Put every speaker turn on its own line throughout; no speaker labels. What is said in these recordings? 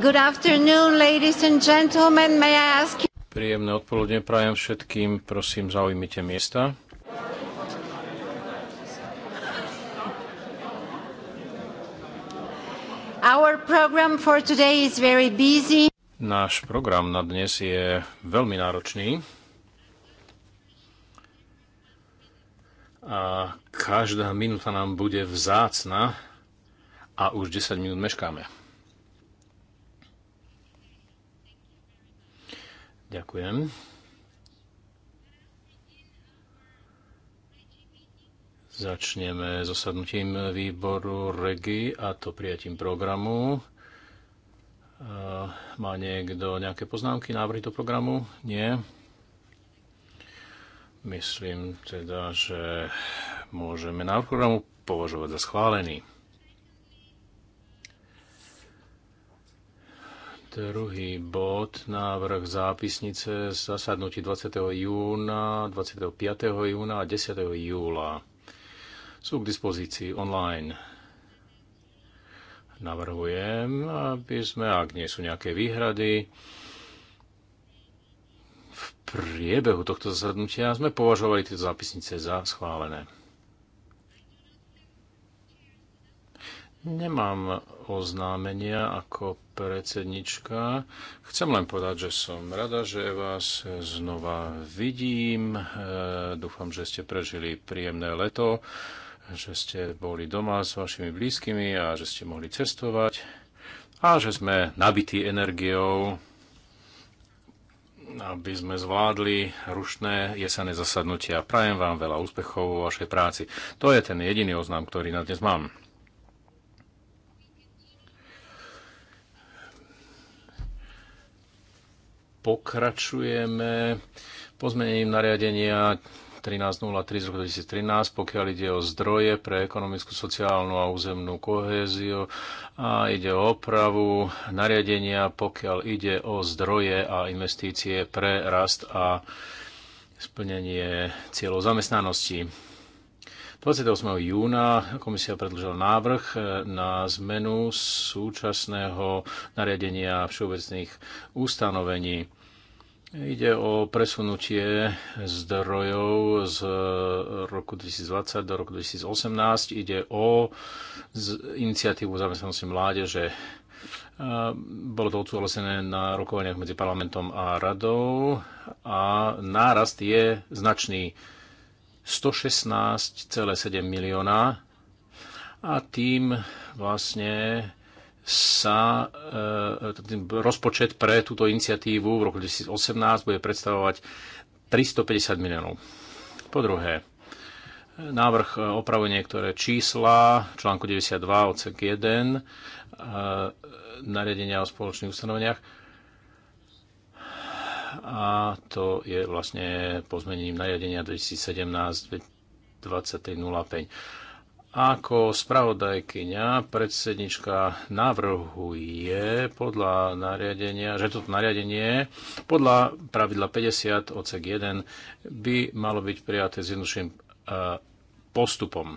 Good afternoon, ladies and gentlemen. May I ask you...
Príjemné odpoludne prajem všetkým. Prosím, zaujmite miesta.
Our program for today is very busy.
Náš program na dnes je veľmi náročný. A každá minúta nám bude vzácna a už 10 minút meškáme. Ďakujem. Začneme zasadnutím osadnutím výboru REGI a to prijatím programu. Má niekto nejaké poznámky, návrhy do programu? Nie. Myslím teda, že môžeme návrh programu považovať za schválený. Druhý bod, návrh zápisnice zasadnutí 20. júna, 25. júna a 10. júla sú k dispozícii online. Navrhujem, aby sme, ak nie sú nejaké výhrady, v priebehu tohto zasadnutia sme považovali tieto zápisnice za schválené. Nemám oznámenia ako predsednička. Chcem len povedať, že som rada, že vás znova vidím. E, dúfam, že ste prežili príjemné leto, že ste boli doma s vašimi blízkymi a že ste mohli cestovať a že sme nabití energiou, aby sme zvládli rušné jesené zasadnutia. Prajem vám veľa úspechov vo vašej práci. To je ten jediný oznám, ktorý na dnes mám. pokračujeme pozmenením nariadenia 1303 z roku 2013, pokiaľ ide o zdroje pre ekonomickú, sociálnu a územnú kohéziu a ide o opravu nariadenia, pokiaľ ide o zdroje a investície pre rast a splnenie cieľov zamestnanosti. 28. júna komisia predložila návrh e, na zmenu súčasného nariadenia všeobecných ustanovení. Ide o presunutie zdrojov z roku 2020 do roku 2018. Ide o iniciatívu zamestnanosti mládeže. E, bolo to odsúhlasené na rokovaniach medzi parlamentom a radou a nárast je značný 116,7 milióna a tým vlastne sa e, rozpočet pre túto iniciatívu v roku 2018 bude predstavovať 350 miliónov. Po druhé, návrh opravuje niektoré čísla článku 92 odsek 1 e, nariadenia o spoločných ustanoveniach a to je vlastne pozmením nariadenia 2017-2305. Ako spravodajkyňa predsednička navrhuje podľa nariadenia, že toto nariadenie podľa pravidla 50 odsek 1 by malo byť prijaté s jednoduchým e, postupom.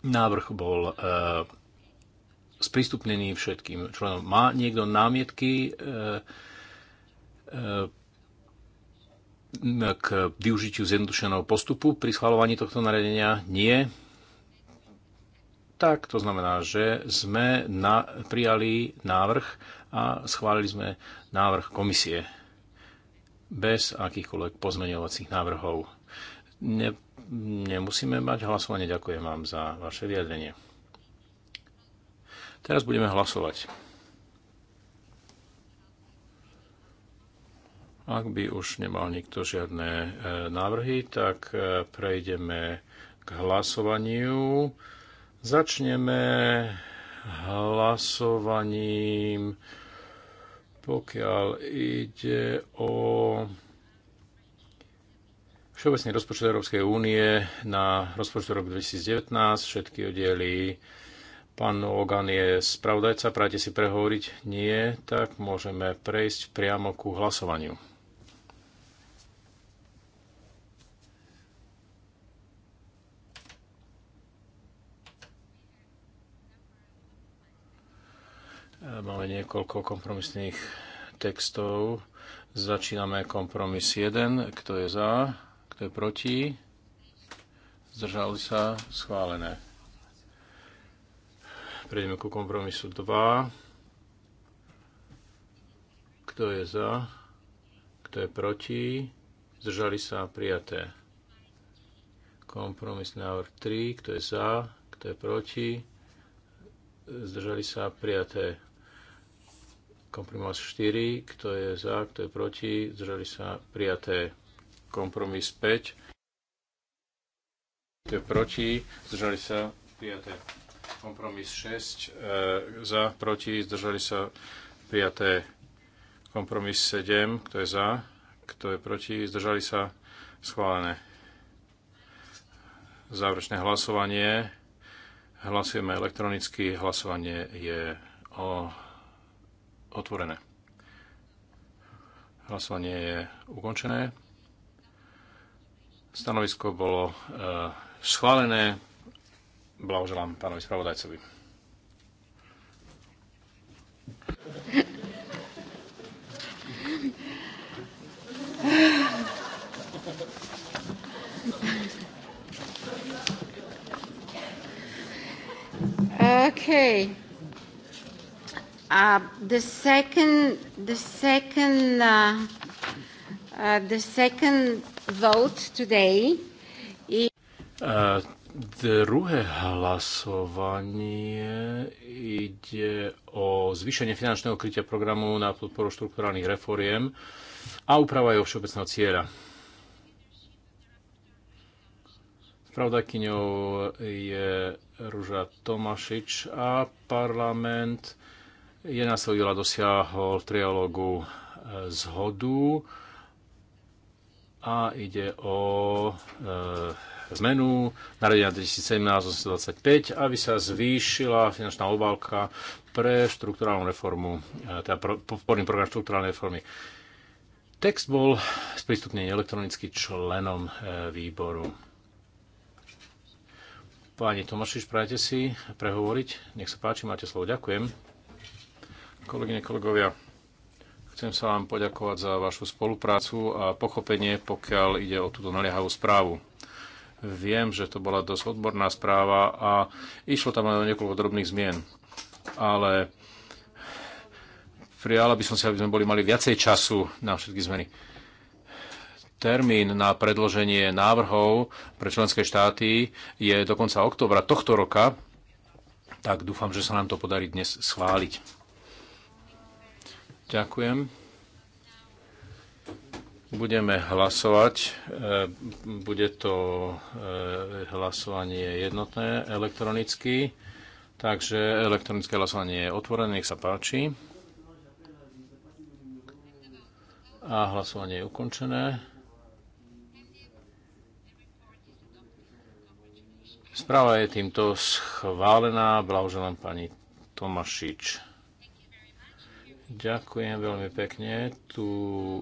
Návrh bol e, sprístupnený všetkým členom. Má niekto námietky? E, E, k využitiu zjednodušeného postupu pri schvalovaní tohto nariadenia? Nie. Tak to znamená, že sme na, prijali návrh a schválili sme návrh komisie bez akýchkoľvek pozmeňovacích návrhov. Ne, nemusíme mať hlasovanie. Ďakujem vám za vaše vyjadrenie. Teraz budeme hlasovať. Ak by už nemal nikto žiadne e, návrhy, tak e, prejdeme k hlasovaniu. Začneme hlasovaním, pokiaľ ide o Všeobecný rozpočet Európskej únie na rozpočet rok 2019, všetky oddiely. Pán Ogan je spravodajca, práte si prehovoriť? Nie, tak môžeme prejsť priamo ku hlasovaniu. Máme niekoľko kompromisných textov. Začíname kompromis 1. Kto je za? Kto je proti? Zdržali sa? Schválené. Prejdeme ku kompromisu 2. Kto je za? Kto je proti? Zdržali sa? Prijaté. Kompromis návrh 3. Kto je za? Kto je proti? Zdržali sa? Prijaté Kompromis 4, kto je za, kto je proti, zdržali sa prijaté. Kompromis 5, kto je proti, zdržali sa prijaté. Kompromis 6, e, za, proti, zdržali sa prijaté. Kompromis 7, kto je za, kto je proti, zdržali sa schválené. Záverečné hlasovanie. Hlasujeme elektronicky. Hlasovanie je o otvorené. Hlasovanie je ukončené. Stanovisko bolo e, schválené. Blahoželám pánovi spravodajcovi.
Okay. Uh, the second, the second, uh, uh, the second vote today is...
Uh, druhé hlasovanie ide o zvýšenie finančného krytia programu na podporu štruktúrálnych reforiem a úprava jeho všeobecného cieľa. Spravodajkyňou je Ruža Tomašič a parlament 11. júla dosiahol v trialógu e, zhodu a ide o e, zmenu nariadenia 2017 2025 aby sa zvýšila finančná obálka pre štruktúrálnu reformu, e, teda podporný program štruktúrálnej reformy. Text bol sprístupnený elektronicky členom e, výboru. Pani Tomášiš, prajete si prehovoriť. Nech sa páči, máte slovo. Ďakujem. Kolegyne, kolegovia, chcem sa vám poďakovať za vašu spoluprácu a pochopenie, pokiaľ ide o túto naliehavú správu. Viem, že to bola dosť odborná správa a išlo tam aj o niekoľko drobných zmien. Ale prijala by som si, aby sme boli mali viacej času na všetky zmeny. Termín na predloženie návrhov pre členské štáty je do konca oktobra tohto roka, tak dúfam, že sa nám to podarí dnes schváliť. Ďakujem. Budeme hlasovať. E, bude to e, hlasovanie jednotné elektronicky. Takže elektronické hlasovanie je otvorené, nech sa páči. A hlasovanie je ukončené. Správa je týmto schválená. Blahoželám pani Tomašič. Ďakujem veľmi pekne. Tu e,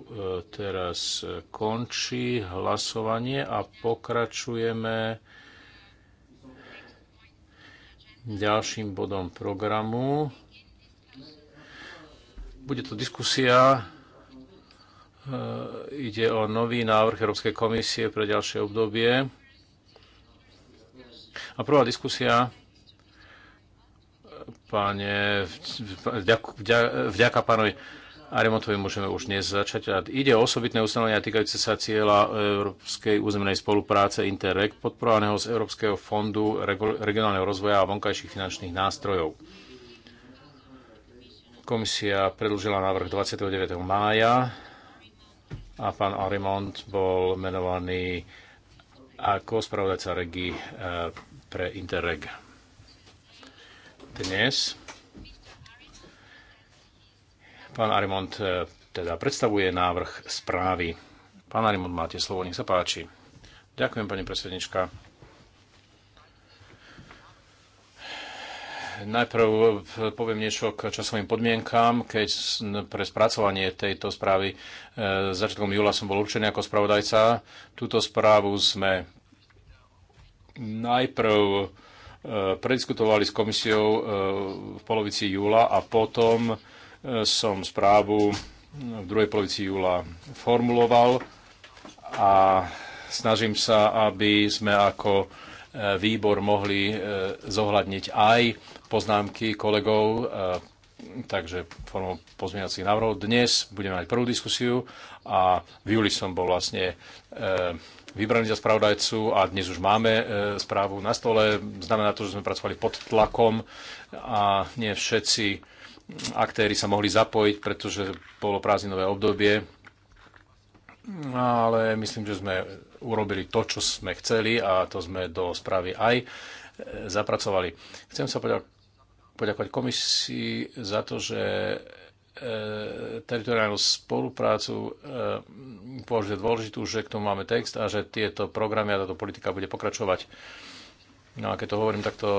teraz končí hlasovanie a pokračujeme ďalším bodom programu. Bude to diskusia. E, ide o nový návrh Európskej komisie pre ďalšie obdobie. A prvá diskusia páne, vďaka pánovi Arimontovi môžeme už dnes začať. ide o osobitné ustanovenia týkajúce sa cieľa Európskej územnej spolupráce Interreg, podporovaného z Európskeho fondu regionálneho rozvoja a vonkajších finančných nástrojov. Komisia predlžila návrh 29. mája a pán Arimont bol menovaný ako spravodajca regi eh, pre Interreg dnes. Pán Arimont eh, teda predstavuje návrh správy. Pán Arimont, máte slovo, nech sa páči. Ďakujem, pani predsednička. Najprv eh, poviem niečo k časovým podmienkám, keď pre spracovanie tejto správy eh, začiatkom júla som bol určený ako spravodajca. Túto správu sme najprv Eh, prediskutovali s komisiou eh, v polovici júla a potom eh, som správu v druhej polovici júla formuloval a snažím sa, aby sme ako výbor mohli zohľadniť aj poznámky kolegov, takže formou pozmeňovacích návrhov. Dnes budeme mať prvú diskusiu a v júli som bol vlastne vybraní za spravodajcu a dnes už máme e, správu na stole. Znamená to, že sme pracovali pod tlakom a nie všetci aktéry sa mohli zapojiť, pretože bolo prázdninové obdobie. Ale myslím, že sme urobili to, čo sme chceli a to sme do správy aj e, zapracovali. Chcem sa poďakovať komisii za to, že E, teritoriálnu spoluprácu e, považuje dôležitú, že k tomu máme text a že tieto programy a táto politika bude pokračovať. No a keď to hovorím, tak to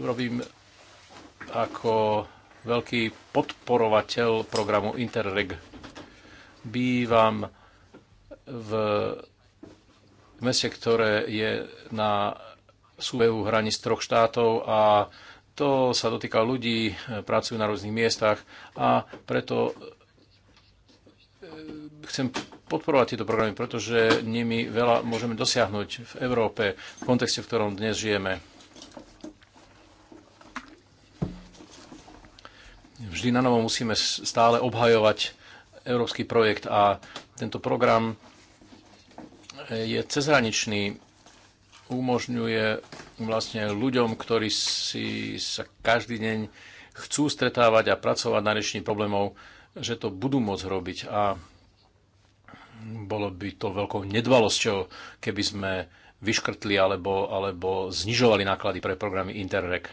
robím ako veľký podporovateľ programu Interreg. Bývam v meste, ktoré je na súbehu z troch štátov a to sa dotýka ľudí, e, pracujú na rôznych miestach a preto e, chcem podporovať tieto programy, pretože nimi veľa môžeme dosiahnuť v Európe, v kontexte, v ktorom dnes žijeme. Vždy na novo musíme stále obhajovať európsky projekt a tento program e, je cezhraničný umožňuje vlastne ľuďom, ktorí si sa každý deň chcú stretávať a pracovať na riešení problémov, že to budú môcť robiť a bolo by to veľkou nedbalosťou, keby sme vyškrtli alebo, alebo znižovali náklady pre programy Interreg.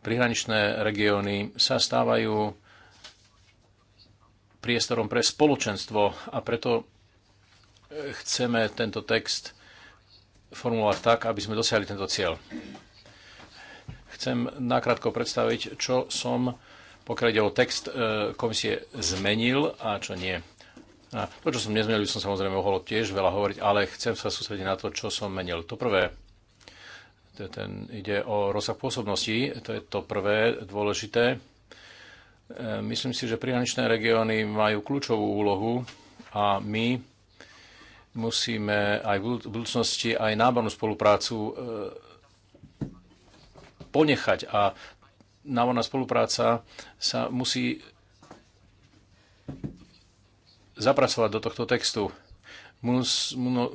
Prihraničné regióny sa stávajú priestorom pre spoločenstvo a preto chceme tento text formulovať tak, aby sme dosiahli tento cieľ. Chcem nakrátko predstaviť, čo som, pokiaľ ide o text e, komisie, zmenil a čo nie. A to, čo som nezmenil, som samozrejme mohol tiež veľa hovoriť, ale chcem sa sústrediť na to, čo som menil. To prvé, to ten, ide o rozsah pôsobnosti, to je to prvé dôležité. E, myslím si, že prihraničné regióny majú kľúčovú úlohu a my musíme aj v budúcnosti aj nábornú spoluprácu e, ponechať a návodná spolupráca sa musí zapracovať do tohto textu. V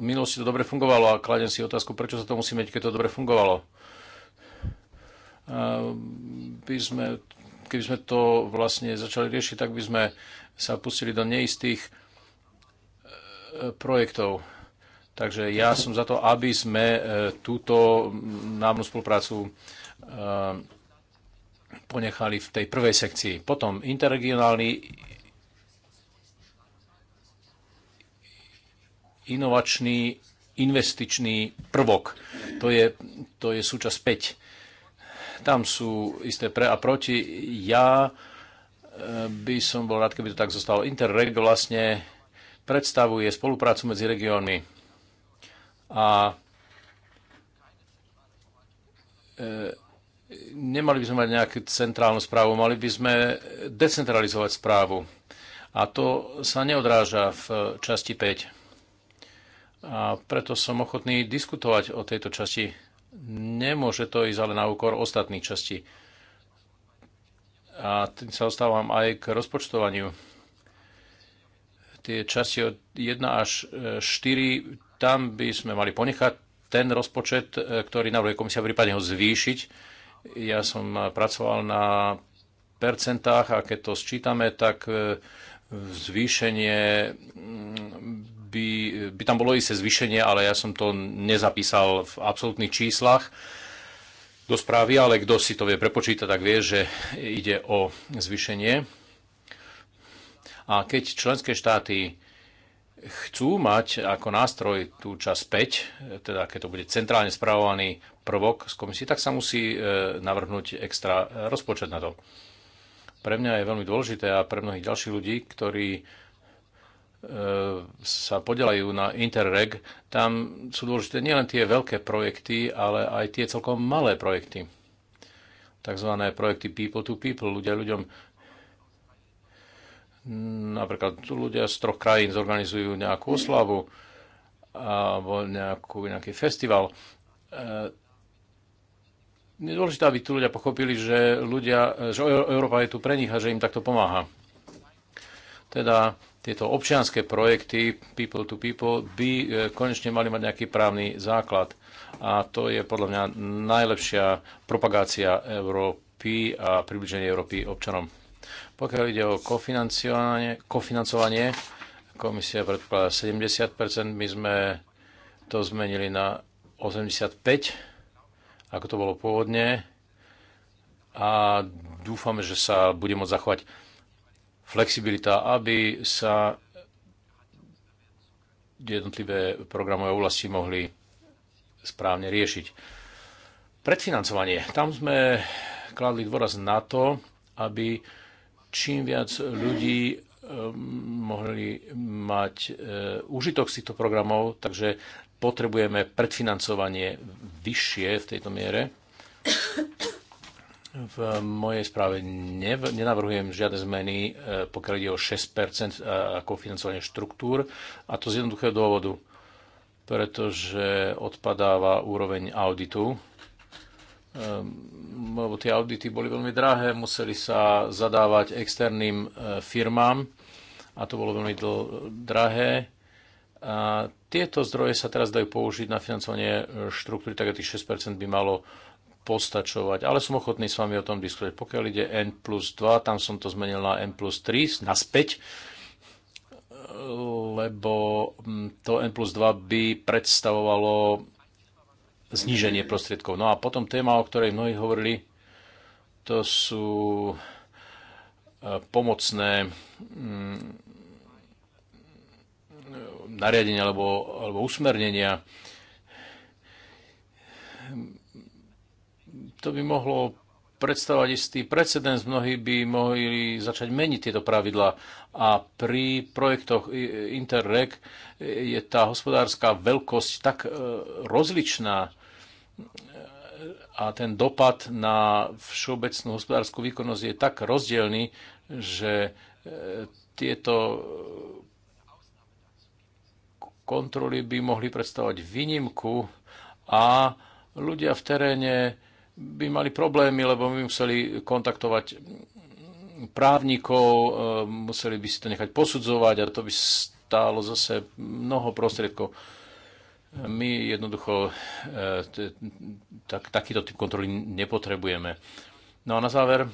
minulosti to dobre fungovalo a kladem si otázku, prečo sa to musí mať, keď to dobre fungovalo. By sme, keby sme to vlastne začali riešiť, tak by sme sa pustili do neistých projektov. Takže ja som za to, aby sme e, túto námnu spoluprácu e, ponechali v tej prvej sekcii. Potom interregionálny inovačný investičný prvok. To je, to je súčasť 5. Tam sú isté pre a proti. Ja e, by som bol rád, keby to tak zostalo. Interreg vlastne predstavuje spoluprácu medzi regiónmi. A e, nemali by sme mať nejakú centrálnu správu, mali by sme decentralizovať správu. A to sa neodráža v časti 5. A preto som ochotný diskutovať o tejto časti. Nemôže to ísť ale na úkor ostatných častí. A tým sa ostávam aj k rozpočtovaniu tie časy od 1 až 4, e, tam by sme mali ponechať ten rozpočet, e, ktorý navrhuje komisia, prípadne ho zvýšiť. Ja som pracoval na percentách a keď to sčítame, tak e, zvýšenie mm, by, by tam bolo isté zvýšenie, ale ja som to nezapísal v absolútnych číslach do správy, ale kto si to vie prepočítať, tak vie, že ide o zvýšenie a keď členské štáty chcú mať ako nástroj tú časť 5, teda keď to bude centrálne spravovaný prvok z komisie, tak sa musí e, navrhnúť extra rozpočet na to. Pre mňa je veľmi dôležité a pre mnohých ďalších ľudí, ktorí e, sa podelajú na Interreg, tam sú dôležité nielen tie veľké projekty, ale aj tie celkom malé projekty. Takzvané projekty people to people, ľudia ľuďom. Napríklad ľudia z troch krajín zorganizujú nejakú oslavu alebo nejakú, nejaký festival. Je dôležité, aby tu ľudia pochopili, že, ľudia, že Európa je tu pre nich a že im takto pomáha. Teda tieto občianské projekty People to People by e, konečne mali mať nejaký právny základ. A to je podľa mňa najlepšia propagácia Európy a približenie Európy občanom. Pokiaľ ide o kofinancovanie, kofinancovanie komisia predpokladá 70 my sme to zmenili na 85 ako to bolo pôvodne a dúfame, že sa bude môcť zachovať flexibilita, aby sa jednotlivé programové oblasti mohli správne riešiť. Predfinancovanie. Tam sme kladli dôraz na to, aby čím viac ľudí eh, mohli mať eh, úžitok z týchto programov, takže potrebujeme predfinancovanie vyššie v tejto miere. V mojej správe nenavrhujem žiadne zmeny, eh, pokiaľ ide o 6 ako financovanie štruktúr, a to z jednoduchého dôvodu, pretože odpadáva úroveň auditu Ehm, lebo tie audity boli veľmi drahé, museli sa zadávať externým e, firmám a to bolo veľmi drahé. A tieto zdroje sa teraz dajú použiť na financovanie e, štruktúry, tak tých 6% by malo postačovať. Ale som ochotný s vami o tom diskutovať. Pokiaľ ide N plus 2, tam som to zmenil na N plus 3, naspäť, e, lebo mm, to N plus 2 by predstavovalo zníženie prostriedkov. No a potom téma, o ktorej mnohí hovorili, to sú e, pomocné mm, nariadenia alebo, alebo usmernenia. To by mohlo predstavovať istý precedens. Mnohí by mohli začať meniť tieto pravidlá. A pri projektoch Interreg je tá hospodárska veľkosť tak e, rozličná, a ten dopad na všeobecnú hospodárskú výkonnosť je tak rozdielný, že e, tieto kontroly by mohli predstavovať výnimku a ľudia v teréne by mali problémy, lebo by museli kontaktovať právnikov, e, museli by si to nechať posudzovať a to by stálo zase mnoho prostriedkov. My jednoducho e, tak, takýto typ kontroly nepotrebujeme. No a na záver,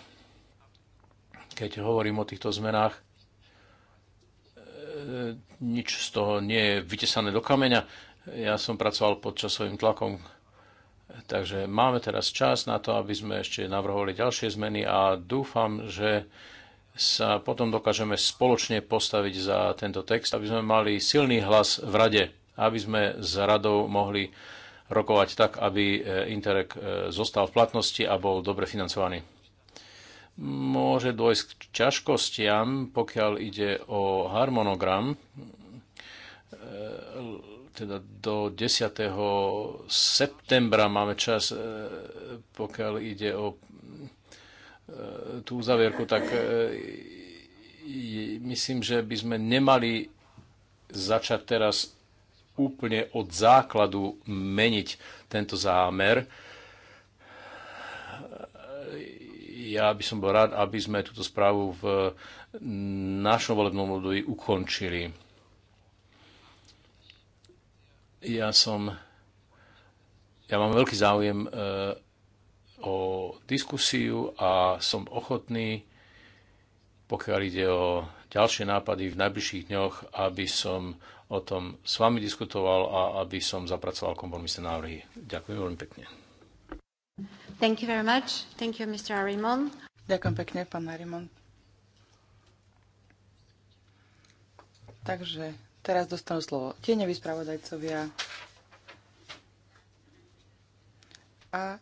keď hovorím o týchto zmenách, e, nič z toho nie je vytesané do kameňa. Ja som pracoval pod časovým tlakom, takže máme teraz čas na to, aby sme ešte navrhovali ďalšie zmeny a dúfam, že sa potom dokážeme spoločne postaviť za tento text, aby sme mali silný hlas v rade aby sme s radou mohli rokovať tak, aby e, Interreg e, zostal v platnosti a bol dobre financovaný. Môže dôjsť k ťažkostiam, pokiaľ ide o harmonogram, e, teda do 10. septembra máme čas, pokiaľ ide o tú uzavierku, tak myslím, že by sme nemali začať teraz úplne od základu meniť tento zámer. Ja by som bol rád, aby sme túto správu v našom volebnom období ukončili. Ja som... Ja mám veľký záujem e, o diskusiu a som ochotný, pokiaľ ide o ďalšie nápady v najbližších dňoch, aby som o tom s vami diskutoval a aby som zapracoval kompromisné návrhy. Ďakujem veľmi pekne.
Thank you very much. Thank you, Mr. Arimon. Ďakujem pekne, pán Arimon.
Takže teraz dostanú slovo tieňoví spravodajcovia. A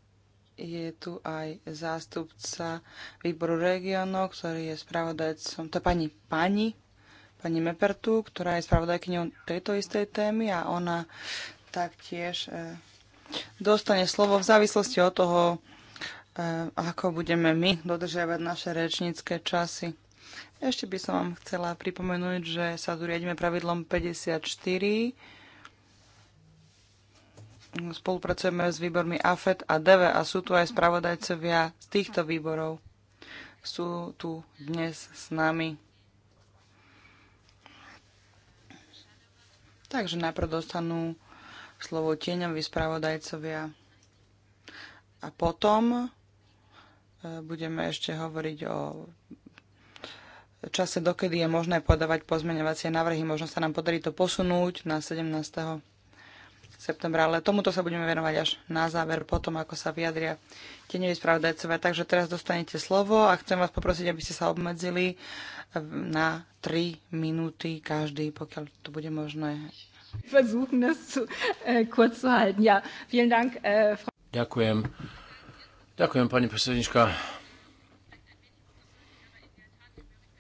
je tu aj zástupca výboru regionov, ktorý je spravodajcom, to pani, pani pani Mepertu, ktorá je spravodajkyňou tejto istej témy a ona taktiež e, dostane slovo v závislosti od toho, e, ako budeme my dodržiavať naše rečnícke časy. Ešte by som vám chcela pripomenúť, že sa tu riadíme pravidlom 54. Spolupracujeme s výbormi AFET a DV a sú tu aj spravodajcovia z týchto výborov. Sú tu dnes s nami. Takže najprv dostanú slovo tieňoví spravodajcovia. A potom e, budeme ešte hovoriť o čase, dokedy je možné podávať pozmeňovacie návrhy. Možno sa nám podarí to posunúť na 17 septembra, ale tomuto sa budeme venovať až na záver, potom ako sa vyjadria tieňoví spravodajcovia. Takže teraz dostanete slovo a chcem vás poprosiť, aby ste sa obmedzili na 3 minúty každý, pokiaľ to bude možné. Um
äh, äh,
Ďakujem. Ďakujem, pani predsednička.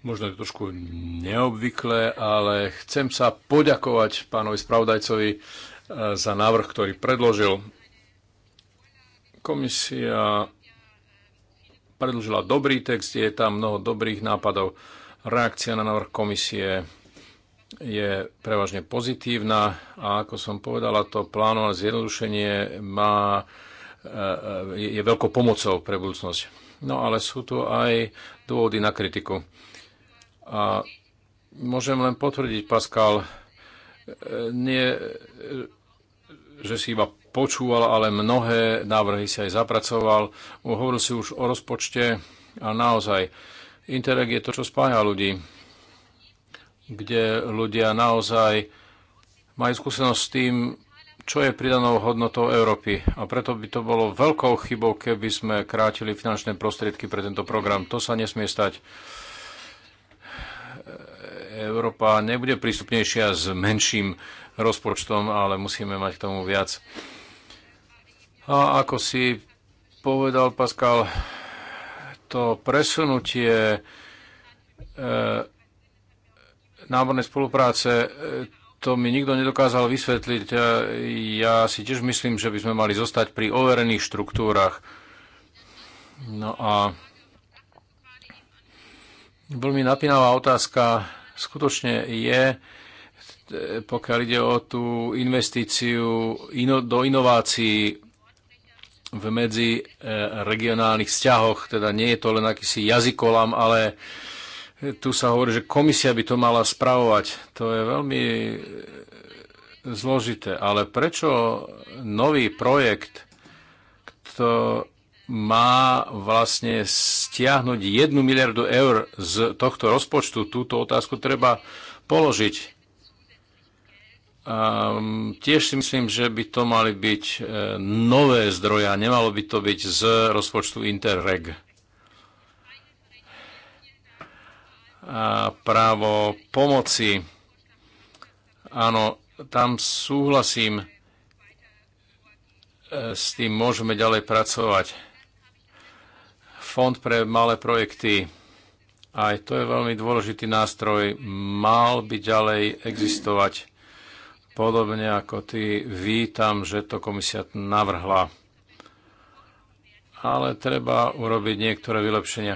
Možno je to trošku neobvyklé, ale chcem sa poďakovať pánovi spravodajcovi za návrh, ktorý predložil. Komisia predložila dobrý text, je tam mnoho dobrých nápadov. Reakcia na návrh komisie je prevažne pozitívna a ako som povedala, to plánované zjednodušenie má, e, e, je veľkou pomocou pre budúcnosť. No ale sú tu aj dôvody na kritiku. A môžem len potvrdiť, Pascal, e, nie, že si iba počúval, ale mnohé návrhy si aj zapracoval. Hovoril si už o rozpočte a naozaj Interreg je to, čo spája ľudí, kde ľudia naozaj majú skúsenosť s tým, čo je pridanou hodnotou Európy. A preto by to bolo veľkou chybou, keby sme krátili finančné prostriedky pre tento program. To sa nesmie stať. Európa nebude prístupnejšia s menším rozpočtom, ale musíme mať k tomu viac. A ako si povedal Pascal, to presunutie e, námornej spolupráce, e, to mi nikto nedokázal vysvetliť. Ja, e, ja si tiež myslím, že by sme mali zostať pri overených štruktúrach. No a veľmi napínavá otázka skutočne je, E, pokiaľ ide o tú investíciu ino, do inovácií v medzi e, regionálnych vzťahoch, teda nie je to len akýsi jazykolam, ale tu sa hovorí, že komisia by to mala spravovať. To je veľmi e, zložité. Ale prečo nový projekt, kto má vlastne stiahnuť jednu miliardu eur z tohto rozpočtu, túto otázku treba položiť. Um, tiež si myslím, že by to mali byť e, nové zdroje a nemalo by to byť z rozpočtu Interreg. A právo pomoci. Áno, tam súhlasím. E, s tým môžeme ďalej pracovať. Fond pre malé projekty. Aj to je veľmi dôležitý nástroj. Mal by ďalej existovať Podobne ako ty, vítam, že to komisia navrhla. Ale treba urobiť niektoré vylepšenia.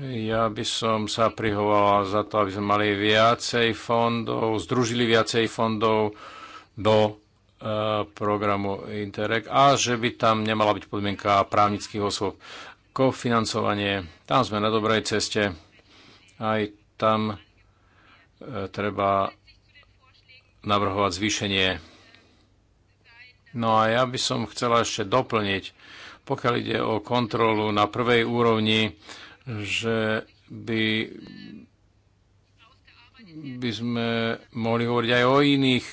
Ja by som sa prihovala za to, aby sme mali viacej fondov, združili viacej fondov do e, programu Interreg a že by tam nemala byť podmienka právnických osôb. Kofinancovanie, tam sme na dobrej ceste. Aj tam e, treba navrhovať zvýšenie. No a ja by som chcela ešte doplniť, pokiaľ ide o kontrolu na prvej úrovni, že by, by sme mohli hovoriť aj o iných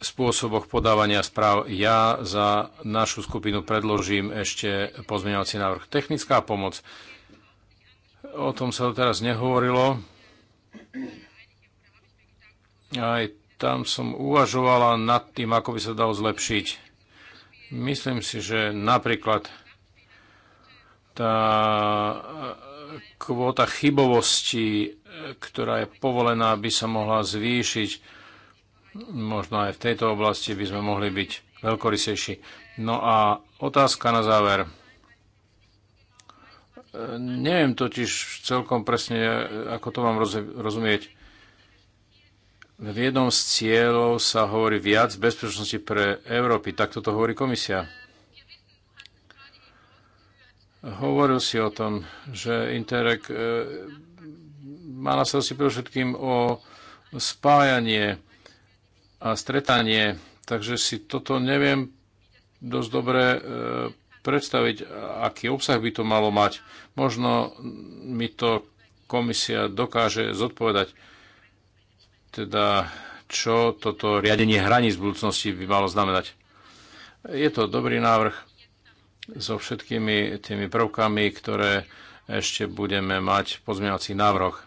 spôsoboch podávania správ. Ja za našu skupinu predložím ešte pozmeňovací návrh. Technická pomoc. O tom sa teraz nehovorilo. Aj tam som uvažovala nad tým, ako by sa dalo zlepšiť. Myslím si, že napríklad tá eh, kvóta chybovosti, eh, ktorá je povolená, by sa mohla zvýšiť. Možno aj v tejto oblasti by sme mohli byť veľkorysejší. No a otázka na záver. Eh, neviem totiž celkom presne, ako to mám rozumieť v jednom z cieľov sa hovorí viac bezpečnosti pre Európy. Takto to hovorí komisia. Hovoril si o tom, že Interreg e, má na starosti predovšetkým o spájanie a stretanie, takže si toto neviem dosť dobre e, predstaviť, aký obsah by to malo mať. Možno mi to komisia dokáže zodpovedať teda čo toto riadenie hraníc v budúcnosti by malo znamenať. Je to dobrý návrh so všetkými tými prvkami, ktoré ešte budeme mať v pozmeňovacích návrhoch.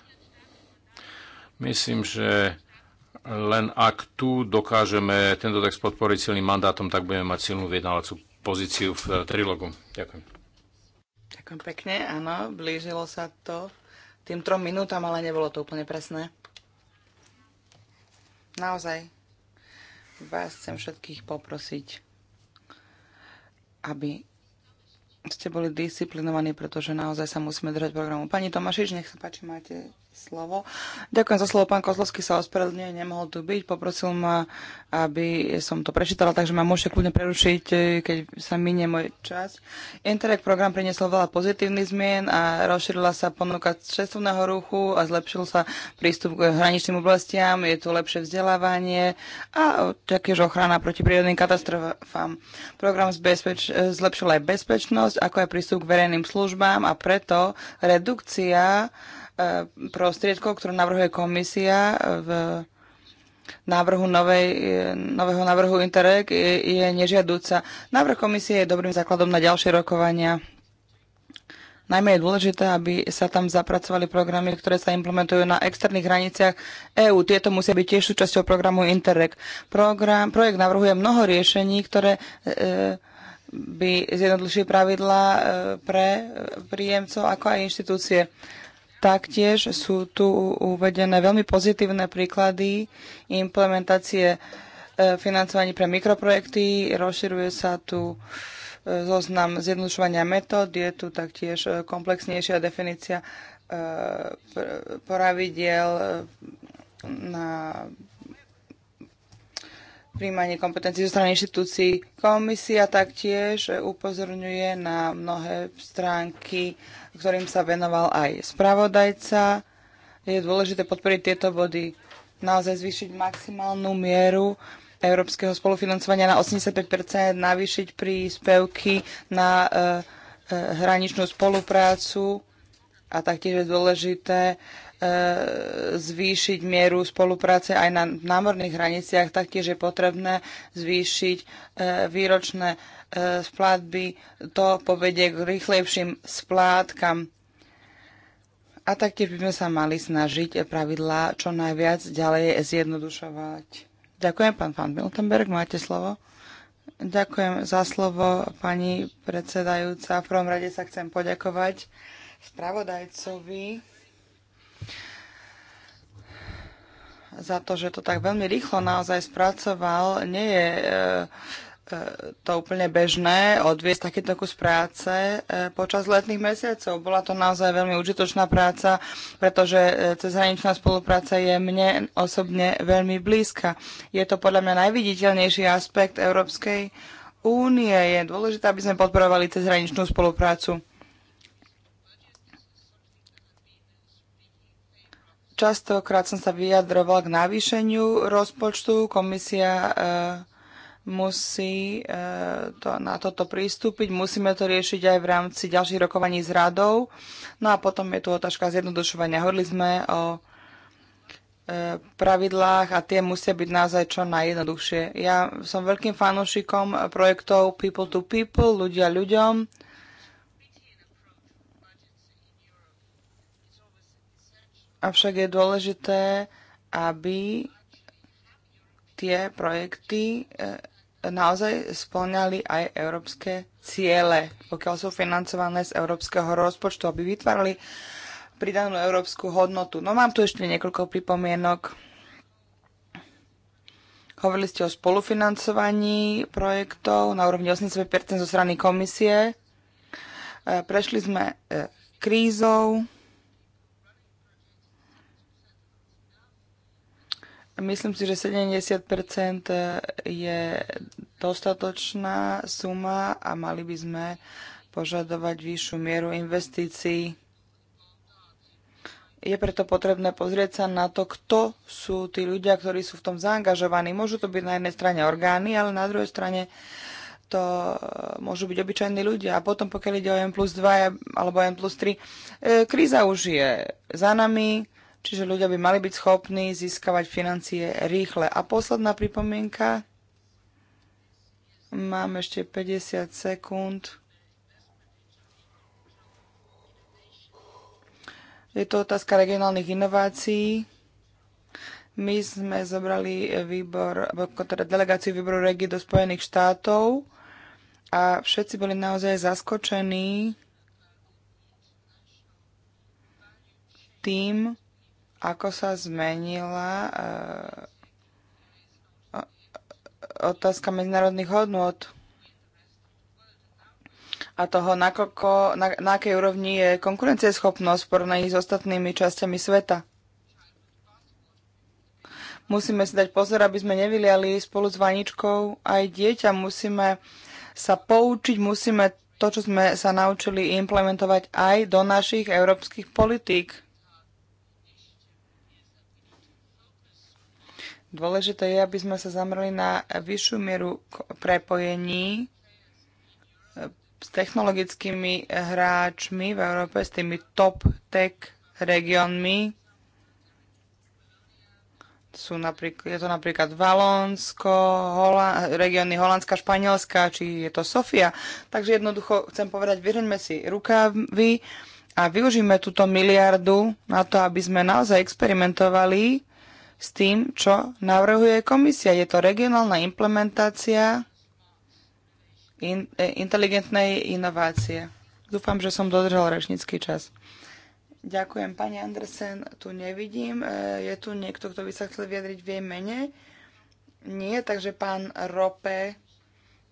Myslím, že len ak tu dokážeme tento text podporiť silným mandátom, tak budeme mať silnú vyjednávacú pozíciu v trilogu. Ďakujem.
Ďakujem pekne. Áno, blížilo sa to tým trom minútam, ale nebolo to úplne presné. Naozaj vás chcem všetkých poprosiť, aby ste boli disciplinovaní, pretože naozaj sa musíme držať programu. Pani Tomašič, nech sa páči, máte slovo. Ďakujem za slovo. Pán Kozlovský sa ospravedlňuje, nemohol tu byť. Poprosil ma, aby som to prečítala, takže ma môžete kľudne prerušiť, e, keď sa minie môj čas. Interreg program priniesol veľa pozitívnych zmien a rozšírila sa ponuka cestovného ruchu a zlepšil sa prístup k hraničným oblastiam, je tu lepšie vzdelávanie a taktiež ochrana proti prírodným katastrofám. Program zbezpeč- zlepšil aj bezpečnosť, ako aj prístup k verejným službám a preto redukcia E, prostriedkov, ktorú navrhuje komisia v návrhu novej, e, nového návrhu Interreg je, nežiadúca. Návrh komisie je dobrým základom na ďalšie rokovania. Najmä je dôležité, aby sa tam zapracovali programy, ktoré sa implementujú na externých hraniciach EÚ. Tieto musia byť tiež súčasťou programu Interreg. Program, projekt navrhuje mnoho riešení, ktoré e, e by zjednodušili pravidla e, pre príjemcov, ako aj inštitúcie. E, Taktiež sú tu uvedené veľmi pozitívne príklady implementácie e, financovaní pre mikroprojekty. Rozširuje sa tu e, zoznam zjednodušovania metód, je tu taktiež e, komplexnejšia definícia pravidiel na príjmanie kompetencií zo strany inštitúcií. Komisia taktiež upozorňuje na mnohé stránky ktorým sa venoval aj spravodajca. Je dôležité podporiť tieto body, naozaj zvýšiť maximálnu mieru európskeho spolufinancovania na 85%, navýšiť príspevky na eh, eh, hraničnú spoluprácu a taktiež je dôležité E, zvýšiť mieru spolupráce aj na námorných hraniciach, taktiež je potrebné zvýšiť e, výročné e, splátby. To povedie k rýchlejším splátkam. A taktiež by sme sa mali snažiť pravidlá čo najviac ďalej zjednodušovať. Ďakujem, pán Van Miltenberg, máte slovo. Ďakujem za slovo, pani predsedajúca. V prvom rade sa chcem poďakovať spravodajcovi za to, že to tak veľmi rýchlo naozaj spracoval. Nie je e, e, to úplne bežné odviesť takýto kus práce e, počas letných mesiacov. Bola to naozaj veľmi užitočná práca, pretože cezhraničná spolupráca je mne osobne veľmi blízka. Je to podľa mňa najviditeľnejší aspekt Európskej únie. Je dôležité, aby sme podporovali cezhraničnú spoluprácu. Častokrát som sa vyjadroval k navýšeniu rozpočtu. Komisia uh, musí uh, to, na toto pristúpiť. Musíme to riešiť aj v rámci ďalších rokovaní s radou. No a potom je tu otázka zjednodušovania. Hovorili sme o eh, pravidlách a tie musia byť naozaj čo najjednoduchšie. Ja som veľkým fanúšikom projektov People to People, ľudia ľuďom Avšak je dôležité, aby tie projekty e, naozaj splňali aj európske ciele, pokiaľ sú financované z európskeho rozpočtu, aby vytvárali pridanú európsku hodnotu. No mám tu ešte niekoľko pripomienok. Hovorili ste o spolufinancovaní projektov na úrovni 85% zo strany komisie. E, prešli sme e, krízou, Myslím si, že 70% je dostatočná suma a mali by sme požadovať vyššiu mieru investícií. Je preto potrebné pozrieť sa na to, kto sú tí ľudia, ktorí sú v tom zaangažovaní. Môžu to byť na jednej strane orgány, ale na druhej strane to môžu byť obyčajní ľudia. A potom, pokiaľ ide o M plus 2 alebo M plus 3, e, kríza už je za nami Čiže ľudia by mali byť schopní získavať financie rýchle. A posledná pripomienka. Mám ešte 50 sekúnd. Je to otázka regionálnych inovácií. My sme zobrali výbor, teda delegáciu výboru regi do Spojených štátov a všetci boli naozaj zaskočení tým, ako sa zmenila eh, otázka medzinárodných hodnot a toho, nakoľko, na, na akej úrovni je konkurencieschopnosť v porovnaní s ostatnými časťami sveta. Musíme si dať pozor, aby sme nevyliali spolu s vaničkou aj dieťa. Musíme sa poučiť, musíme to, čo sme sa naučili, implementovať aj do našich európskych politík. Dôležité je, aby sme sa zamreli na vyššiu mieru prepojení e, s technologickými hráčmi v Európe, s tými top tech regiónmi. Sú napríklad, je to napríklad Valónsko, Hola, regióny Holandska, Španielska, či je to Sofia. Takže jednoducho chcem povedať, vyhrňme si rukavy a využíme túto miliardu na to, aby sme naozaj experimentovali s tým, čo navrhuje komisia. Je to regionálna implementácia e, inteligentnej inovácie. Dúfam, že som dodržal rečnícky čas. Ďakujem, pani Andersen, tu nevidím. E, je tu niekto, kto by sa chcel vyjadriť v jej mene? Nie, takže pán Rope,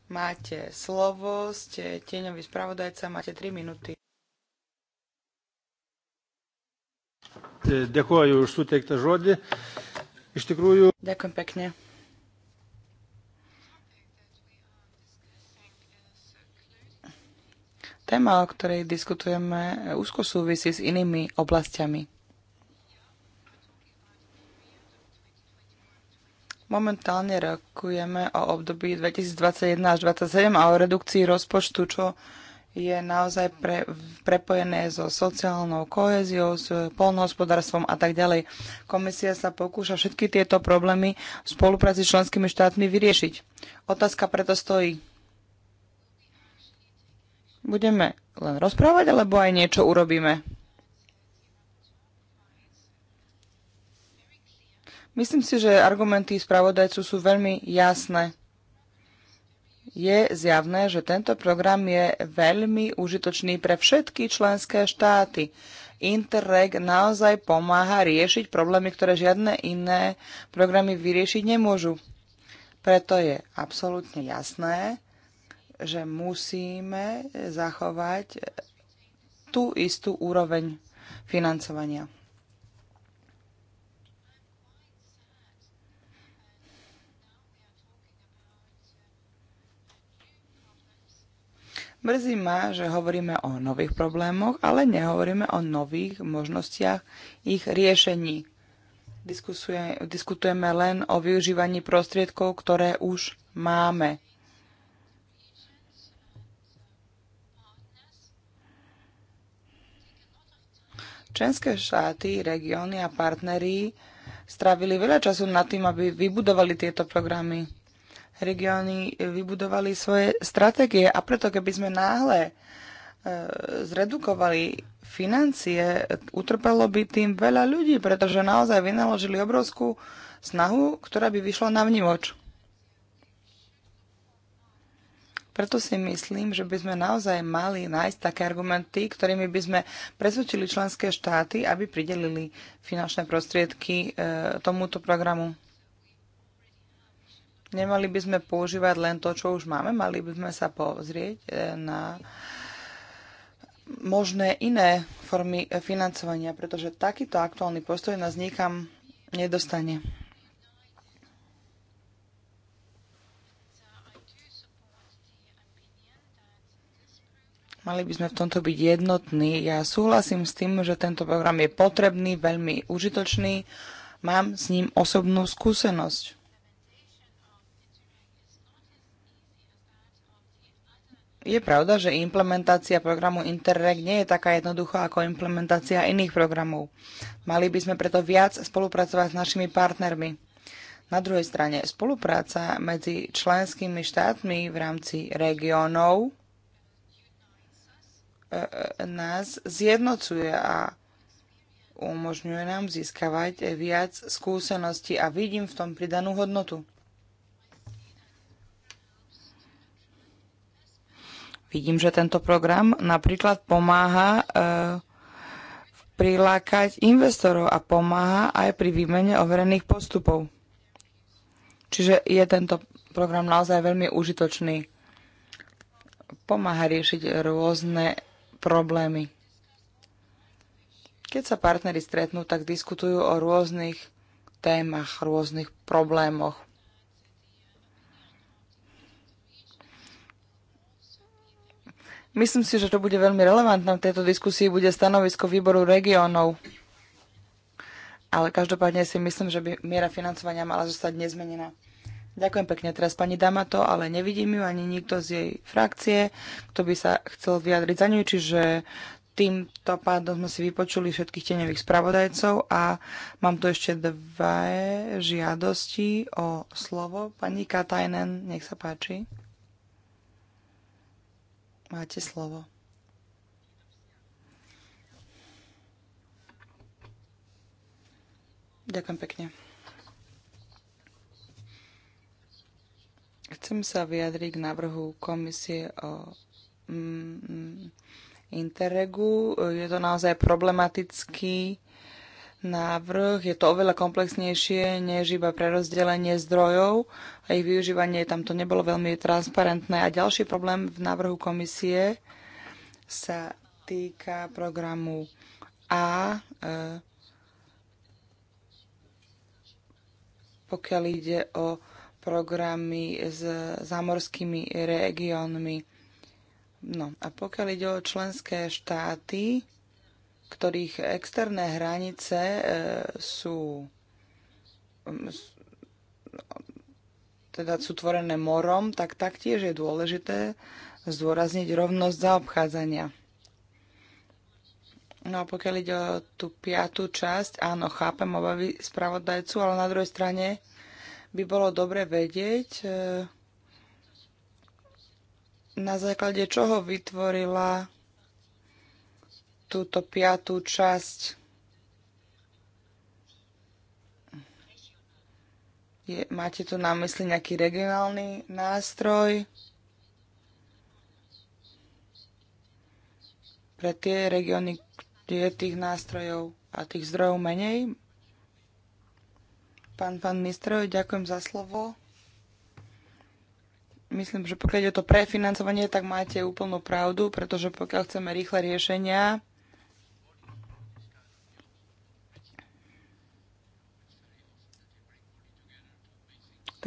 máte slovo, ste tieňový spravodajca, máte 3 minúty.
Ďakujem už suteiktą žodį. Iš tikrųjų.
Dėkui pekne. Téma, o ktorej diskutujeme, úzko súvisí s inými oblastiami. Momentálne rokujeme o období 2021 až 2027 a o redukcii rozpočtu, čo je naozaj pre, prepojené so sociálnou kohéziou, s polnohospodárstvom a tak ďalej. Komisia sa pokúša všetky tieto problémy v spolupráci s členskými štátmi vyriešiť. Otázka preto stojí. Budeme len rozprávať, alebo aj niečo urobíme? Myslím si, že argumenty spravodajcu sú veľmi jasné je zjavné, že tento program je veľmi užitočný pre všetky členské štáty. Interreg naozaj pomáha riešiť problémy, ktoré žiadne iné programy vyriešiť nemôžu. Preto je absolútne jasné, že musíme zachovať tú istú úroveň financovania. Mrzí ma, že hovoríme o nových problémoch, ale nehovoríme o nových možnostiach ich riešení. Diskutujeme len o využívaní prostriedkov, ktoré už máme. Členské štáty, regióny a partnery strávili veľa času nad tým, aby vybudovali tieto programy regióny vybudovali svoje stratégie a preto keby sme náhle e, zredukovali financie, utrpelo by tým veľa ľudí, pretože naozaj vynaložili obrovskú snahu, ktorá by vyšla na vnívoč. Preto si myslím, že by sme naozaj mali nájsť také argumenty, ktorými by sme presvedčili členské štáty, aby pridelili finančné prostriedky e, tomuto programu. Nemali by sme používať len to, čo už máme, mali by sme sa pozrieť e, na možné iné formy e, financovania, pretože takýto aktuálny postoj nás nikam nedostane. Mali by sme v tomto byť jednotní. Ja súhlasím s tým, že tento program je potrebný, veľmi užitočný. Mám s ním osobnú skúsenosť. Je pravda, že implementácia programu Interreg nie je taká jednoduchá ako implementácia iných programov. Mali by sme preto viac spolupracovať s našimi partnermi. Na druhej strane, spolupráca medzi členskými štátmi v rámci regiónov e, e, nás zjednocuje a umožňuje nám získavať viac skúseností a vidím v tom pridanú hodnotu. Vidím, že tento program napríklad pomáha e, prilákať investorov a pomáha aj pri výmene overených postupov. Čiže je tento program naozaj veľmi užitočný. Pomáha riešiť rôzne problémy. Keď sa partnery stretnú, tak diskutujú o rôznych témach, rôznych problémoch. Myslím si, že to bude veľmi relevantné v tejto diskusii, bude stanovisko výboru regiónov. Ale každopádne si myslím, že by miera financovania mala zostať nezmenená. Ďakujem pekne teraz pani Damato, ale nevidím ju ani nikto z jej frakcie, kto by sa chcel vyjadriť za ňu, čiže týmto pádom sme si vypočuli všetkých teňových spravodajcov a mám tu ešte dve žiadosti o slovo. Pani Katajnen, nech sa páči. Máte slovo. Ďakujem pekne. Chcem sa vyjadriť k návrhu komisie o mm, mm, Interregu. Je to naozaj problematický návrh. Je to oveľa komplexnejšie než iba prerozdelenie zdrojov a ich využívanie tam to nebolo veľmi transparentné. A ďalší problém v návrhu komisie sa týka programu A, e, pokiaľ ide o programy s zamorskými regiónmi. No a pokiaľ ide o členské štáty, ktorých externé hranice e, sú teda sú tvorené morom, tak taktiež je dôležité zdôrazniť rovnosť zaobchádzania. No a pokiaľ ide o tú piatú časť, áno, chápem obavy spravodajcu, ale na druhej strane by bolo dobre vedieť, e, na základe čoho vytvorila túto piatú časť Je, máte tu na mysli nejaký regionálny nástroj pre tie regióny, kde je tých nástrojov a tých zdrojov menej? Pán, pán minister, ďakujem za slovo. Myslím, že pokiaľ je to prefinancovanie, tak máte úplnú pravdu, pretože pokiaľ chceme rýchle riešenia,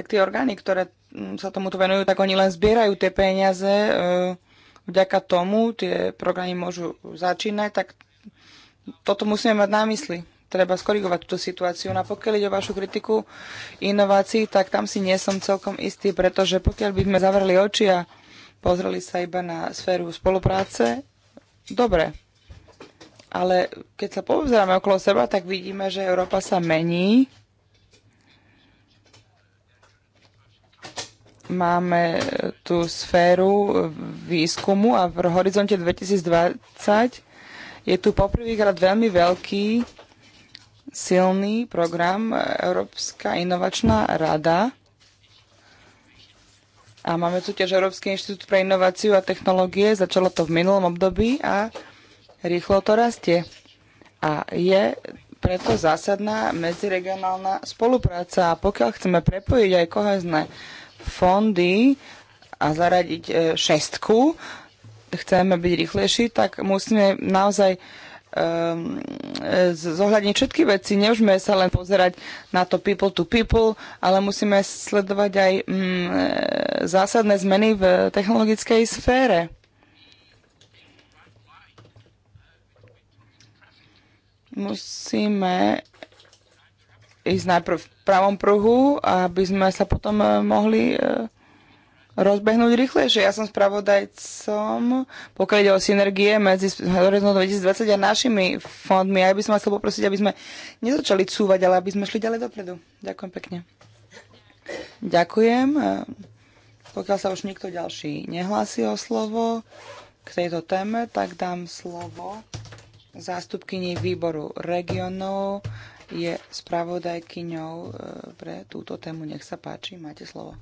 tak tie orgány, ktoré mm, sa tomuto venujú, tak oni len zbierajú tie peniaze. E, vďaka tomu tie programy môžu začínať, tak toto musíme mať na mysli. Treba skorigovať túto situáciu. No a pokiaľ ide o vašu kritiku inovácií, tak tam si nie som celkom istý, pretože pokiaľ by sme zavreli oči a pozreli sa iba na sféru spolupráce, dobre. Ale keď sa pozeráme okolo seba, tak vidíme, že Európa sa mení Máme tú sféru výskumu a v horizonte 2020 je tu poprvýkrát veľmi veľký silný program Európska inovačná rada. A máme tu tiež Európsky inštitút pre inováciu a technológie. Začalo to v minulom období a rýchlo to rastie. A je preto zásadná medziregionálna spolupráca. A pokiaľ chceme prepojiť aj kohezné fondy a zaradiť e, šestku, chceme byť rýchlejší, tak musíme naozaj um, zohľadniť všetky veci. Nemôžeme sa len pozerať na to people to people, ale musíme sledovať aj um, zásadné zmeny v technologickej sfére. Musíme ísť najprv v pravom pruhu, aby sme sa potom e, mohli e, rozbehnúť rýchlejšie. Ja som spravodajcom, pokiaľ ide o synergie medzi Horizon 2020 a našimi fondmi. Aj by som vás chcel poprosiť, aby sme nezačali cúvať, ale aby sme šli ďalej dopredu. Ďakujem pekne. Ďakujem. E, pokiaľ sa už nikto ďalší nehlási o slovo k tejto téme, tak dám slovo zástupkyni výboru regionov je spravodajkyňou e, pre túto tému. Nech sa páči, máte slovo.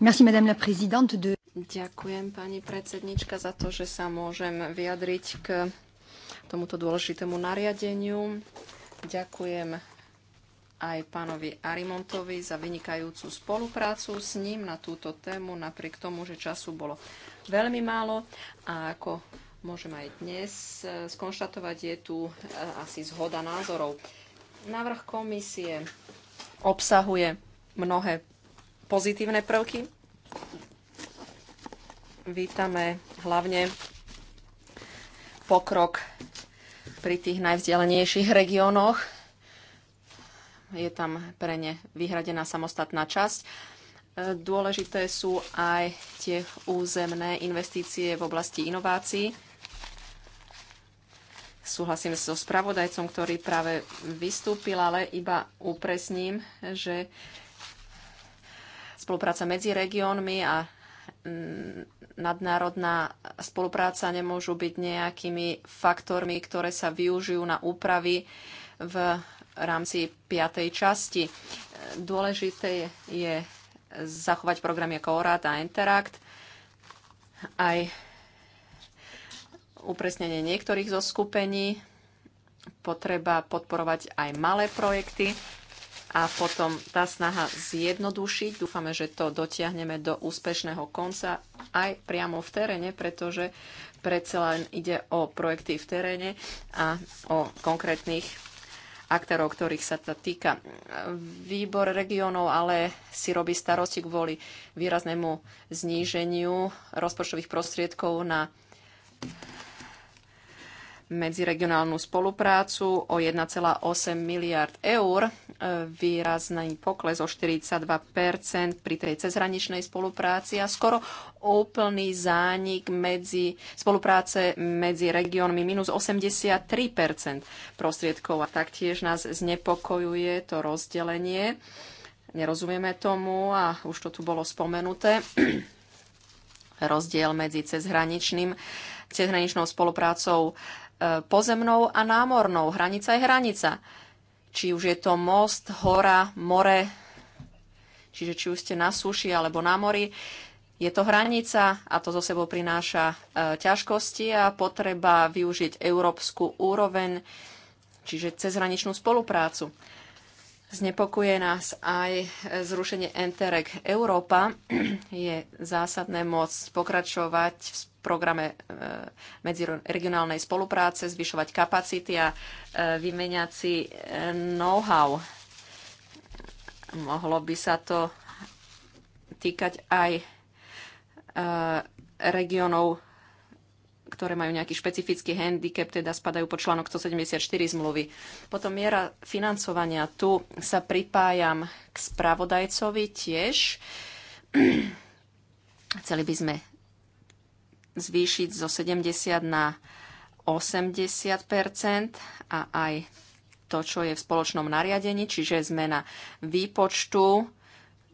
Merci, madame la présidente. De...
Ďakujem, pani predsednička, za to, že sa môžem vyjadriť k tomuto dôležitému nariadeniu. Ďakujem aj pánovi Arimontovi za vynikajúcu spoluprácu s ním na túto tému, napriek tomu, že času bolo veľmi málo a ako môžem aj dnes e, skonštatovať, je tu e, asi zhoda názorov. Návrh komisie obsahuje mnohé pozitívne prvky. Vítame hlavne pokrok pri tých najvzdialenejších regiónoch. Je tam pre ne vyhradená samostatná časť Dôležité sú aj tie územné investície v oblasti inovácií. Súhlasím so spravodajcom, ktorý práve vystúpil, ale iba upresním, že spolupráca medzi regiónmi a nadnárodná spolupráca nemôžu byť nejakými faktormi, ktoré sa využijú na úpravy v rámci piatej časti. Dôležité je zachovať programy ako ORAT a Interact, aj upresnenie niektorých zo skupení, potreba podporovať aj malé projekty a potom tá snaha zjednodušiť. Dúfame, že to dotiahneme do úspešného konca aj priamo v teréne, pretože predsa len ide o projekty v teréne a o konkrétnych aktérov, ktorých sa to týka. Výbor regionov, ale si robí starosti kvôli výraznému zníženiu rozpočtových prostriedkov na medziregionálnu spoluprácu o 1,8 miliard eur, e, výrazný pokles o 42 pri tej cezhraničnej spolupráci a skoro úplný zánik medzi spolupráce medzi regiónmi minus 83 prostriedkov. A taktiež nás znepokojuje to rozdelenie. Nerozumieme tomu a už to tu bolo spomenuté. rozdiel medzi cezhraničným cezhraničnou spoluprácou E, pozemnou a námornou. Hranica je hranica. Či už je to most, hora, more, čiže či už ste na suši alebo na mori, je to hranica a to zo sebou prináša e, ťažkosti a potreba využiť európsku úroveň, čiže cezhraničnú spoluprácu. Znepokuje nás aj zrušenie Enterek Európa. Je zásadné môcť pokračovať v programe e, medziregionálnej spolupráce, zvyšovať kapacity a e, vymeniať si e, know-how. Mohlo by sa to týkať aj regionov, ktoré majú nejaký špecifický handicap, teda spadajú pod článok 174 zmluvy. Potom miera financovania. Tu sa pripájam k spravodajcovi tiež. Chceli by sme zvýšiť zo 70 na 80 a aj to, čo je v spoločnom nariadení, čiže zmena výpočtu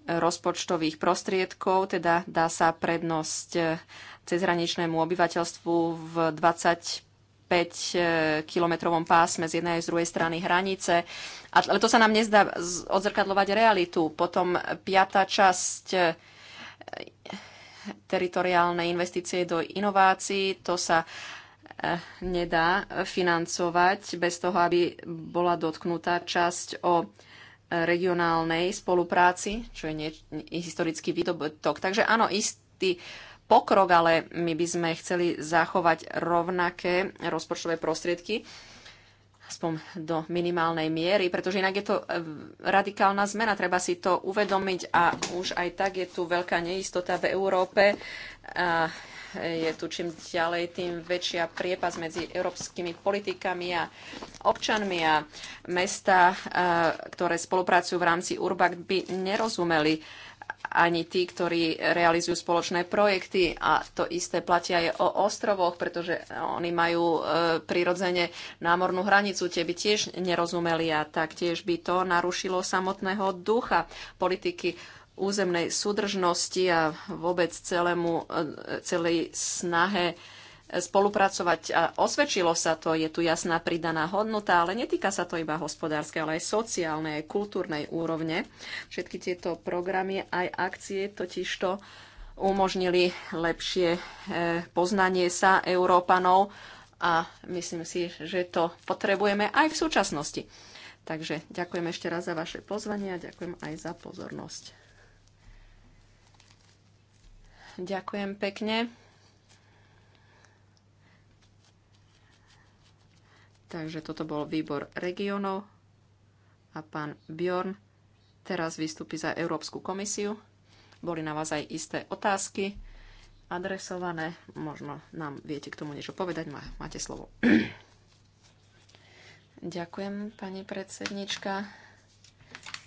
rozpočtových prostriedkov, teda dá sa prednosť eh, cezhraničnému obyvateľstvu v 25-kilometrovom eh, pásme z jednej a z druhej strany hranice. Ale to sa nám nezdá odzrkadlovať realitu. Potom piata časť eh, teritoriálne investície do inovácií. To sa eh, nedá eh, financovať bez toho, aby bola dotknutá časť o eh, regionálnej spolupráci, čo je nie, historický výdobytok. Takže áno, istý pokrok, ale my by sme chceli zachovať rovnaké rozpočtové prostriedky aspoň do minimálnej miery, pretože inak je to e, radikálna zmena, treba si to uvedomiť a už aj tak je tu veľká neistota v Európe. A je tu čím ďalej, tým väčšia priepas medzi európskymi politikami a občanmi a mesta, e, ktoré spolupracujú v rámci Urbak, by nerozumeli ani tí, ktorí realizujú spoločné projekty. A to isté platia aj o ostrovoch, pretože oni majú e, prirodzene námornú hranicu. Tie by tiež nerozumeli a taktiež by to narušilo samotného ducha politiky územnej súdržnosti a vôbec celému, e, celej snahe spolupracovať. A osvedčilo sa to, je tu jasná pridaná hodnota, ale netýka sa to iba hospodárskej, ale aj sociálnej, aj kultúrnej úrovne. Všetky tieto programy aj akcie totižto umožnili lepšie e, poznanie sa Európanov a myslím si, že to potrebujeme aj v súčasnosti. Takže ďakujem ešte raz za vaše pozvanie a ďakujem aj za pozornosť. Ďakujem pekne. Takže toto bol výbor regionov a pán Bjorn teraz vystúpi za Európsku komisiu. Boli na vás aj isté otázky adresované. Možno nám viete k tomu niečo povedať. Máte slovo. Ďakujem, pani predsednička.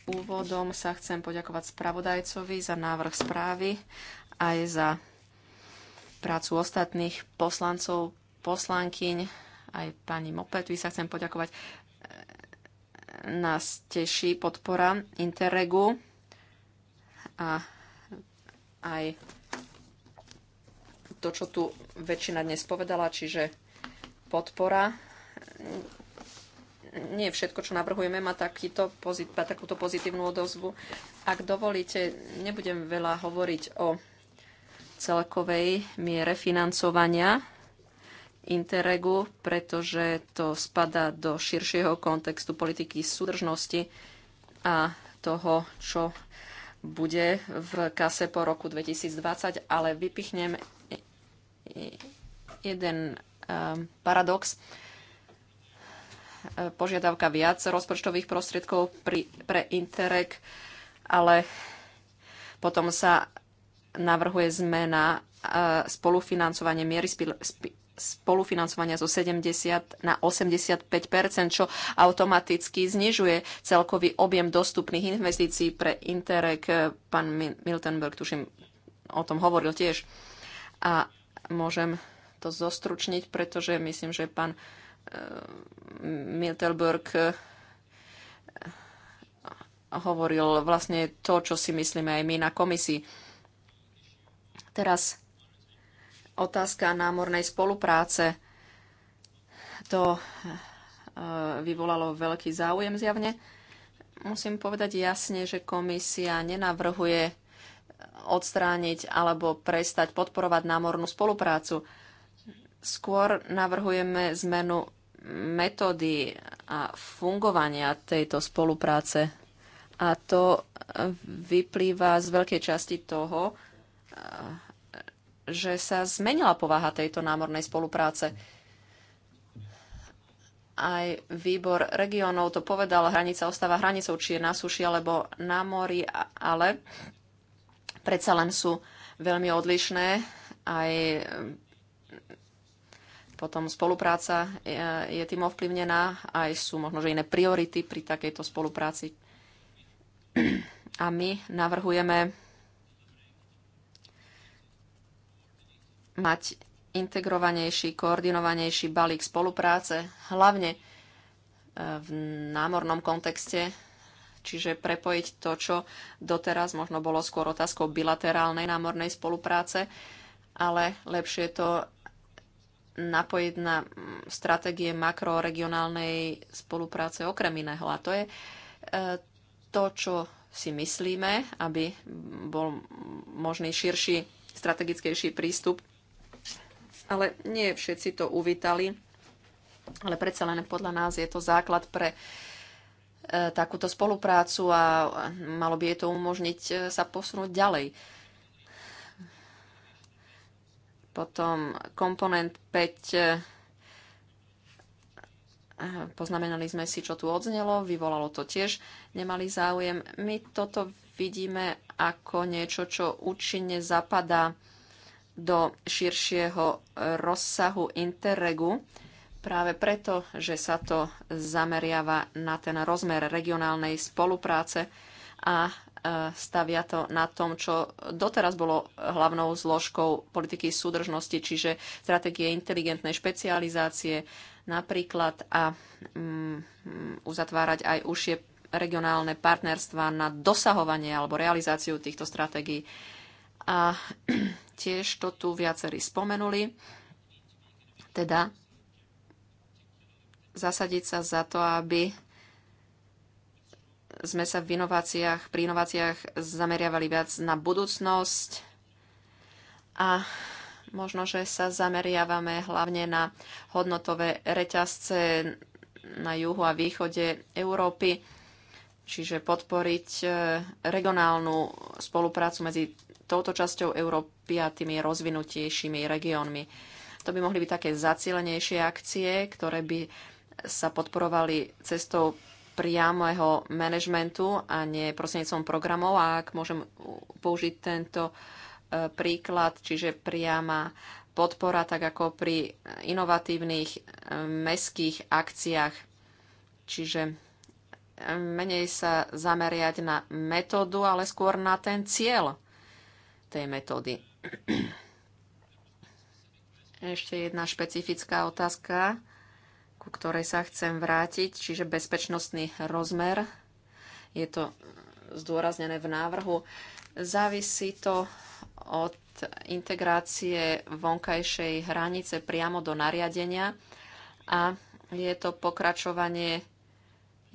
Úvodom sa chcem poďakovať spravodajcovi za návrh správy aj za prácu ostatných poslancov, poslankyň aj pani Mopet. Vy sa chcem poďakovať. Nás teší podpora Interregu a aj to, čo tu väčšina dnes povedala, čiže podpora. Nie všetko, čo navrhujeme, má, takýto, má takúto pozitívnu odozvu. Ak dovolíte, nebudem veľa hovoriť o celkovej miere financovania Interregu, pretože to spadá do širšieho kontextu politiky súdržnosti a toho, čo bude v kase po roku 2020, ale vypichnem jeden ehm, paradox. E, požiadavka viac rozpočtových prostriedkov pri, pre Interreg, ale potom sa navrhuje zmena e, spolufinancovanie miery spolufinancovania zo 70 na 85 čo automaticky znižuje celkový objem dostupných investícií pre Interreg. Pán Miltenberg, tuším, o tom hovoril tiež. A môžem to zostručniť, pretože myslím, že pán eh, Miltenberg eh, hovoril vlastne to, čo si myslíme aj my na komisii. Teraz otázka námornej spolupráce. To eh, vyvolalo veľký záujem zjavne. Musím povedať jasne, že komisia nenavrhuje eh, odstrániť alebo prestať podporovať námornú spoluprácu. Skôr navrhujeme zmenu metódy a fungovania tejto spolupráce. A to eh, vyplýva z veľkej časti toho, že sa zmenila povaha tejto námornej spolupráce. Aj výbor regionov to povedal, hranica ostáva hranicou, či je na suši alebo na mori, ale predsa len sú veľmi odlišné. Aj mm, potom spolupráca e, je tým ovplyvnená, aj sú možno, že iné priority pri takejto spolupráci. A my navrhujeme mať integrovanejší, koordinovanejší balík spolupráce, hlavne e, v námornom kontexte, čiže prepojiť to, čo doteraz možno bolo skôr otázkou bilaterálnej námornej spolupráce, ale lepšie to napojiť na stratégie makroregionálnej spolupráce okrem iného. A to je e, to, čo si myslíme, aby bol možný širší, strategickejší prístup ale nie všetci to uvítali. Ale predsa len podľa nás je to základ pre e, takúto spoluprácu a malo by je to umožniť e, sa posunúť ďalej. Potom komponent 5. E, poznamenali sme si, čo tu odznelo, vyvolalo to tiež, nemali záujem. My toto vidíme ako niečo, čo účinne zapadá do širšieho e, rozsahu Interregu, práve preto, že sa to zameriava na ten rozmer regionálnej spolupráce a e, stavia to na tom, čo doteraz bolo hlavnou zložkou politiky súdržnosti, čiže stratégie inteligentnej špecializácie napríklad a mm, uzatvárať aj užšie regionálne partnerstva na dosahovanie alebo realizáciu týchto stratégií. A tiež to tu viacerí spomenuli, teda zasadiť sa za to, aby sme sa v inováciách, pri inováciách zameriavali viac na budúcnosť a možno, že sa zameriavame hlavne na hodnotové reťazce na juhu a východe Európy, čiže podporiť eh, regionálnu spoluprácu medzi touto časťou Európy a tými rozvinutejšími regiónmi. To by mohli byť také zacielenejšie akcie, ktoré by sa podporovali cestou priamého manažmentu a nie prostredníctvom programov. A ak môžem použiť tento e, príklad, čiže priama podpora, tak ako pri inovatívnych e, meských akciách. Čiže e, menej sa zameriať na metódu, ale skôr na ten cieľ tej metódy. Ešte jedna špecifická otázka, ku ktorej sa chcem vrátiť, čiže bezpečnostný rozmer. Je to zdôraznené v návrhu. Závisí to od integrácie vonkajšej hranice priamo do nariadenia a je to pokračovanie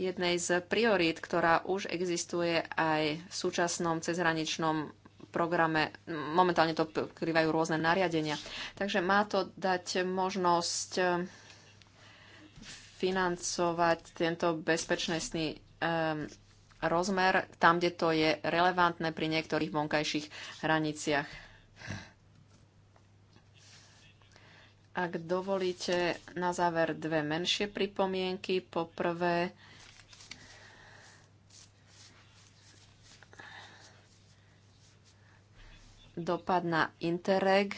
jednej z priorít, ktorá už existuje aj v súčasnom cezhraničnom programe. Momentálne to krývajú rôzne nariadenia. Takže má to dať možnosť eh, financovať tento bezpečnostný um, rozmer tam, kde to je relevantné pri niektorých vonkajších hraniciach. Ak dovolíte, na záver dve menšie pripomienky. Poprvé, dopad na Interreg.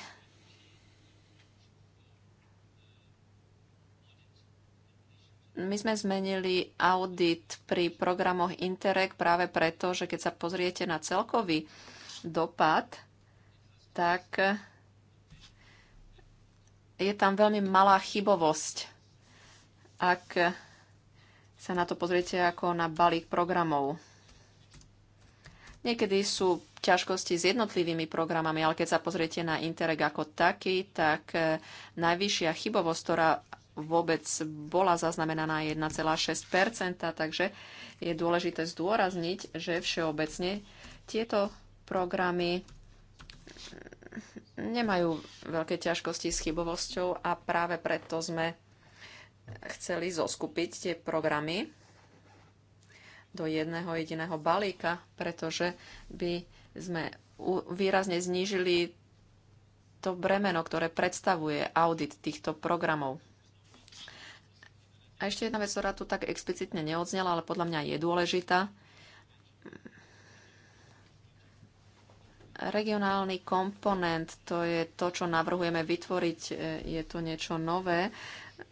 My sme zmenili audit pri programoch Interreg práve preto, že keď sa pozriete na celkový dopad, tak je tam veľmi malá chybovosť. Ak sa na to pozriete ako na balík programov. Niekedy sú ťažkosti s jednotlivými programami, ale keď sa pozriete na Interreg ako taký, tak e, najvyššia chybovosť, ktorá vôbec bola zaznamenaná 1,6 takže je dôležité zdôrazniť, že všeobecne tieto programy e, nemajú veľké ťažkosti s chybovosťou a práve preto sme chceli zoskupiť tie programy do jedného jediného balíka, pretože by sme výrazne znížili to bremeno, ktoré predstavuje audit týchto programov. A ešte jedna vec, ktorá tu tak explicitne neodznela, ale podľa mňa je dôležitá. Regionálny komponent, to je to, čo navrhujeme vytvoriť, e, je to niečo nové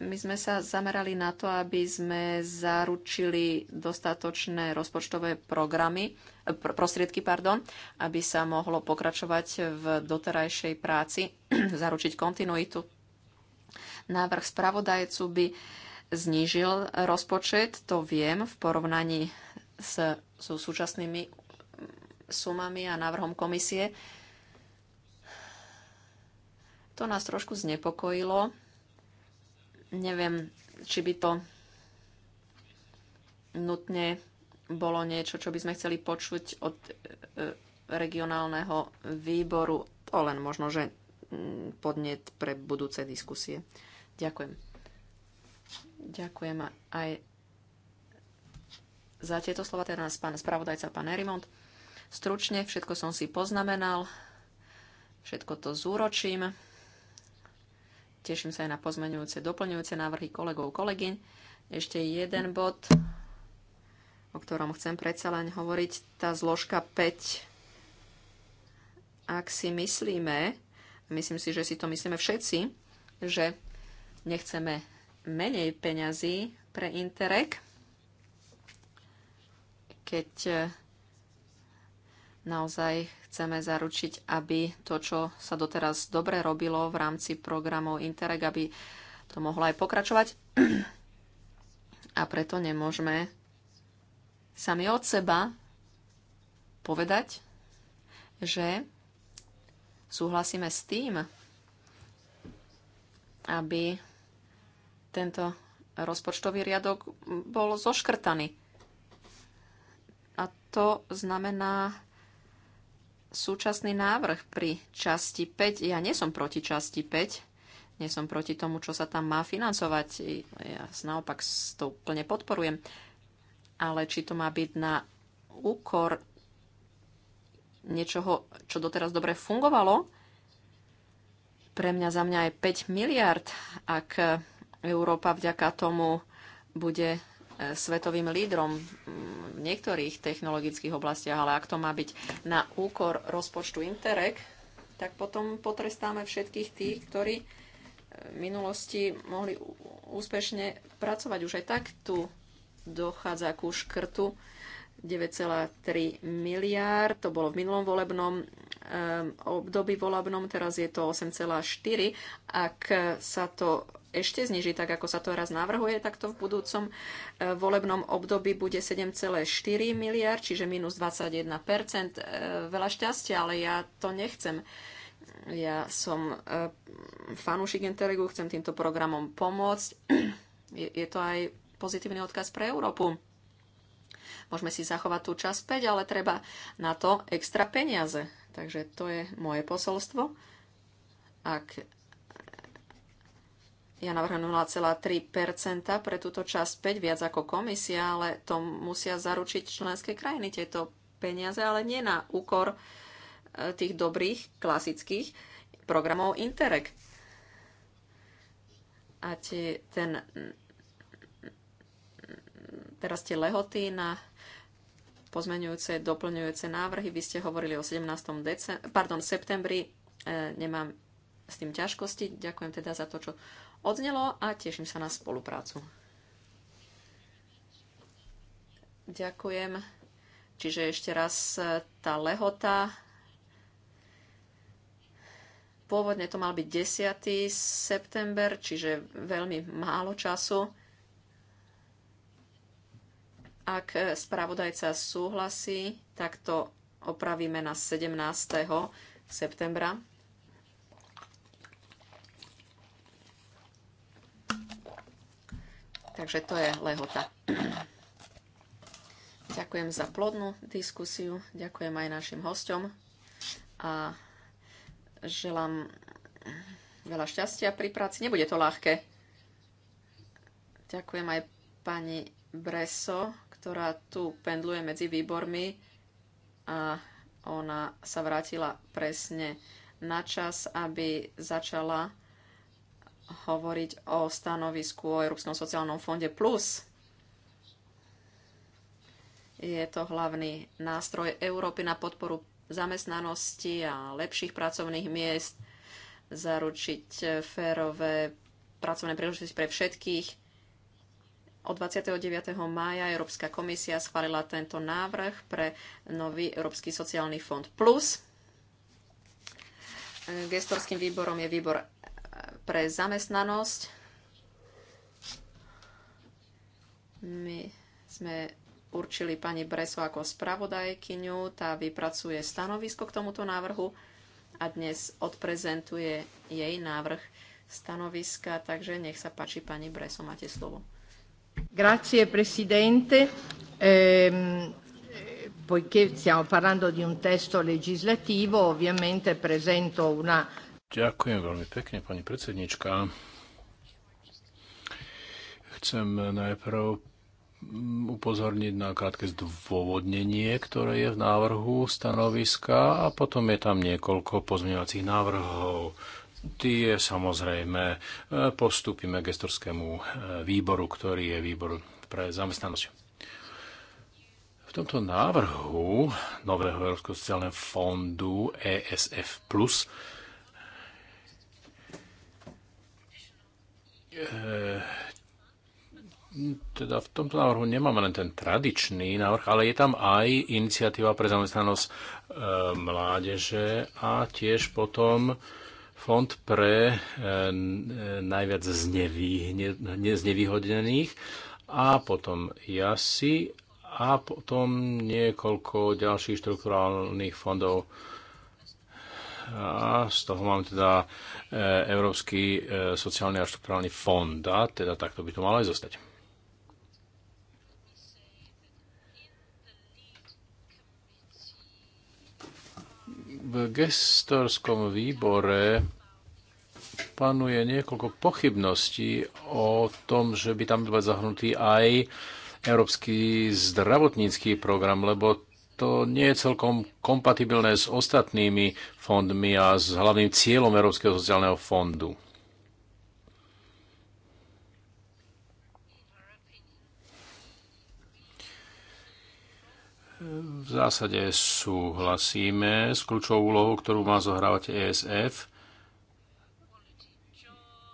my sme sa zamerali na to, aby sme zaručili dostatočné rozpočtové programy, eh, prostriedky, pardon, aby sa mohlo pokračovať v doterajšej práci, zaručiť kontinuitu. Návrh spravodajcu by znížil rozpočet, to viem, v porovnaní s, s súčasnými mm, sumami a návrhom komisie. To nás trošku znepokojilo Neviem, či by to nutne bolo niečo, čo by sme chceli počuť od e, e, regionálneho výboru. To len možno, že mm, podnet pre budúce diskusie. Ďakujem. Ďakujem aj za tieto slova nás pán spravodajca, pán Erimont. Stručne všetko som si poznamenal, všetko to zúročím. Teším sa aj na pozmeňujúce, doplňujúce návrhy kolegov, kolegyň. Ešte jeden bod, o ktorom chcem predsa len hovoriť, tá zložka 5. Ak si myslíme, myslím si, že si to myslíme všetci, že nechceme menej peňazí pre Interreg, keď Naozaj chceme zaručiť, aby to, čo sa doteraz dobre robilo v rámci programov Interreg, aby to mohlo aj pokračovať. A preto nemôžeme sami od seba povedať, že súhlasíme s tým, aby tento rozpočtový riadok bol zoškrtaný. A to znamená súčasný návrh pri časti 5. Ja nie som proti časti 5. Nie som proti tomu, čo sa tam má financovať. Ja naopak to úplne podporujem. Ale či to má byť na úkor niečoho, čo doteraz dobre fungovalo, pre mňa za mňa je 5 miliard, ak Európa vďaka tomu bude svetovým lídrom v niektorých technologických oblastiach, ale ak to má byť na úkor rozpočtu Interreg, tak potom potrestáme všetkých tých, ktorí eh, v minulosti mohli úspešne pracovať. Už aj tak tu dochádza ku škrtu 9,3 miliárd. To bolo v minulom volebnom eh, období volebnom, teraz je to 8,4. Ak sa to ešte znižiť, tak ako sa to raz navrhuje, tak to v budúcom e, volebnom období bude 7,4 miliard, čiže minus 21 e, Veľa šťastia, ale ja to nechcem. Ja som e, fanúšik Interregu, chcem týmto programom pomôcť. Je to aj pozitívny odkaz pre Európu. Môžeme si zachovať tú časť späť, ale treba na to extra peniaze. Takže to je moje posolstvo. Ak ja navrhnu 0,3 pre túto časť 5, viac ako komisia, ale to musia zaručiť členské krajiny tieto peniaze, ale nie na úkor e, tých dobrých, klasických programov Interreg. A tie, ten, teraz tie lehoty na pozmeňujúce, doplňujúce návrhy. Vy ste hovorili o 17. Decem- pardon, septembri. E, nemám s tým ťažkosti. Ďakujem teda za to, čo odnelo a teším sa na spoluprácu. Ďakujem. Čiže ešte raz e, tá lehota. Pôvodne to mal byť 10. september, čiže veľmi málo času. Ak e, spravodajca súhlasí, tak to opravíme na 17. septembra. Takže to je lehota. Ďakujem za plodnú diskusiu, ďakujem aj našim hosťom a želám veľa šťastia pri práci. Nebude to ľahké. Ďakujem aj pani Breso, ktorá tu pendluje medzi výbormi a ona sa vrátila presne na čas, aby začala hovoriť o stanovisku o Európskom sociálnom fonde plus. Je to hlavný nástroj Európy na podporu zamestnanosti a lepších pracovných miest, zaručiť férové pracovné príležitosti pre všetkých. Od 29. mája Európska komisia schválila tento návrh pre nový Európsky sociálny fond plus. Gestorským výborom je výbor pre zamestnanosť. My sme určili pani Breso ako spravodajkyňu, tá vypracuje stanovisko k tomuto návrhu a dnes odprezentuje jej návrh stanoviska, takže nech sa páči pani Breso, máte slovo. Grazie presidente. Ehm, poiché stiamo parlando di un testo legislativo, ovviamente
presento una
Ďakujem veľmi pekne, pani predsednička. Chcem najprv upozorniť na krátke zdôvodnenie, ktoré je v návrhu stanoviska a potom je tam niekoľko pozmeňovacích návrhov. Tie samozrejme e, k gestorskému e, výboru, ktorý je výbor pre zamestnanosť. V tomto návrhu nového Európskeho sociálneho fondu ESF+, Eh, teda v tomto návrhu nemáme len ten tradičný návrh, ale je tam aj iniciatíva pre zamestnanosť eh, mládeže a tiež potom fond pre eh, najviac znevýhodnených a potom JASI a potom niekoľko ďalších štrukturálnych fondov a z toho máme teda e, Európsky e, sociálny a štruktúrálny fond. A teda takto by to malo aj zostať. v gestorskom výbore panuje niekoľko pochybností o tom, že by tam byl zahrnutý aj Európsky zdravotnícky program, lebo to nie je celkom kompatibilné s ostatnými fondmi a s hlavným cieľom Európskeho sociálneho fondu. V zásade súhlasíme s kľúčovou úlohou, ktorú má zohrávať ESF,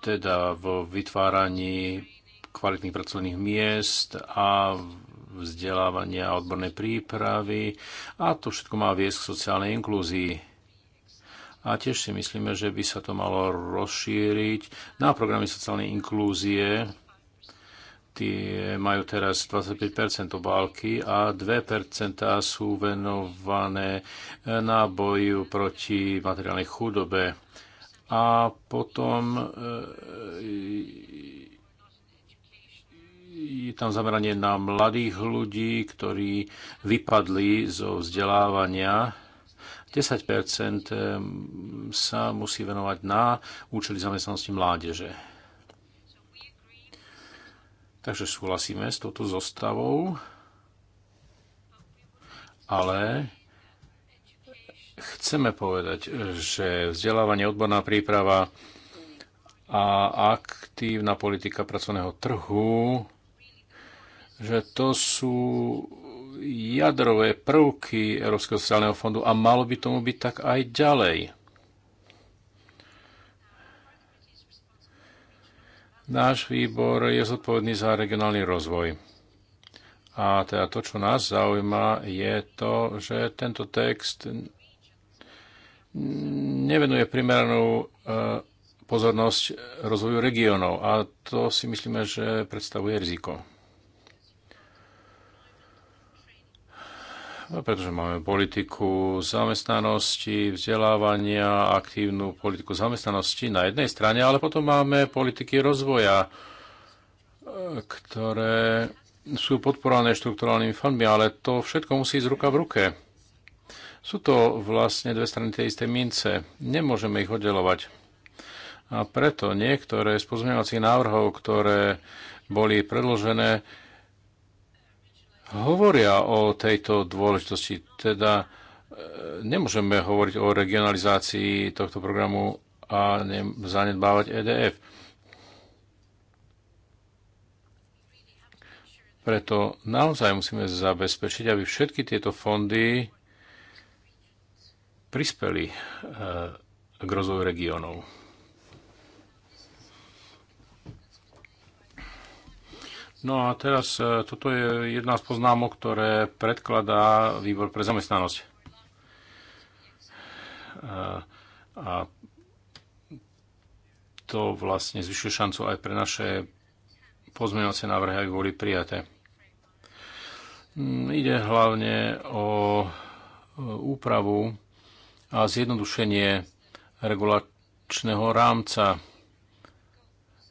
teda v vytváraní kvalitných pracovných miest a vzdelávania a odbornej prípravy a to všetko má viesť k sociálnej inklúzii. A tiež si myslíme, že by sa to malo rozšíriť na programy sociálnej inklúzie. Tie majú teraz 25 obálky a 2 sú venované na boju proti materiálnej chudobe. A potom e, je tam zameranie na mladých ľudí, ktorí vypadli zo vzdelávania. 10 sa musí venovať na účely zamestnanosti mládeže. Takže súhlasíme s touto zostavou, ale chceme povedať, že vzdelávanie, odborná príprava a aktívna politika pracovného trhu že to sú jadrové prvky Európskeho sociálneho fondu a malo by tomu byť tak aj ďalej. Náš výbor je zodpovedný za regionálny rozvoj. A teda to, čo nás zaujíma, je to, že tento text nevenuje primeranú e, pozornosť rozvoju regiónov. A to si myslíme, že predstavuje riziko. pretože máme politiku zamestnanosti, vzdelávania, aktívnu politiku zamestnanosti na jednej strane, ale potom máme politiky rozvoja, e, ktoré sú podporované štrukturálnymi fondmi, ale to všetko musí ísť ruka v ruke. Sú to vlastne dve strany tej istej mince. Nemôžeme ich oddelovať. A preto niektoré z pozmeňovacích návrhov, ktoré boli predložené, hovoria o tejto dôležitosti. Teda e, nemôžeme hovoriť o regionalizácii tohto programu a zanedbávať EDF. Preto naozaj musíme zabezpečiť, aby všetky tieto fondy prispeli e, k rozvoju regiónov. No a teraz e, toto je jedna z poznámok, ktoré predkladá výbor pre zamestnanosť. E, a to vlastne zvyšuje šancu aj pre naše pozmeňovacie návrhy, aby boli prijaté. Mm, ide hlavne o e, úpravu a zjednodušenie regulačného rámca.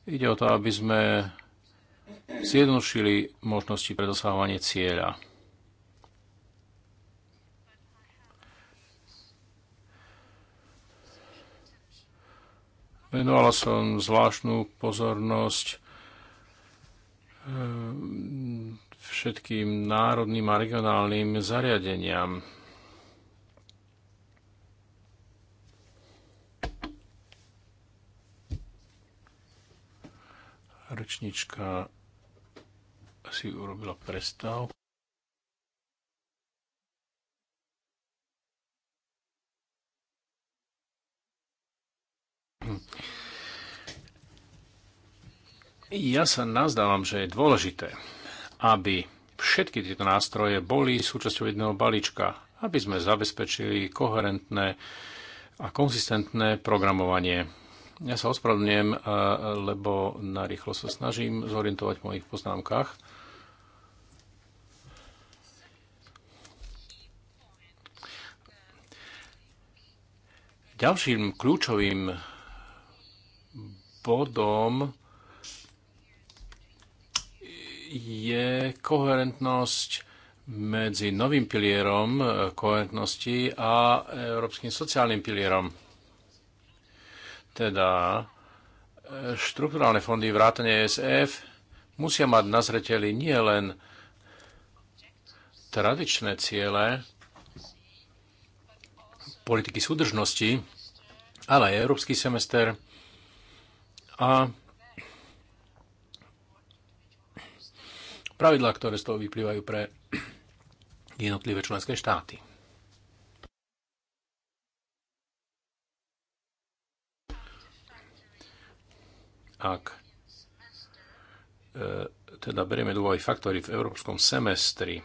Ide o to, aby sme zjednodušili možnosti pre dosahovanie cieľa. Venovala som zvláštnu pozornosť ehm, všetkým národným a regionálnym zariadeniam. Rečnička si urobila prestav. Ja sa nazdávam, že je dôležité, aby všetky tieto nástroje boli súčasťou jedného balíčka, aby sme zabezpečili koherentné a konzistentné programovanie. Ja sa ospravedlňujem, eh, lebo narýchlo sa snažím zorientovať v mojich poznámkach. Ďalším kľúčovým bodom je koherentnosť medzi novým pilierom koherentnosti a európskym sociálnym pilierom. Teda eh, štruktúrálne fondy vrátane ESF musia mať na zreteli nie len tradičné ciele, politiky súdržnosti, ale aj európsky semester a pravidlá, ktoré z toho vyplývajú pre jednotlivé členské štáty. Ak e, teda berieme do faktory v európskom semestri,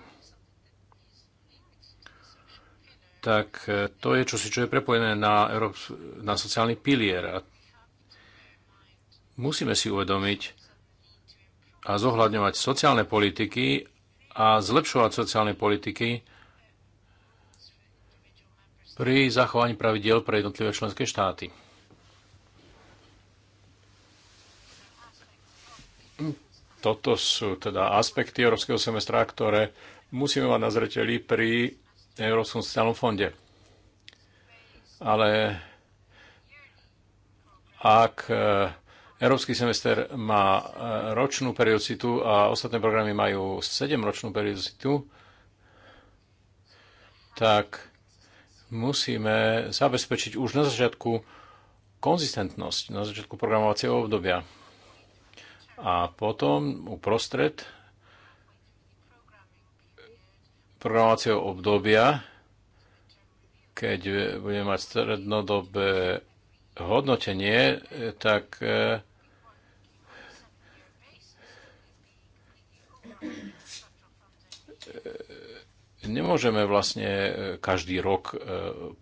tak e, to je čosi, čo je prepojené na, Európs- na sociálny pilier. A musíme si uvedomiť a zohľadňovať sociálne politiky a zlepšovať sociálne politiky pri zachovaní pravidiel pre jednotlivé členské štáty. Toto sú teda aspekty európskeho semestra, ktoré musíme mať na zreteli pri Európskom sociálnom fonde. Ale ak e, Európsky semester má e, ročnú periodicitu a ostatné programy majú 7-ročnú periodicitu, tak musíme zabezpečiť už na začiatku konzistentnosť, na začiatku programovacieho obdobia. A potom uprostred programovacieho obdobia, keď budeme mať strednodobé hodnotenie, tak eh, nemôžeme vlastne eh, každý rok eh,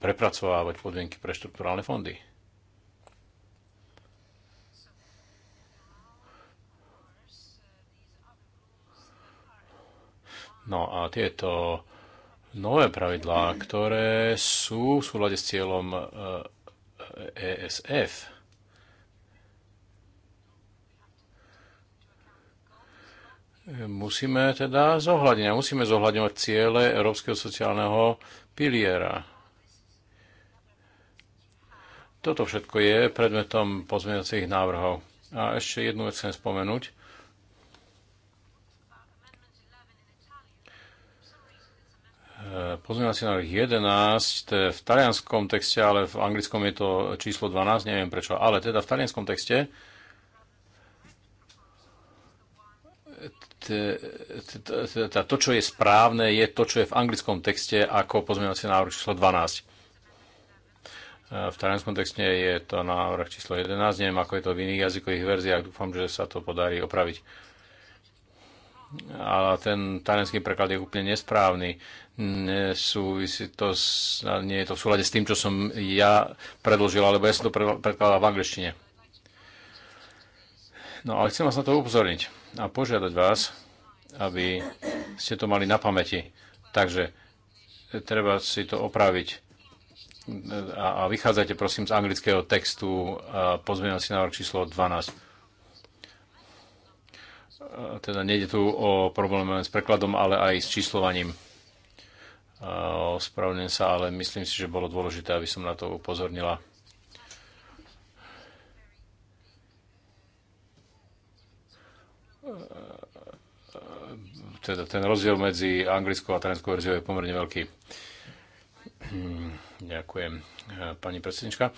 prepracovávať podmienky pre štruktúrálne fondy. No a tieto nové pravidlá, ktoré sú v súlade s cieľom ESF, e musíme teda zohľadniť. A musíme zohľadňovať ciele Európskeho sociálneho piliera. Toto všetko je predmetom pozmeňovacích návrhov. A ešte jednu vec chcem spomenúť. Eh, pozmeňovací návrh 11, to je v talianskom texte, ale v anglickom je to číslo 12, neviem prečo, ale teda v talianskom texte teda to, čo je správne, je to, čo je v anglickom texte ako pozmeňovací návrh číslo 12. Eh, v talianskom texte je to návrh číslo 11, neviem, ako je to v iných jazykových verziách, dúfam, že sa to podarí opraviť ale ten talianský preklad je úplne nesprávny. Nesúvisí to s, nie je to v súlade s tým, čo som ja predložil, alebo ja som to prekladal v angličtine. No ale chcem vás na to upozorniť a požiadať vás, aby ste to mali na pamäti. Takže treba si to opraviť a, a vychádzajte prosím z anglického textu pozmeňovací návrh číslo 12. Teda nejde tu o problém s prekladom, ale aj s číslovaním. Ospravedlňujem sa, ale myslím si, že bolo dôležité, aby som na to upozornila. Teda ten rozdiel medzi anglickou a talianskou verziou je pomerne veľký. Hm, ďakujem, pani predsednička.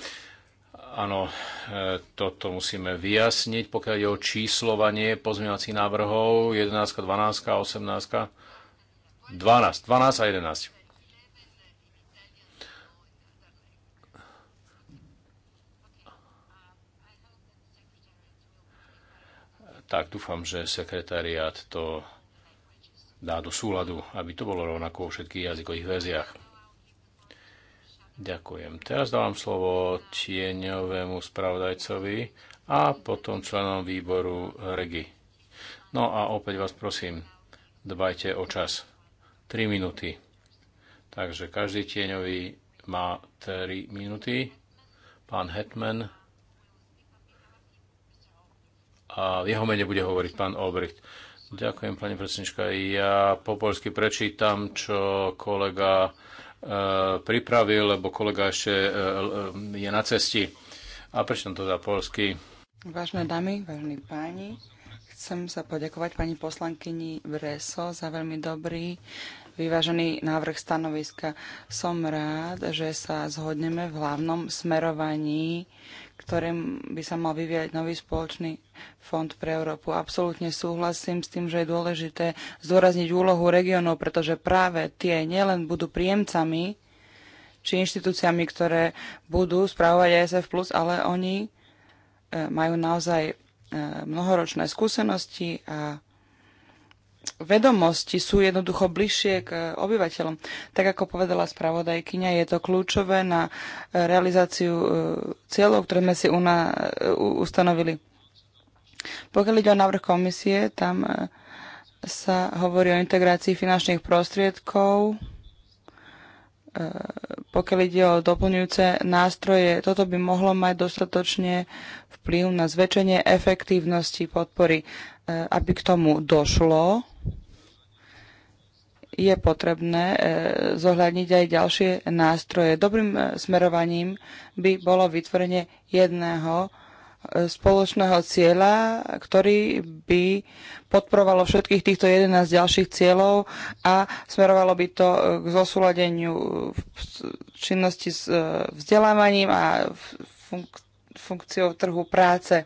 Áno, e, toto musíme vyjasniť, pokiaľ je o číslovanie pozmeňovacích návrhov 11, 12, 18, 12, 12 a 11. Tak dúfam, že sekretariat to dá do súladu, aby to bolo rovnako vo všetkých jazykových verziách. Ďakujem. Teraz dávam slovo tieňovému spravodajcovi a potom členom výboru REGI. No a opäť vás prosím, dbajte o čas. 3 minúty. Takže každý tieňový má 3 minúty. Pán Hetman a v jeho mene bude hovoriť pán Olbricht. Ďakujem, pani predsednička. Ja po polsky prečítam, čo kolega Eh, pripravil, lebo kolega ešte eh, eh, je na cesti. A prečo to za polsky?
Vážne dámy, vážení páni, chcem sa poďakovať pani poslankyni Vreso za veľmi dobrý vyvážený návrh stanoviska. Som rád, že sa zhodneme v hlavnom smerovaní, ktorým by sa mal vyvíjať nový spoločný fond pre Európu. Absolútne súhlasím s tým, že je dôležité zdôrazniť úlohu regiónov, pretože práve tie nielen budú príjemcami či inštitúciami, ktoré budú správovať ESF+, ale oni eh, majú naozaj eh, mnohoročné skúsenosti a vedomosti sú jednoducho bližšie k obyvateľom. Tak ako povedala spravodajkyňa, je to kľúčové na realizáciu e, cieľov, ktoré sme si una, e, ustanovili. Pokiaľ ide o návrh komisie, tam e, sa hovorí o integrácii finančných prostriedkov, pokiaľ ide o doplňujúce nástroje, toto by mohlo mať dostatočne vplyv na zväčšenie efektívnosti podpory. Aby k tomu došlo, je potrebné e, zohľadniť aj ďalšie nástroje. Dobrým e, smerovaním by bolo vytvorenie jedného e, spoločného cieľa, ktorý by podporovalo všetkých týchto 11 ďalších cieľov a smerovalo by to k zosúladeniu činnosti s vzdelávaním a funk- funkciou trhu práce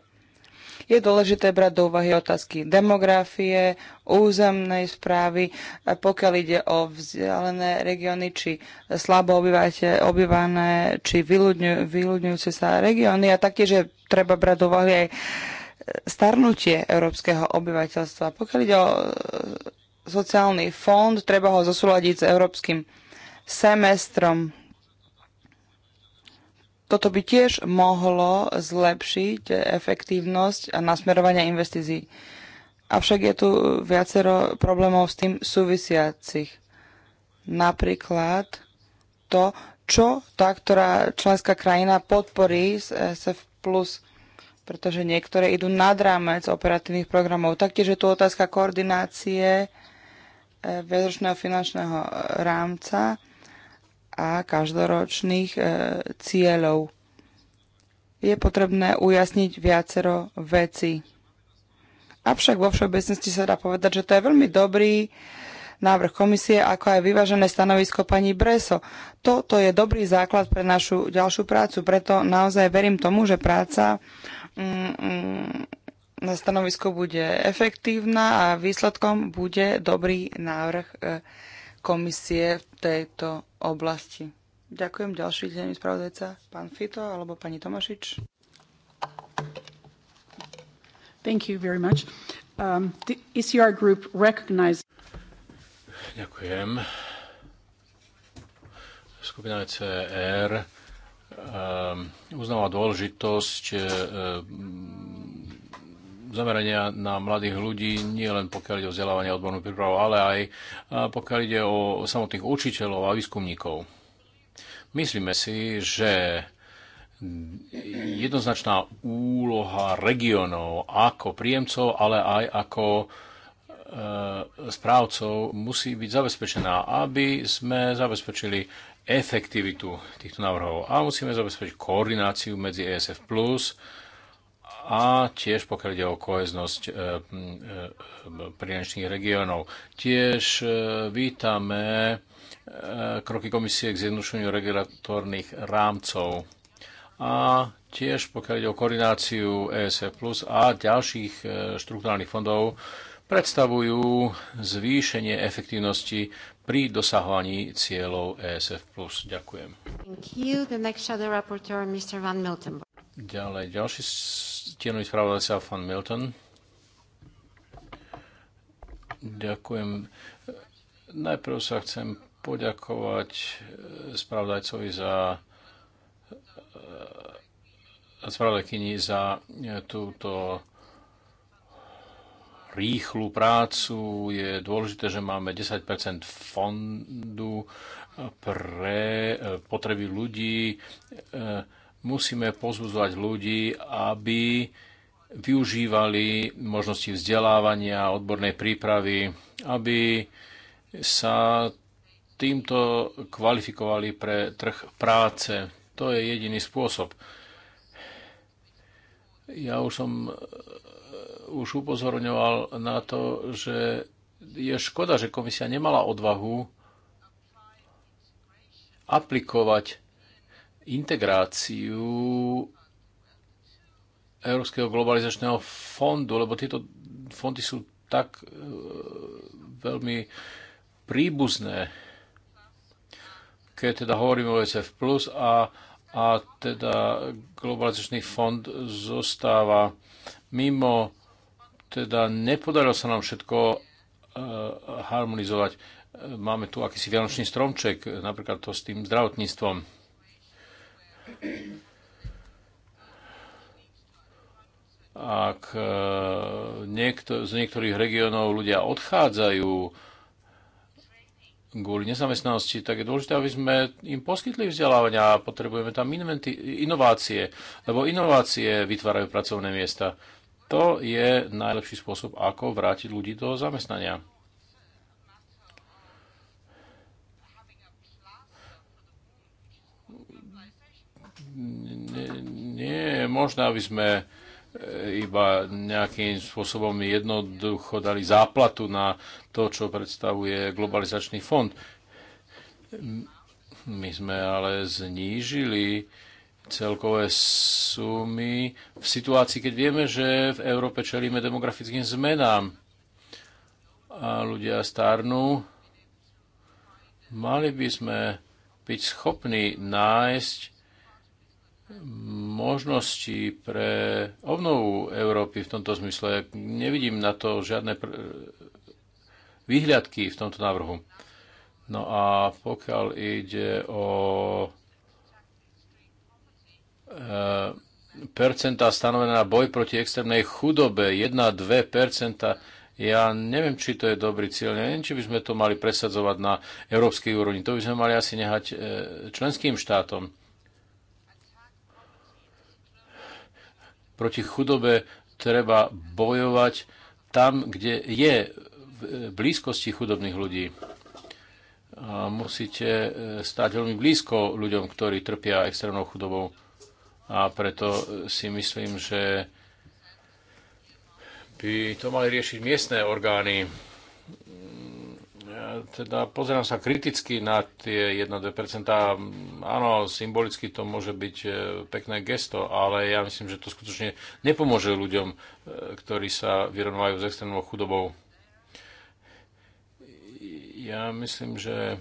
je dôležité brať do úvahy otázky demografie, územnej správy, pokiaľ ide o vzdialené regióny, či slabo obývané, či vyľudňujúce sa regióny a taktiež je treba brať do úvahy aj starnutie európskeho obyvateľstva. Pokiaľ ide o e, sociálny fond, treba ho zosúľadiť s európskym semestrom toto by tiež mohlo zlepšiť efektívnosť a nasmerovania investícií. Avšak je tu viacero problémov s tým súvisiacich. Napríklad to, čo tá, ktorá členská krajina podporí z SF+, pretože niektoré idú nad rámec operatívnych programov. Taktiež je tu otázka koordinácie e, väzročného finančného rámca a každoročných e, cieľov. Je potrebné ujasniť viacero vecí. Avšak vo všeobecnosti sa dá povedať, že to je veľmi dobrý návrh komisie, ako aj vyvážené stanovisko pani Breso. Toto je dobrý základ pre našu ďalšiu prácu, preto naozaj verím tomu, že práca mm, mm, na stanovisko bude efektívna a výsledkom bude dobrý návrh e, komisie v tejto oblasti. Ďakujem. Ďalší deň spravodajca, pán Fito alebo pani Tomašič. Thank you very much. Um, the ECR group recognize...
Ďakujem. Skupina ECR um, uznala dôležitosť um, zamerania na mladých ľudí, nie len pokiaľ ide o vzdelávanie a odbornú prípravu, ale aj pokiaľ ide o samotných učiteľov a výskumníkov. Myslíme si, že jednoznačná úloha regionov ako príjemcov, ale aj ako e, správcov musí byť zabezpečená, aby sme zabezpečili efektivitu týchto návrhov a musíme zabezpečiť koordináciu medzi ESF+, a tiež pokiaľ ide o koheznosť e, e, prienečných regiónov. Tiež e, vítame kroky komisie k zjednodušeniu regulatórnych rámcov a tiež pokiaľ ide o koordináciu ESF Plus a ďalších štruktúrnych fondov predstavujú zvýšenie efektívnosti pri dosahovaní cieľov ESF+. Ďakujem. Thank
you. The next shadow rapporteur, Mr. Van
Ďalej, ďalší stienový sa Fan Milton. Ďakujem. Najprv sa chcem poďakovať e, spravodajcovi za e, spravodajkyni za e, túto rýchlu prácu. Je dôležité, že máme 10 fondu pre potreby ľudí Musíme pozúzovať ľudí, aby využívali možnosti vzdelávania, odbornej prípravy, aby sa týmto kvalifikovali pre trh práce. To je jediný spôsob. Ja už som eh, už upozorňoval na to, že je škoda, že komisia nemala odvahu aplikovať integráciu Európskeho globalizačného fondu, lebo tieto fondy sú tak e, veľmi príbuzné, keď teda hovoríme o ECF+, a, a teda globalizačný fond zostáva mimo, teda nepodarilo sa nám všetko e, harmonizovať. E, máme tu akýsi vianočný stromček, napríklad to s tým zdravotníctvom ak e, niekto, z niektorých regiónov ľudia odchádzajú kvôli nezamestnanosti, tak je dôležité, aby sme im poskytli vzdelávania a potrebujeme tam inovácie, lebo inovácie vytvárajú pracovné miesta. To je najlepší spôsob, ako vrátiť ľudí do zamestnania. nie, nie je možné, aby sme e, iba nejakým spôsobom jednoducho dali záplatu na to, čo predstavuje globalizačný fond. My sme ale znížili celkové sumy v situácii, keď vieme, že v Európe čelíme demografickým zmenám a ľudia starnú. Mali by sme byť schopní nájsť možnosti pre obnovu Európy v tomto zmysle. Nevidím na to žiadne výhľadky v tomto návrhu. No a pokiaľ ide o e, percentá stanovené na boj proti extrémnej chudobe, 1-2 percenta, ja neviem, či to je dobrý cieľ, neviem, či by sme to mali presadzovať na európskej úrovni. To by sme mali asi nehať e, členským štátom proti chudobe treba bojovať tam, kde je v e, blízkosti chudobných ľudí. A musíte e, stať veľmi blízko ľuďom, ktorí trpia extrémnou chudobou. A preto e, si myslím, že by to mali riešiť miestne orgány teda pozerám sa kriticky na tie 1-2%. Áno, symbolicky to môže byť e, pekné gesto, ale ja myslím, že to skutočne nepomôže ľuďom, e, ktorí sa vyrovnávajú s extrémnou chudobou. Ja myslím, že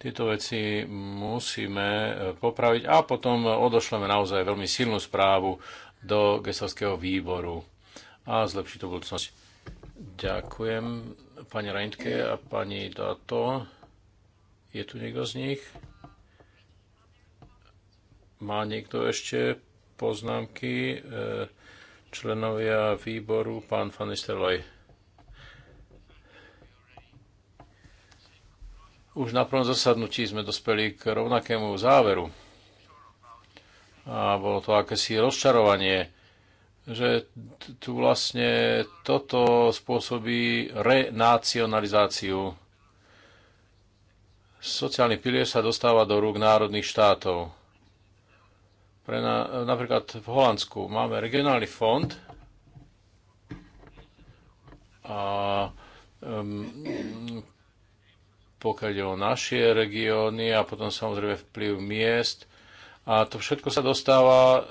tieto veci musíme e, popraviť a potom odošleme naozaj veľmi silnú správu do gestovského výboru a zlepší to budúcnosť. Ďakujem pani Reintke a pani Dato. Je tu niekto z nich? Má niekto ešte poznámky? E, členovia výboru, pán Van Už na prvom zasadnutí sme dospeli k rovnakému záveru. A bolo to akési rozčarovanie že tu vlastne toto spôsobí renacionalizáciu. Sociálny pilier sa dostáva do rúk národných štátov. Pre na, napríklad v Holandsku máme regionálny fond a um, pokiaľ je o naše regióny a potom samozrejme vplyv miest a to všetko sa dostáva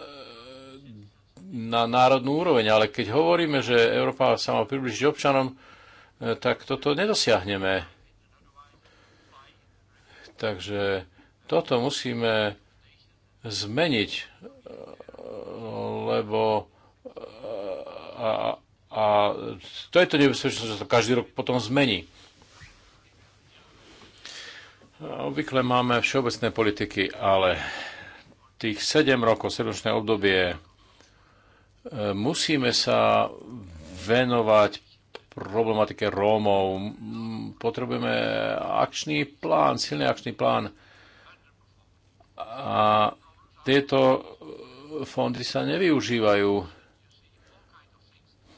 na národnú úroveň, ale keď hovoríme, že Európa sa má približiť občanom, e, tak toto nedosiahneme. Takže toto musíme zmeniť, e, lebo e, a, a to je to nebezpečné, že to každý rok potom zmení. Obvykle máme všeobecné politiky, ale tých 7 rokov, 7 obdobie Musíme sa venovať problematike Rómov. Potrebujeme akčný plán, silný akčný plán. A tieto fondy sa nevyužívajú.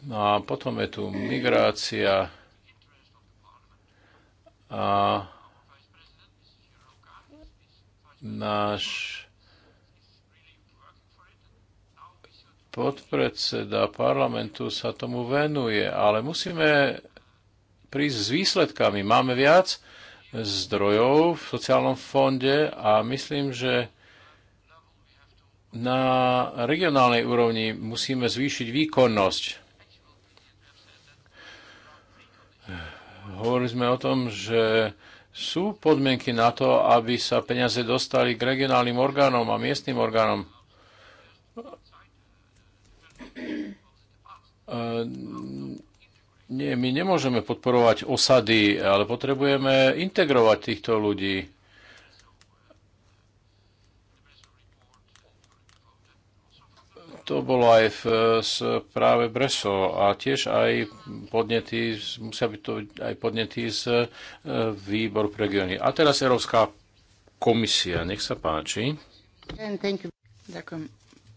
No A potom je tu migrácia. A náš podpredseda parlamentu sa tomu venuje, ale musíme prísť s výsledkami. Máme viac zdrojov v sociálnom fonde a myslím, že na regionálnej úrovni musíme zvýšiť výkonnosť. Hovorili sme o tom, že sú podmienky na to, aby sa peniaze dostali k regionálnym orgánom a miestnym orgánom. Ehm, nie, my nemôžeme podporovať osady, ale potrebujeme integrovať týchto ľudí. To bolo aj v správe Breso a tiež aj podnety, musia byť to aj podnety z e, výboru pre regióny. A teraz Európska komisia, nech sa páči.
Ďakujem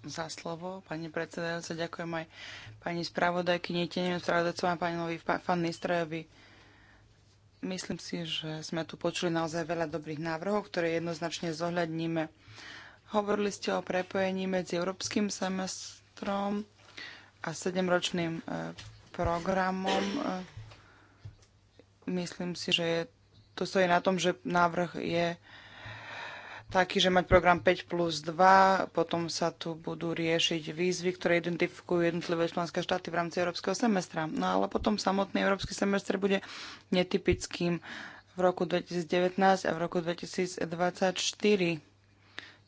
za slovo. Pani predsedajúca, ďakujem aj pani spravodajky, teniem spravodajcom a pánovi Fan Nistrojovi. Myslím si, že sme tu počuli naozaj veľa dobrých návrhov, ktoré jednoznačne zohľadníme. Hovorili ste o prepojení medzi európskym semestrom a sedemročným e, programom. E, myslím si, že je, to stojí na tom, že návrh je taký, že mať program 5 plus 2, potom sa tu budú riešiť výzvy, ktoré identifikujú jednotlivé členské štáty v rámci európskeho semestra. No ale potom samotný európsky semestr bude netypickým v roku 2019 a v roku 2024.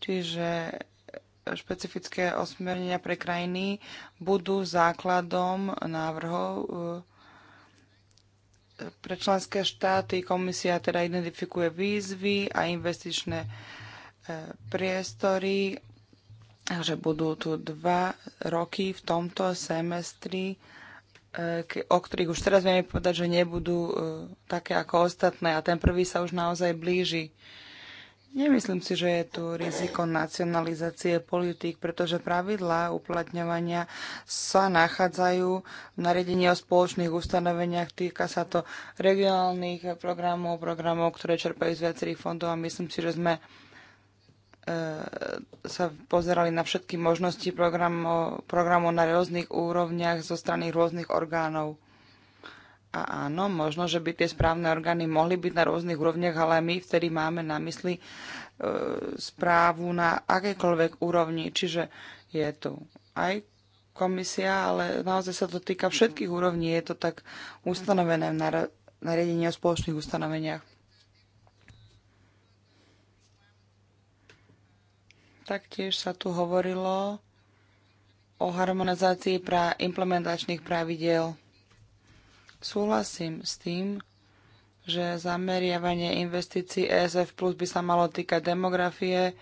Čiže špecifické osmernenia pre krajiny budú základom návrhov e, pre členské štáty. Komisia teda identifikuje výzvy a investičné priestory, že budú tu dva roky v tomto semestri, e, o ktorých už teraz vieme povedať, že nebudú e, také ako ostatné a ten prvý sa už naozaj blíži. Nemyslím si, že je tu riziko nacionalizácie politík, pretože pravidlá uplatňovania sa nachádzajú v nariadení o spoločných ustanoveniach. Týka sa to regionálnych programov, programov, ktoré čerpajú z viacerých fondov a myslím si, že sme E, sa pozerali na všetky možnosti programov programu na rôznych úrovniach zo strany rôznych orgánov. A áno, možno, že by tie správne orgány mohli byť na rôznych úrovniach, ale my vtedy máme na mysli e, správu na akékoľvek úrovni. Čiže je tu aj komisia, ale naozaj sa to týka všetkých úrovní. Je to tak ustanovené v nariadení o spoločných ustanoveniach. Taktiež sa tu hovorilo o harmonizácii pra implementačných pravidel. Súhlasím s tým, že zameriavanie investícií ESF Plus by sa malo týkať demografie e,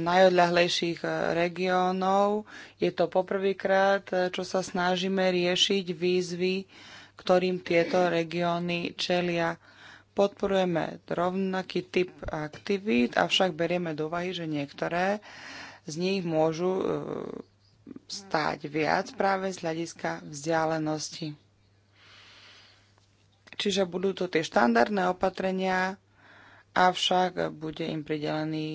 najodľahlejších e, regiónov. Je to poprvýkrát, e, čo sa snažíme riešiť výzvy, ktorým tieto regióny čelia podporujeme rovnaký typ aktivít, avšak berieme do úvahy, že niektoré z nich môžu e, stáť viac práve z hľadiska vzdialenosti. Čiže budú to tie štandardné opatrenia, avšak bude im pridelený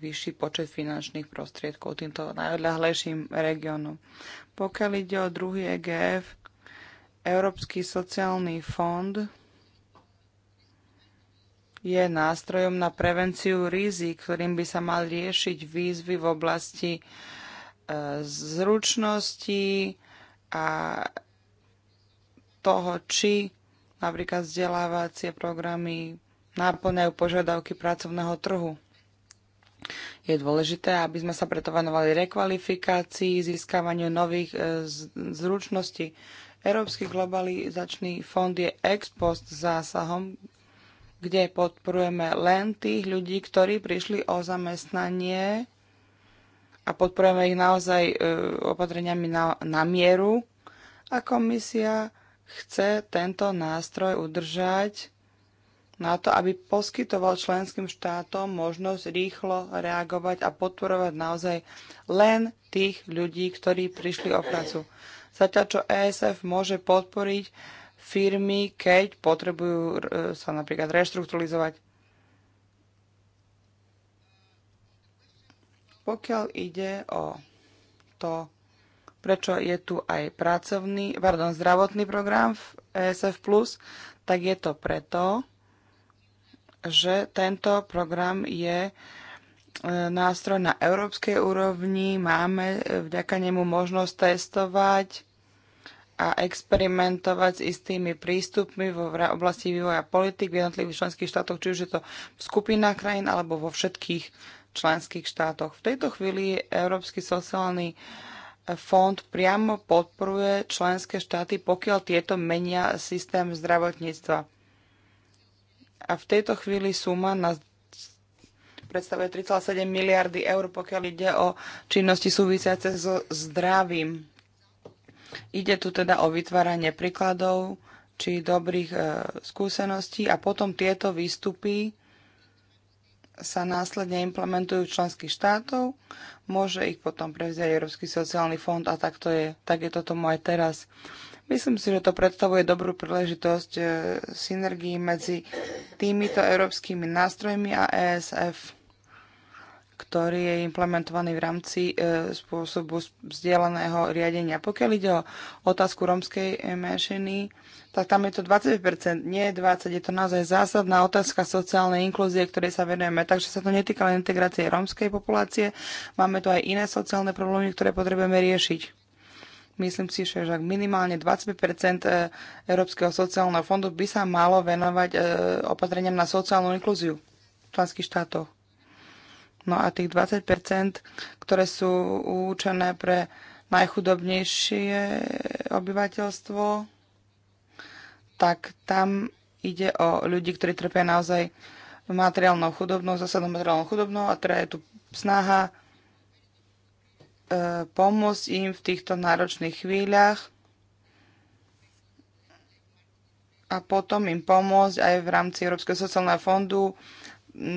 vyšší počet finančných prostriedkov týmto najodľahlejším regiónom. Pokiaľ ide o druhý EGF, Európsky sociálny fond, je nástrojom na prevenciu rizik, ktorým by sa mal riešiť výzvy v oblasti e, zručnosti a toho, či napríklad vzdelávacie programy náplňajú požiadavky pracovného trhu. Je dôležité, aby sme sa preto venovali rekvalifikácii, získavaniu nových e, zručností. Európsky globalizačný fond je ex post zásahom kde podporujeme len tých ľudí, ktorí prišli o zamestnanie a podporujeme ich naozaj e, opatreniami na, na mieru. A komisia chce tento nástroj udržať na to, aby poskytoval členským štátom možnosť rýchlo reagovať a podporovať naozaj len tých ľudí, ktorí prišli o prácu. Zatiaľ, čo ESF môže podporiť firmy, keď potrebujú e, sa napríklad reštrukturalizovať. Pokiaľ ide o to, prečo je tu aj pracovný, pardon, zdravotný program v ESF+, tak je to preto, že tento program je e, nástroj na európskej úrovni, máme e, vďaka nemu možnosť testovať a experimentovať s istými prístupmi v oblasti vývoja politik v jednotlivých členských štátoch, či už je to v skupinách krajín alebo vo všetkých členských štátoch. V tejto chvíli Európsky sociálny eh, fond priamo podporuje členské štáty, pokiaľ tieto menia systém zdravotníctva. A v tejto chvíli suma na predstavuje 3,7 miliardy eur, pokiaľ ide o činnosti súvisiace so zdravím. Ide tu teda o vytváranie príkladov či dobrých e, skúseností a potom tieto výstupy sa následne implementujú v členských štátov, môže ich potom prevziať Európsky sociálny fond a tak, to je, tak je to tomu aj teraz. Myslím si, že to predstavuje dobrú príležitosť e, synergii medzi týmito európskymi nástrojmi a ESF ktorý je implementovaný v rámci e, spôsobu vzdielaného riadenia. Pokiaľ ide o otázku rómskej e, menšiny, tak tam je to 20%, nie 20%. Je to naozaj zásadná otázka sociálnej inklúzie, ktorej sa venujeme. Takže sa to netýka len integrácie rómskej populácie. Máme tu aj iné sociálne problémy, ktoré potrebujeme riešiť. Myslím si, že ak minimálne 25 e, Európskeho sociálneho fondu by sa malo venovať e, opatreniam na sociálnu inklúziu v členských štátoch. No a tých 20%, ktoré sú určené pre najchudobnejšie obyvateľstvo, tak tam ide o ľudí, ktorí trpia naozaj materiálnou chudobnou, zásadnou materiálnou chudobnou a teda je tu snaha e, pomôcť im v týchto náročných chvíľach a potom im pomôcť aj v rámci Európskeho sociálneho fondu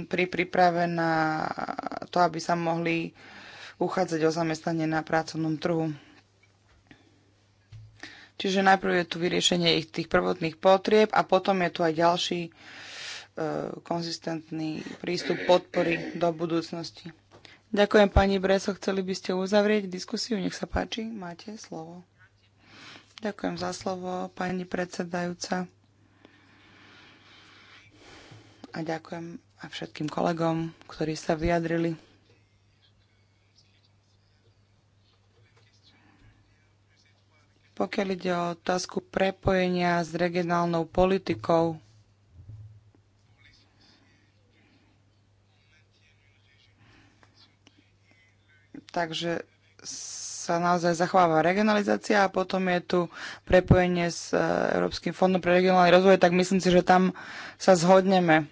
pri príprave na to, aby sa mohli uchádzať o zamestnanie na pracovnom trhu. Čiže najprv je tu vyriešenie ich tých prvotných potrieb a potom je tu aj ďalší e, konzistentný prístup podpory do budúcnosti. Ďakujem pani Breso, chceli by ste uzavrieť diskusiu, nech sa páči, máte slovo. Ďakujem za slovo, pani predsedajúca. A ďakujem a všetkým kolegom, ktorí sa vyjadrili. Pokiaľ ide o otázku prepojenia s regionálnou politikou, takže sa naozaj zachováva regionalizácia a potom je tu prepojenie s e, Európskym fondom pre regionálny rozvoj, tak myslím si, že tam sa zhodneme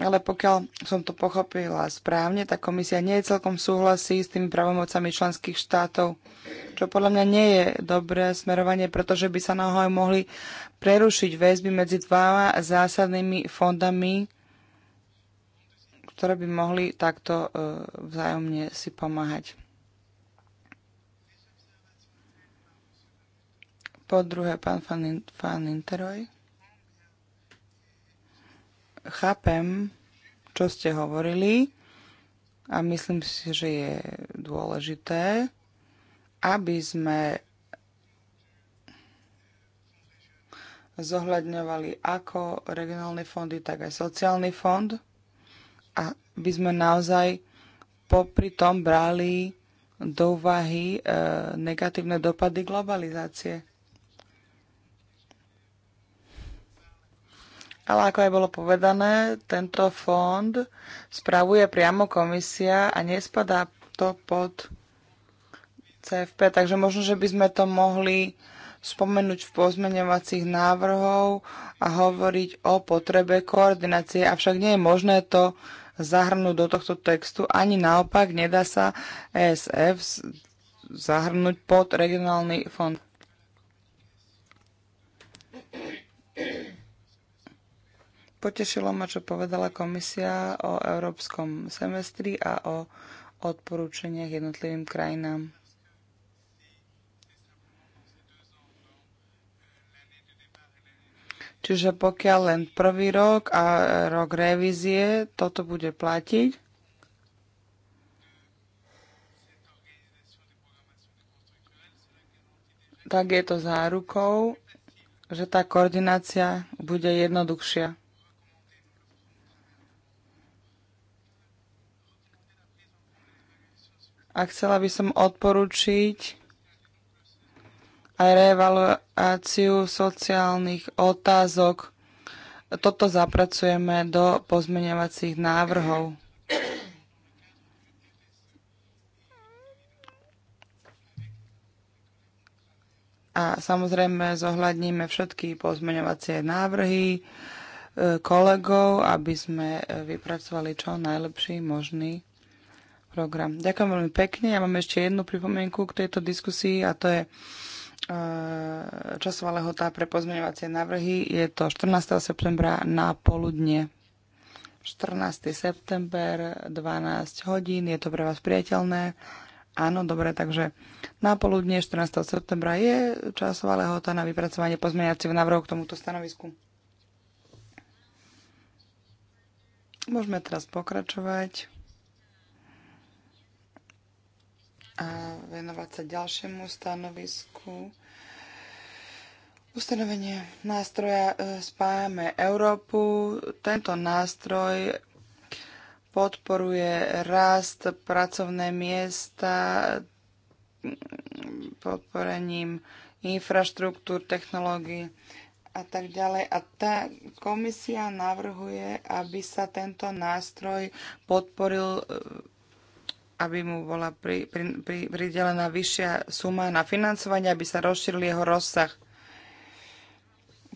ale pokiaľ som to pochopila správne, tak komisia nie je celkom súhlasí s tými pravomocami členských štátov, čo podľa mňa nie je dobré smerovanie, pretože by sa naozaj mohli prerušiť väzby medzi dvoma zásadnými fondami, ktoré by mohli takto e, vzájomne si pomáhať. Po druhé, pán Fan Chápem, čo ste hovorili a myslím si, že je dôležité, aby sme zohľadňovali ako regionálne fondy, tak aj sociálny fond a by sme naozaj popri tom brali do úvahy e, negatívne dopady globalizácie. Ale ako aj bolo povedané, tento fond spravuje priamo komisia a nespadá to pod CFP, takže možno, že by sme to mohli spomenúť v pozmeňovacích návrhov a hovoriť o potrebe koordinácie, avšak nie je možné to zahrnúť do tohto textu, ani naopak nedá sa ESF zahrnúť pod regionálny fond. Potešilo ma, čo povedala komisia o európskom semestri a o odporúčaniach jednotlivým krajinám. Čiže pokiaľ len prvý rok a rok revízie, toto bude platiť. Tak je to zárukou, že tá koordinácia bude jednoduchšia. A chcela by som odporučiť aj reevaluáciu sociálnych otázok. Toto zapracujeme do pozmeňovacích návrhov. A samozrejme zohľadníme všetky pozmeňovacie návrhy e, kolegov, aby sme e, vypracovali čo najlepší možný program. Ďakujem veľmi pekne. Ja mám ešte jednu pripomienku k tejto diskusii a to je e, časová lehota pre pozmeňovacie návrhy. Je to 14. septembra na poludne. 14. september, 12 hodín. Je to pre vás priateľné? Áno, dobre, takže na poludne 14. septembra je časová lehota na vypracovanie pozmeňovacieho návrhu k tomuto stanovisku. Môžeme teraz pokračovať. a venovať sa ďalšiemu stanovisku. Ustanovenie nástroja e, Spájame Európu. Tento nástroj podporuje rast pracovné miesta podporením infraštruktúr, technológií a tak ďalej. A tá komisia navrhuje, aby sa tento nástroj podporil e, aby mu bola pri, pri, pri, pridelená vyššia suma na financovanie, aby sa rozšíril jeho rozsah.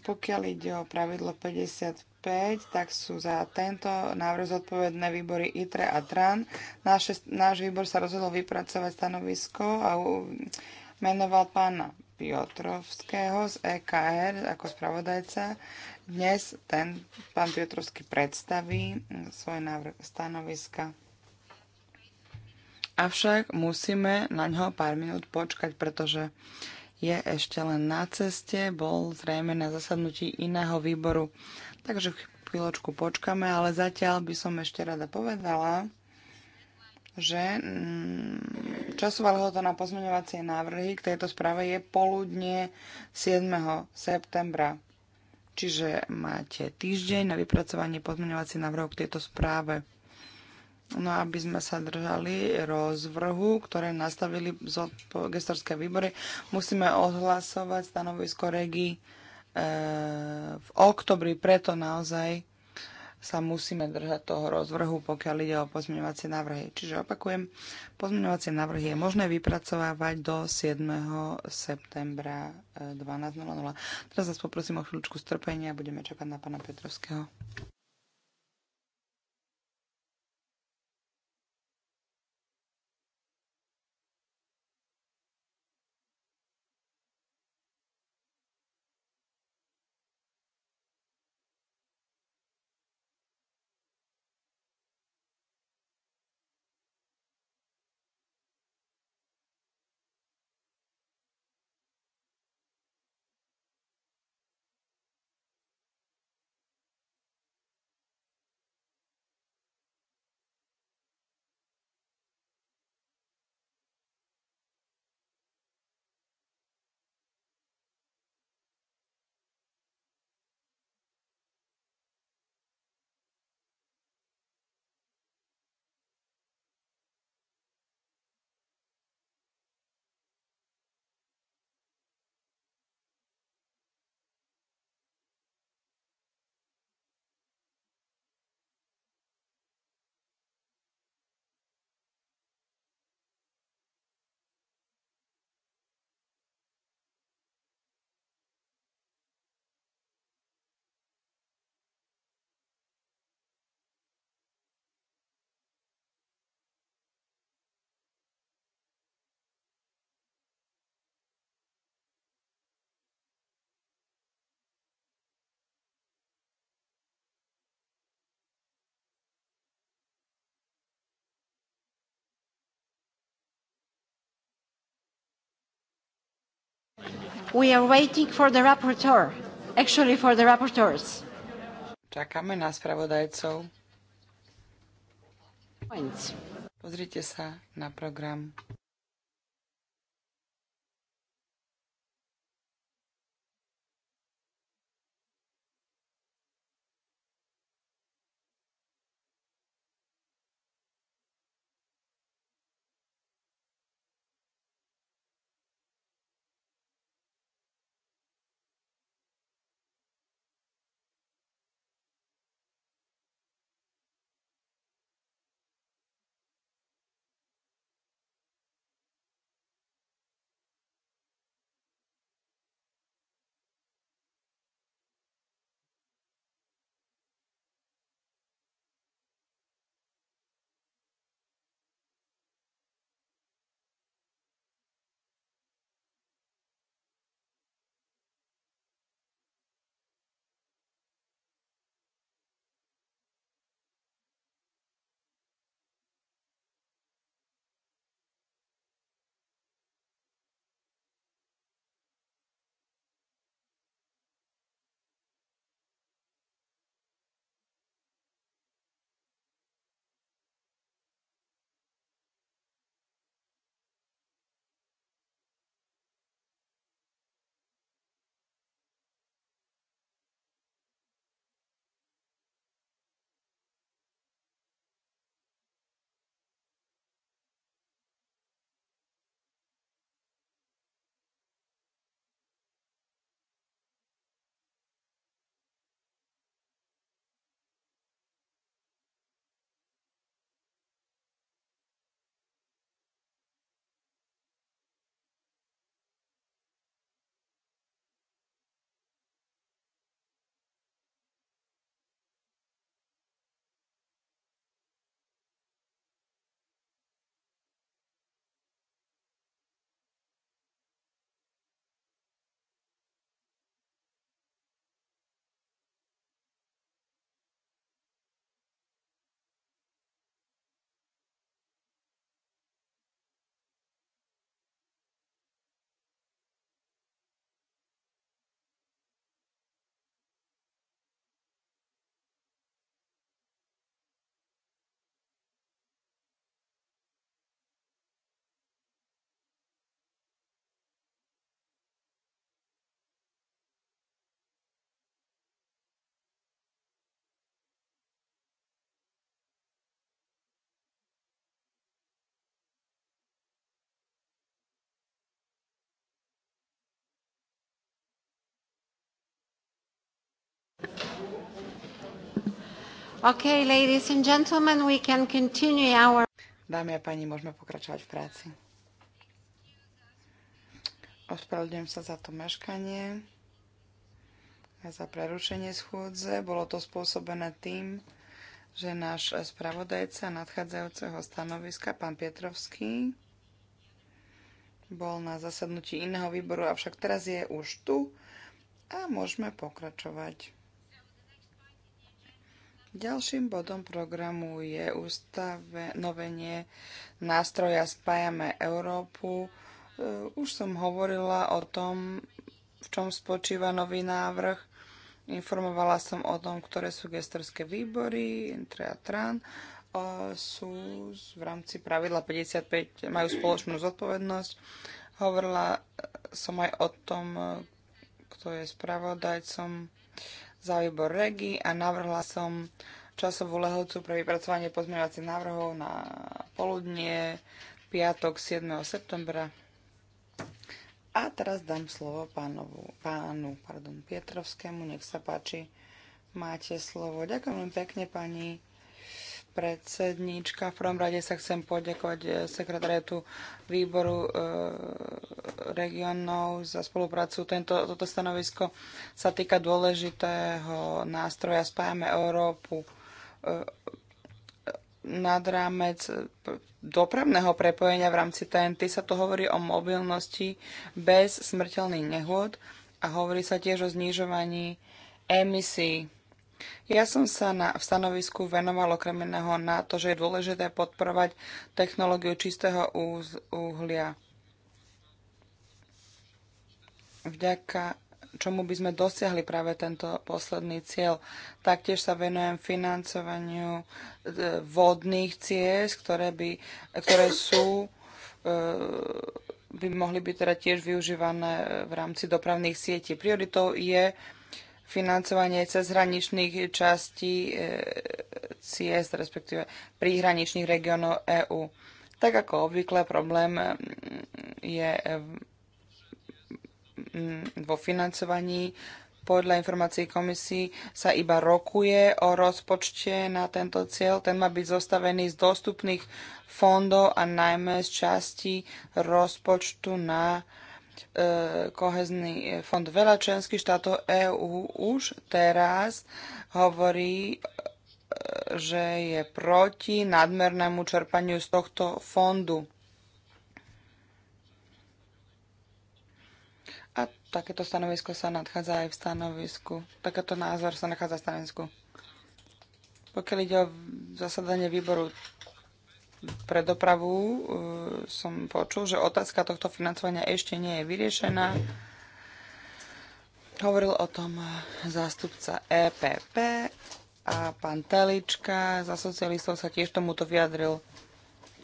Pokiaľ ide o pravidlo 55, tak sú za tento návrh zodpovedné výbory ITRE a TRAN. Náš, náš výbor sa rozhodol vypracovať stanovisko a u, menoval pána Piotrovského z EKR ako spravodajca. Dnes ten pán Piotrovský predstaví svoj návrh stanoviska. Avšak musíme na ňo pár minút počkať, pretože je ešte len na ceste, bol zrejme na zasadnutí iného výboru. Takže chvíľočku počkame, ale zatiaľ by som ešte rada povedala, že mm, časová lehota na pozmeňovacie návrhy k tejto správe je poludne 7. septembra. Čiže máte týždeň na vypracovanie pozmeňovacích návrhov k tejto správe. No aby sme sa držali rozvrhu, ktoré nastavili gestorské výbory, musíme odhlasovať stanovisko regi e, v oktobri, preto naozaj sa musíme držať toho rozvrhu, pokiaľ ide o pozmeňovacie návrhy. Čiže opakujem, pozmeňovacie návrhy je možné vypracovávať do 7. septembra 12.00. E, Teraz vás poprosím o chvíľučku strpenia a budeme čakať na pána Petrovského.
We are waiting for the rapporteur. Actually for the rapporteurs.
Čakáme na spravodajcov. Pozrite sa na program.
Okay, ladies and gentlemen, we can continue our...
Dámy a páni, môžeme pokračovať v práci. Ospravedlňujem sa za to meškanie a za prerušenie schôdze. Bolo to spôsobené tým, že náš spravodajca nadchádzajúceho stanoviska, pán Pietrovský, bol na zasadnutí iného výboru, avšak teraz je už tu a môžeme pokračovať. Ďalším bodom programu je ustanovenie nástroja Spájame Európu. E, už som hovorila o tom, v čom spočíva nový návrh. Informovala som o tom, ktoré sú gestorské výbory, a Tran, sú v rámci pravidla 55, majú spoločnú zodpovednosť. Hovorila som aj o tom, kto je spravodajcom za výbor REGI a navrhla som časovú lehocu pre vypracovanie pozmeňovacích návrhov na poludnie piatok 7. septembra. A teraz dám slovo pánovu, pánu pardon, Pietrovskému, nech sa páči, máte slovo. Ďakujem pekne, pani predsedníčka. V prvom rade sa chcem poďakovať eh, sekretariatu výboru e, regionov za spoluprácu. Tento, toto stanovisko sa týka dôležitého nástroja Spájame Európu e, nad rámec dopravného prepojenia v rámci TNT sa to hovorí o mobilnosti bez smrteľných nehôd a hovorí sa tiež o znižovaní emisí ja som sa na, v stanovisku venoval okrem iného na to, že je dôležité podporovať technológiu čistého uhlia. Vďaka čomu by sme dosiahli práve tento posledný cieľ. Taktiež sa venujem financovaniu e, vodných ciest, ktoré, by, ktoré sú e, by mohli byť teda tiež využívané v rámci dopravných sietí. Prioritou je financovanie cezhraničných častí e, CS, respektíve príhraničných regiónov EÚ. Tak ako obvykle problém mm, je mm, mm, vo financovaní. Podľa informácií komisí sa iba rokuje o rozpočte na tento cieľ. Ten má byť zostavený z dostupných fondov a najmä z časti rozpočtu na E, kohezný fond. Veľa členských štátov EÚ už teraz hovorí, e, že je proti nadmernému čerpaniu z tohto fondu. A takéto stanovisko sa nadchádza aj v stanovisku. Takéto názor sa nachádza v stanovisku. Pokiaľ ide o zasadanie výboru pre dopravu e, som počul, že otázka tohto financovania ešte nie je vyriešená. Hovoril o tom zástupca EPP a pán Telička za socialistov sa tiež tomuto vyjadril.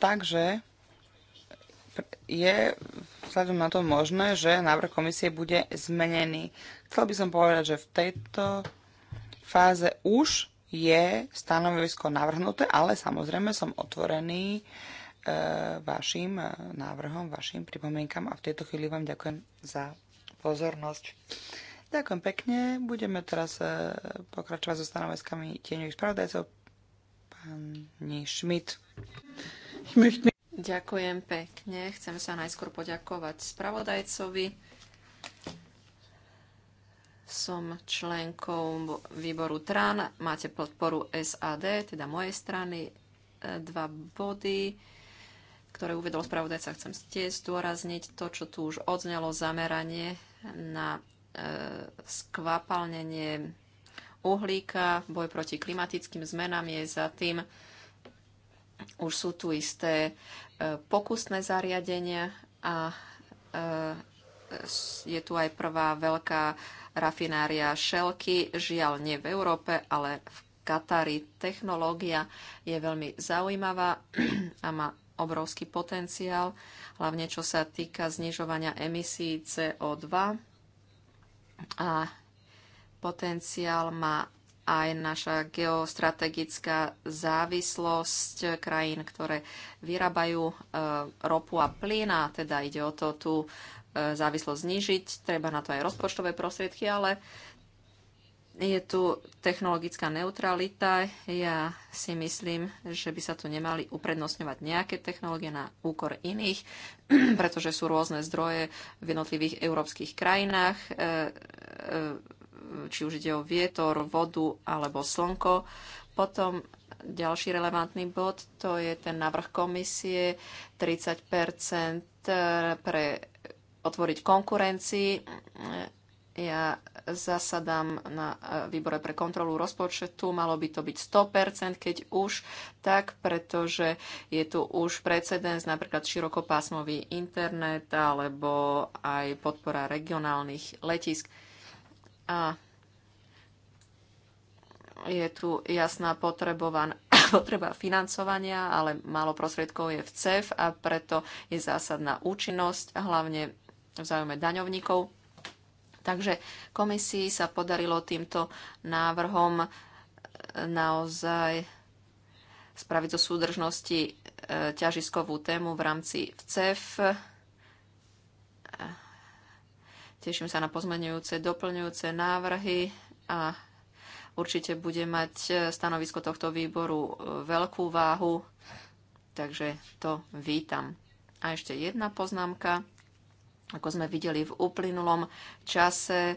Takže je vzhľadom na to možné, že návrh komisie bude zmenený. Chcel by som povedať, že v tejto fáze už je stanovisko navrhnuté, ale samozrejme som otvorený e, vašim e, návrhom, vašim pripomienkam a v tejto chvíli vám ďakujem za pozornosť. Ďakujem pekne. Budeme teraz e, pokračovať so stanoviskami tieňových spravodajcov. Pani Schmidt.
Ďakujem pekne. Chcem sa najskôr poďakovať spravodajcovi som členkou výboru TRAN, máte podporu SAD, teda mojej strany, e, dva body, ktoré uvedol spravodajca. Chcem tiež zdôrazniť to, čo tu už odznelo, zameranie na e, skvapalnenie uhlíka, boj proti klimatickým zmenám je za tým. Už sú tu isté e, pokusné zariadenia a je tu aj prvá veľká rafinária šelky, žiaľ nie v Európe, ale v Katari. Technológia je veľmi zaujímavá a má obrovský potenciál, hlavne čo sa týka znižovania emisí CO2. A potenciál má aj naša geostrategická závislosť krajín, ktoré vyrábajú e, ropu a plyn, a teda ide o to tu závislosť znižiť, treba na to aj rozpočtové prostriedky, ale je tu technologická neutralita. Ja si myslím, že by sa tu nemali uprednostňovať nejaké technológie na úkor iných, pretože sú rôzne zdroje v jednotlivých európskych krajinách, e, e, či už ide o vietor, vodu alebo slnko. Potom ďalší relevantný bod, to je ten návrh komisie 30 e, pre otvoriť konkurencii. Ja zasadám na e, výbore pre kontrolu rozpočtu. Malo by to byť 100%, keď už tak, pretože je tu už precedens, napríklad širokopásmový internet alebo aj podpora regionálnych letisk. A je tu jasná potrebovan potreba financovania, ale málo prostriedkov je v CEF a preto je zásadná účinnosť a hlavne v záujme daňovníkov. Takže komisii sa podarilo týmto návrhom e, naozaj spraviť zo súdržnosti e, ťažiskovú tému v rámci CEF. E, teším sa na pozmenujúce, doplňujúce návrhy a určite bude mať stanovisko tohto výboru veľkú váhu, takže to vítam. A ešte jedna poznámka ako sme videli v uplynulom čase, e,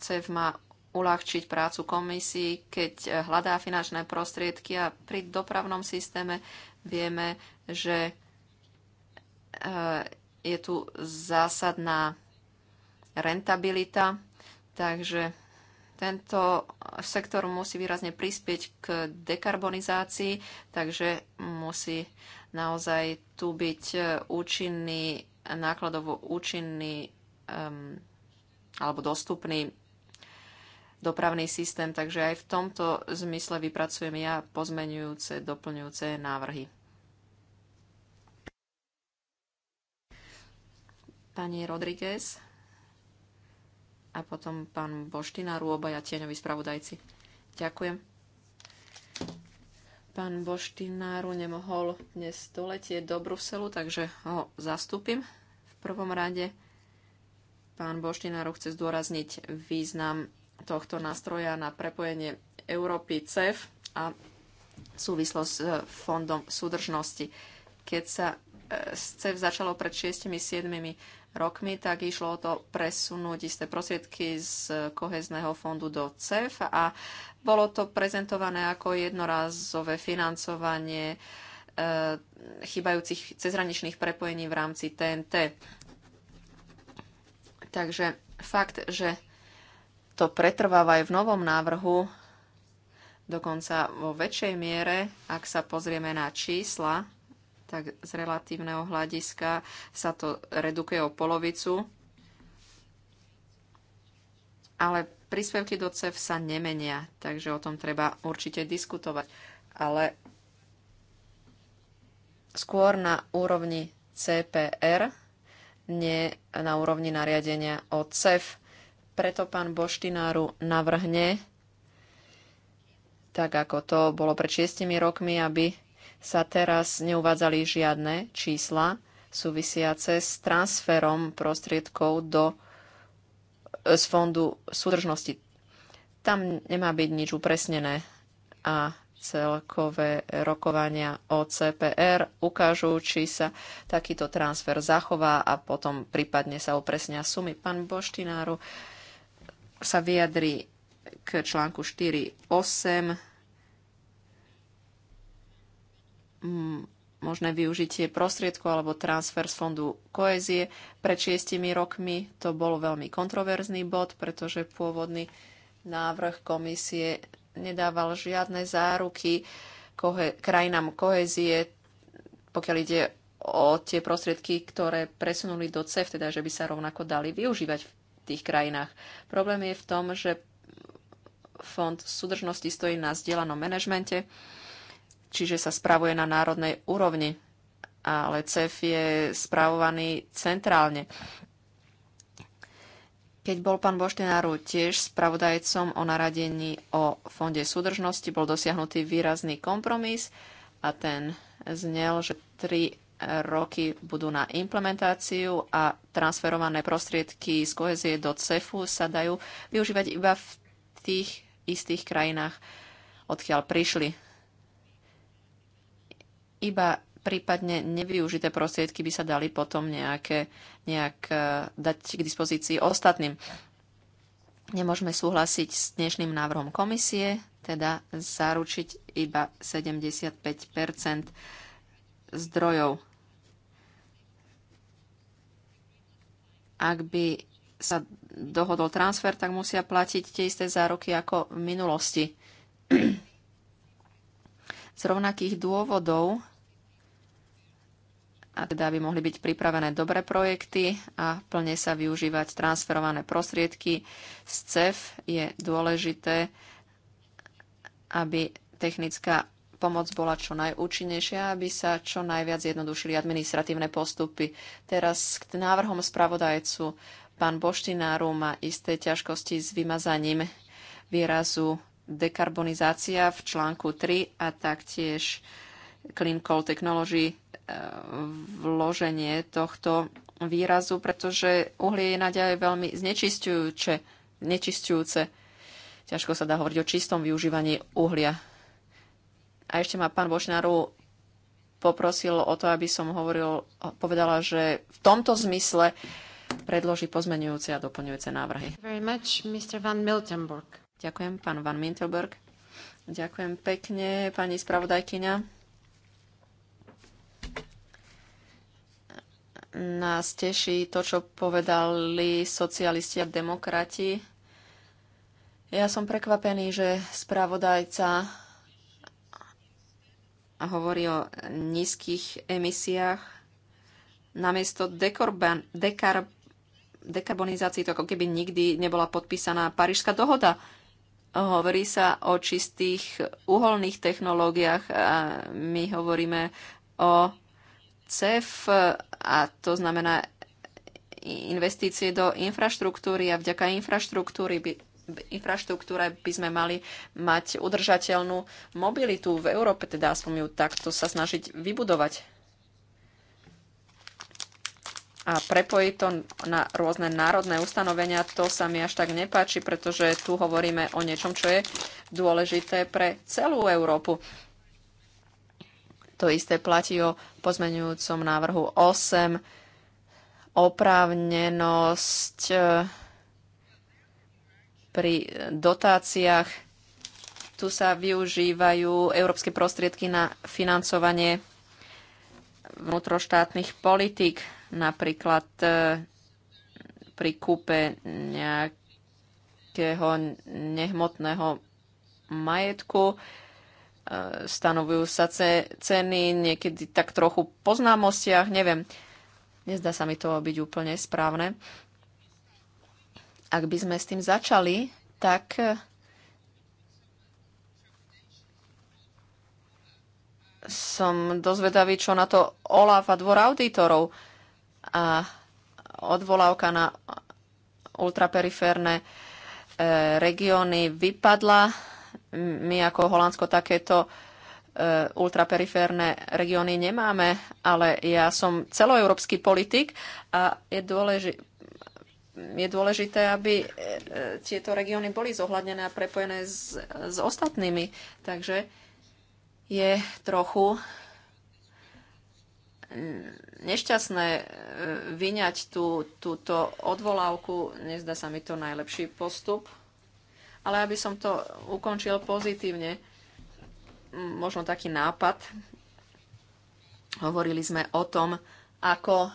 CEF má uľahčiť prácu komisii, keď hľadá finančné prostriedky a pri dopravnom systéme vieme, že e, je tu zásadná rentabilita, takže tento sektor musí výrazne prispieť k dekarbonizácii, takže musí naozaj tu byť e, účinný, nákladovo účinný um, alebo dostupný dopravný systém, takže aj v tomto zmysle vypracujem ja pozmenujúce, doplňujúce návrhy. Pani Rodriguez a potom pán Boština, Rôba a tieňoví spravodajci. Ďakujem. Pán Boštináru nemohol dnes doletieť do Bruselu, takže ho zastúpim. V prvom rade pán Boštináru chce zdôrazniť význam tohto nástroja na prepojenie Európy CEF a súvislosť s Fondom súdržnosti. Keď sa CEF začalo pred 6-7 rokmi, tak išlo o to presunúť isté prostriedky z kohezného fondu do CEF a bolo to prezentované ako jednorázové financovanie e, chybajúcich cezhraničných prepojení v rámci TNT. Takže fakt, že to pretrváva aj v novom návrhu, dokonca vo väčšej miere, ak sa pozrieme na čísla, tak z relatívneho hľadiska sa to redukuje o polovicu. Ale príspevky do CEF sa nemenia, takže o tom treba určite diskutovať. Ale skôr na úrovni CPR, nie na úrovni nariadenia o CEF. Preto pán Boštináru navrhne, tak ako to bolo pred šiestimi rokmi, aby sa teraz neuvádzali žiadne čísla súvisiace s transferom prostriedkov do, e, z fondu súdržnosti. Tam nemá byť nič upresnené a celkové rokovania o CPR ukážu, či sa takýto transfer zachová a potom prípadne sa upresnia sumy. Pán Boštináru sa vyjadri k článku 4.8 možné využitie prostriedku alebo transfer z fondu koézie. Pred šiestimi rokmi to bol veľmi kontroverzný bod, pretože pôvodný návrh komisie nedával žiadne záruky kohe, krajinám koézie, pokiaľ ide o tie prostriedky, ktoré presunuli do CEF, teda že by sa rovnako dali využívať v tých krajinách. Problém je v tom, že fond súdržnosti stojí na zdieľanom manažmente čiže sa spravuje na národnej úrovni, ale CEF je spravovaný centrálne. Keď bol pán Boštenáru tiež spravodajcom o naradení o Fonde súdržnosti, bol dosiahnutý výrazný kompromis a ten znel, že tri roky budú na implementáciu a transferované prostriedky z kohezie do CEFu sa dajú využívať iba v tých istých krajinách, odkiaľ prišli iba prípadne nevyužité prostriedky by sa dali potom nejaké, nejak e, dať k dispozícii ostatným. Nemôžeme súhlasiť s dnešným návrhom komisie, teda zaručiť iba 75 zdrojov. Ak by sa dohodol transfer, tak musia platiť tie isté záruky ako v minulosti. Z rovnakých dôvodov a teda aby mohli byť pripravené dobré projekty a plne sa využívať transferované prostriedky. Z CEF je dôležité, aby technická pomoc bola čo najúčinnejšia, aby sa čo najviac zjednodušili administratívne postupy. Teraz k návrhom spravodajcu. Pán Boštináru má isté ťažkosti s vymazaním výrazu dekarbonizácia v článku 3 a taktiež Clean Coal Technology e, vloženie tohto výrazu, pretože uhlie je naďalej veľmi znečistujúce, znečistujúce. Ťažko sa dá hovoriť o čistom využívaní uhlia. A ešte ma pán Bošnáru poprosil o to, aby som hovoril, povedala, že v tomto zmysle predloží pozmenujúce a doplňujúce návrhy. Much, Ďakujem, pán Van Miltenburg. Ďakujem pekne, pani spravodajkyňa. nás teší to, čo povedali socialisti a demokrati. Ja som prekvapený, že spravodajca hovorí o nízkych emisiách namiesto dekorban, dekar, dekarbonizácii, to ako keby nikdy nebola podpísaná Parížská dohoda. Hovorí sa o čistých uholných technológiách a my hovoríme o CEF a to znamená investície do infraštruktúry a vďaka infraštruktúry by infraštruktúre by sme mali mať udržateľnú mobilitu v Európe, teda aspoň ju takto sa snažiť vybudovať a prepojiť to na rôzne národné ustanovenia, to sa mi až tak nepáči, pretože tu hovoríme o niečom, čo je dôležité pre celú Európu. To isté platí o pozmenujúcom návrhu 8. Oprávnenosť e, pri dotáciách. Tu sa využívajú európske prostriedky na financovanie vnútroštátnych politik, napríklad e, pri kúpe nejakého nehmotného majetku. E, stanovujú sa ceny niekedy tak trochu po známostiach, neviem. Nezdá sa mi to byť úplne správne. Ak by sme s tým začali, tak e, som dozvedavý, čo na to OLAF a dvor auditorov a odvolávka na ultraperiférne e, regióny vypadla my ako Holandsko takéto e, ultraperiférne regióny nemáme, ale ja som celoeurópsky politik a je, dôleži- je dôležité, aby e, tieto regióny boli zohľadnené a prepojené s, s ostatnými. Takže je trochu mm, nešťastné e, vyňať tú, túto odvolávku. Nezdá sa mi to najlepší postup. Ale aby som to ukončil pozitívne, možno taký nápad. Hovorili sme o tom, ako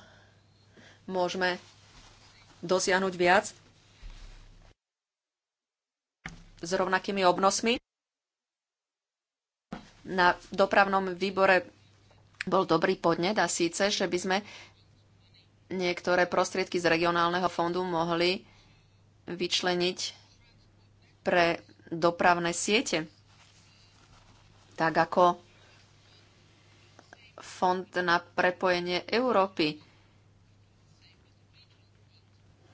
môžeme dosiahnuť viac s rovnakými obnosmi. Na dopravnom výbore bol dobrý podnet a síce, že by sme niektoré prostriedky z regionálneho fondu mohli vyčleniť pre dopravné siete. Tak ako Fond na prepojenie Európy.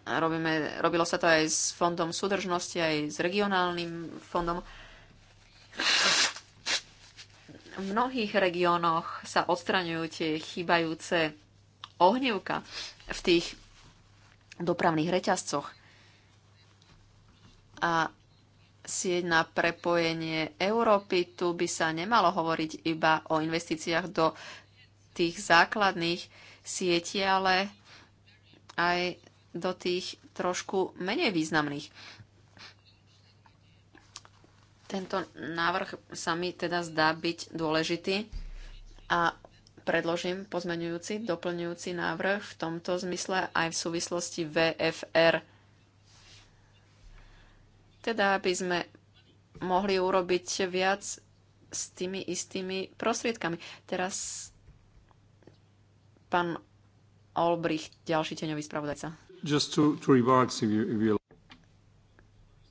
Robíme, robilo sa to aj s Fondom súdržnosti, aj s regionálnym fondom. V mnohých regiónoch sa odstraňujú tie chýbajúce ohnívka v tých dopravných reťazcoch. A sieť na prepojenie Európy. Tu by sa nemalo hovoriť iba o investíciách do tých základných sietí, ale aj do tých trošku menej významných. Tento návrh sa mi teda zdá byť dôležitý a predložím pozmenujúci, doplňujúci návrh v tomto zmysle aj v súvislosti VFR teda, aby sme mohli urobiť viac s tými istými prostriedkami. Teraz pán Olbrich ďalší teňový spravodajca.
Just two, if you, if you...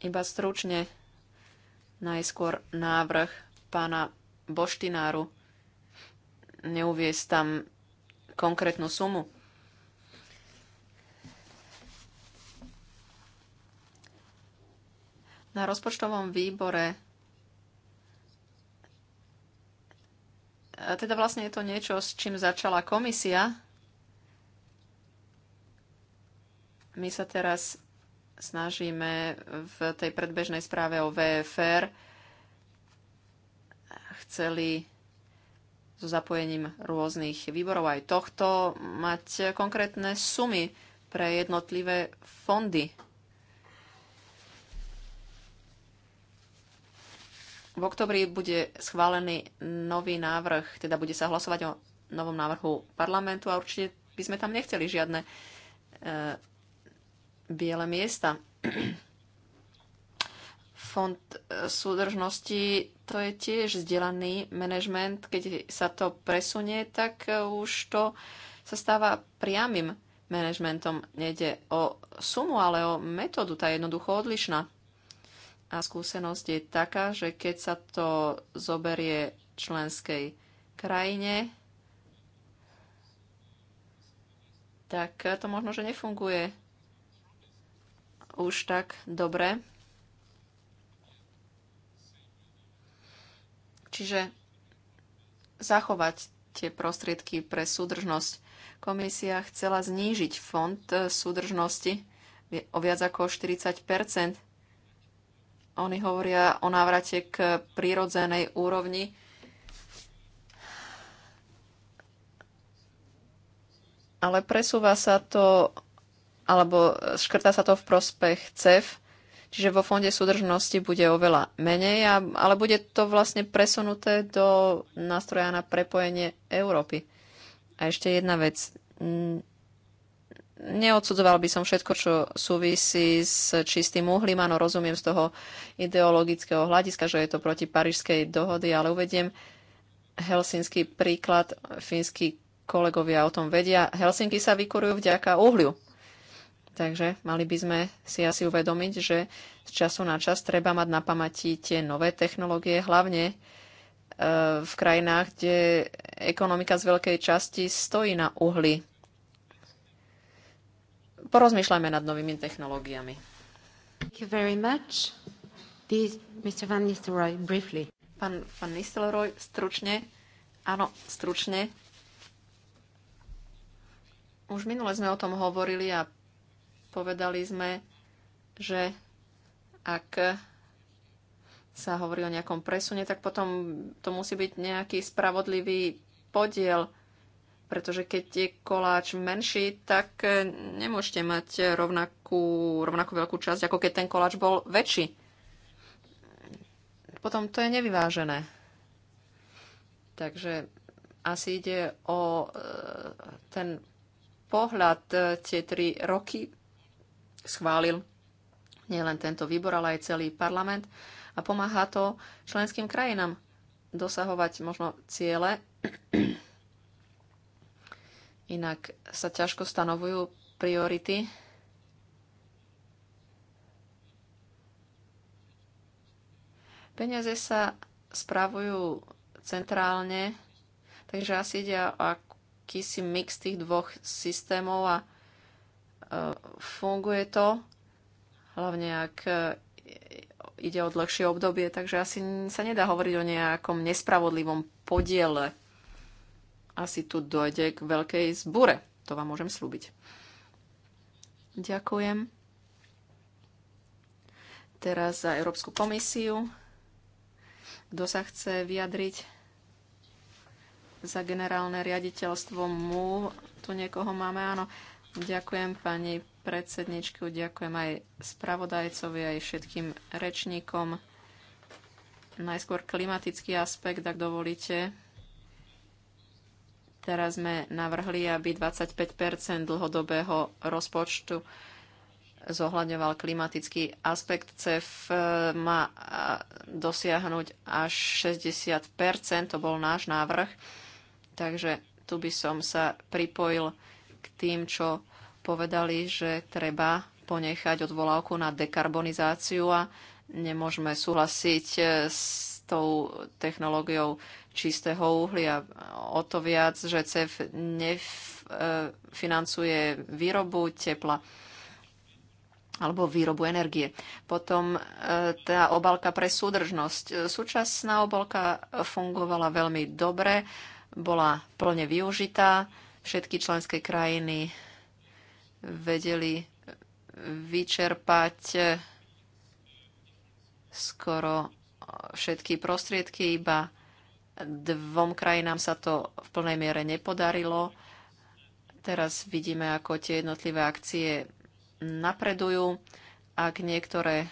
Iba stručne najskôr návrh pána Boštináru neuviesť tam konkrétnu sumu. Na rozpočtovom výbore e, teda vlastne je to niečo, s čím začala komisia. My sa teraz snažíme v tej predbežnej správe o VFR chceli so zapojením rôznych výborov aj tohto mať konkrétne sumy pre jednotlivé fondy. V oktobri bude schválený nový návrh, teda bude sa hlasovať o novom návrhu parlamentu a určite by sme tam nechceli žiadne e, biele miesta. Fond e, súdržnosti to je tiež vzdelaný manažment. Keď sa to presunie, tak e, už to sa stáva priamým manažmentom. Nejde o sumu, ale o metódu. Tá je jednoducho odlišná. A skúsenosť je taká, že keď sa to zoberie členskej krajine, tak to možno, že nefunguje už tak dobre. Čiže zachovať tie prostriedky pre súdržnosť. Komisia chcela znížiť fond súdržnosti o viac ako 40 oni hovoria o návrate k prírodzenej úrovni. Ale presúva sa to, alebo škrta sa to v prospech CEF, Čiže vo fonde súdržnosti bude oveľa menej, a, ale bude to vlastne presunuté do nástroja na prepojenie Európy. A ešte jedna vec neodsudzoval by som všetko, čo súvisí s čistým uhlím. Áno, rozumiem z toho ideologického hľadiska, že je to proti Parížskej dohody, ale uvediem helsinský príklad. Fínsky kolegovia o tom vedia. Helsinky sa vykurujú vďaka uhliu. Takže mali by sme si asi uvedomiť, že z času na čas treba mať na pamäti tie nové technológie, hlavne e, v krajinách, kde ekonomika z veľkej časti stojí na uhli porozmýšľajme nad novými technológiami. Thank you very much. This, Mr. Van Nistelrooy, briefly. Pán Van Nistelrooy, stručne. Áno, stručne. Už minule sme o tom hovorili a povedali sme, že ak sa hovorí o nejakom presune, tak potom to musí byť nejaký spravodlivý podiel pretože keď je koláč menší, tak eh, nemôžete mať rovnakú, rovnakú veľkú časť, ako keď ten koláč bol väčší. Potom to je nevyvážené. Takže asi ide o eh, ten pohľad eh, tie tri roky schválil nielen tento výbor, ale aj celý parlament a pomáha to členským krajinám dosahovať možno ciele Inak sa ťažko stanovujú priority. Peniaze sa spravujú centrálne, takže asi ide o akýsi mix tých dvoch systémov a e, funguje to, hlavne ak e, ide o dlhšie obdobie, takže asi sa nedá hovoriť o nejakom nespravodlivom podiele asi tu dojde k veľkej zbure. To vám môžem slúbiť. Ďakujem. Teraz za Európsku komisiu. Kto sa chce vyjadriť za generálne riaditeľstvo MU? Tu niekoho máme, áno. Ďakujem pani predsedničku, ďakujem aj spravodajcovi, aj všetkým rečníkom. Najskôr klimatický aspekt, ak dovolíte Teraz sme navrhli, aby 25 dlhodobého rozpočtu zohľadňoval klimatický aspekt. CEF e, má e, dosiahnuť až 60 to bol náš návrh. Takže tu by som sa pripojil k tým, čo povedali, že treba ponechať odvolávku na dekarbonizáciu a nemôžeme súhlasiť e, s tou technológiou čistého uhlia. O to viac, že CEF nefinancuje výrobu tepla alebo výrobu energie. Potom e, tá obalka pre súdržnosť. Súčasná obalka fungovala veľmi dobre, bola plne využitá. Všetky členské krajiny vedeli vyčerpať e, skoro všetky prostriedky, iba Dvom krajinám sa to v plnej miere nepodarilo. Teraz vidíme, ako tie jednotlivé akcie napredujú. Ak niektoré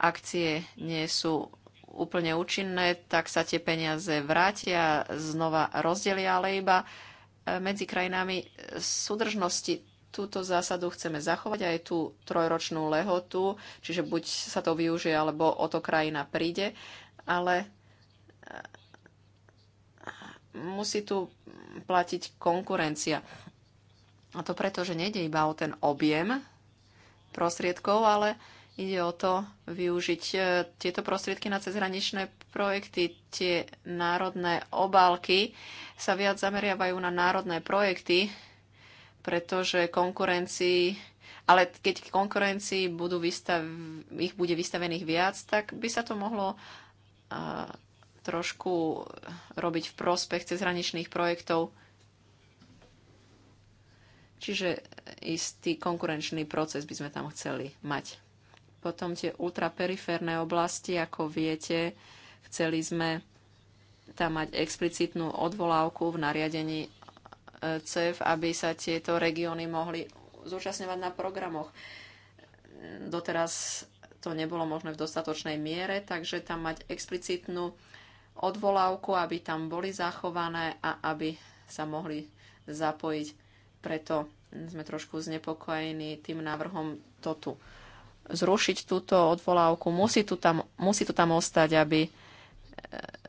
akcie nie sú úplne účinné, tak sa tie peniaze vrátia, znova rozdelia, ale iba e, medzi krajinami súdržnosti. Túto zásadu chceme zachovať aj tú trojročnú lehotu, čiže buď sa to využije, alebo o to krajina príde, ale musí tu platiť konkurencia. A to preto, že nejde iba o ten objem prostriedkov, ale ide o to využiť e, tieto prostriedky na cezhraničné projekty. Tie národné obálky sa viac zameriavajú na národné projekty, pretože konkurencii, ale keď konkurencii budú vystav, ich bude vystavených viac, tak by sa to mohlo trošku robiť v prospech cezhraničných projektov. Čiže istý konkurenčný proces by sme tam chceli mať. Potom tie ultraperiférne oblasti, ako viete, chceli sme tam mať explicitnú odvolávku v nariadení e, CEF, aby sa tieto regióny mohli zúčastňovať na programoch. Doteraz to nebolo možné v dostatočnej miere, takže tam mať explicitnú odvolávku, aby tam boli zachované a aby sa mohli zapojiť. Preto sme trošku znepokojení tým návrhom to tu zrušiť túto odvolávku. Musí, tu tam, musí tu tam ostať, aby e,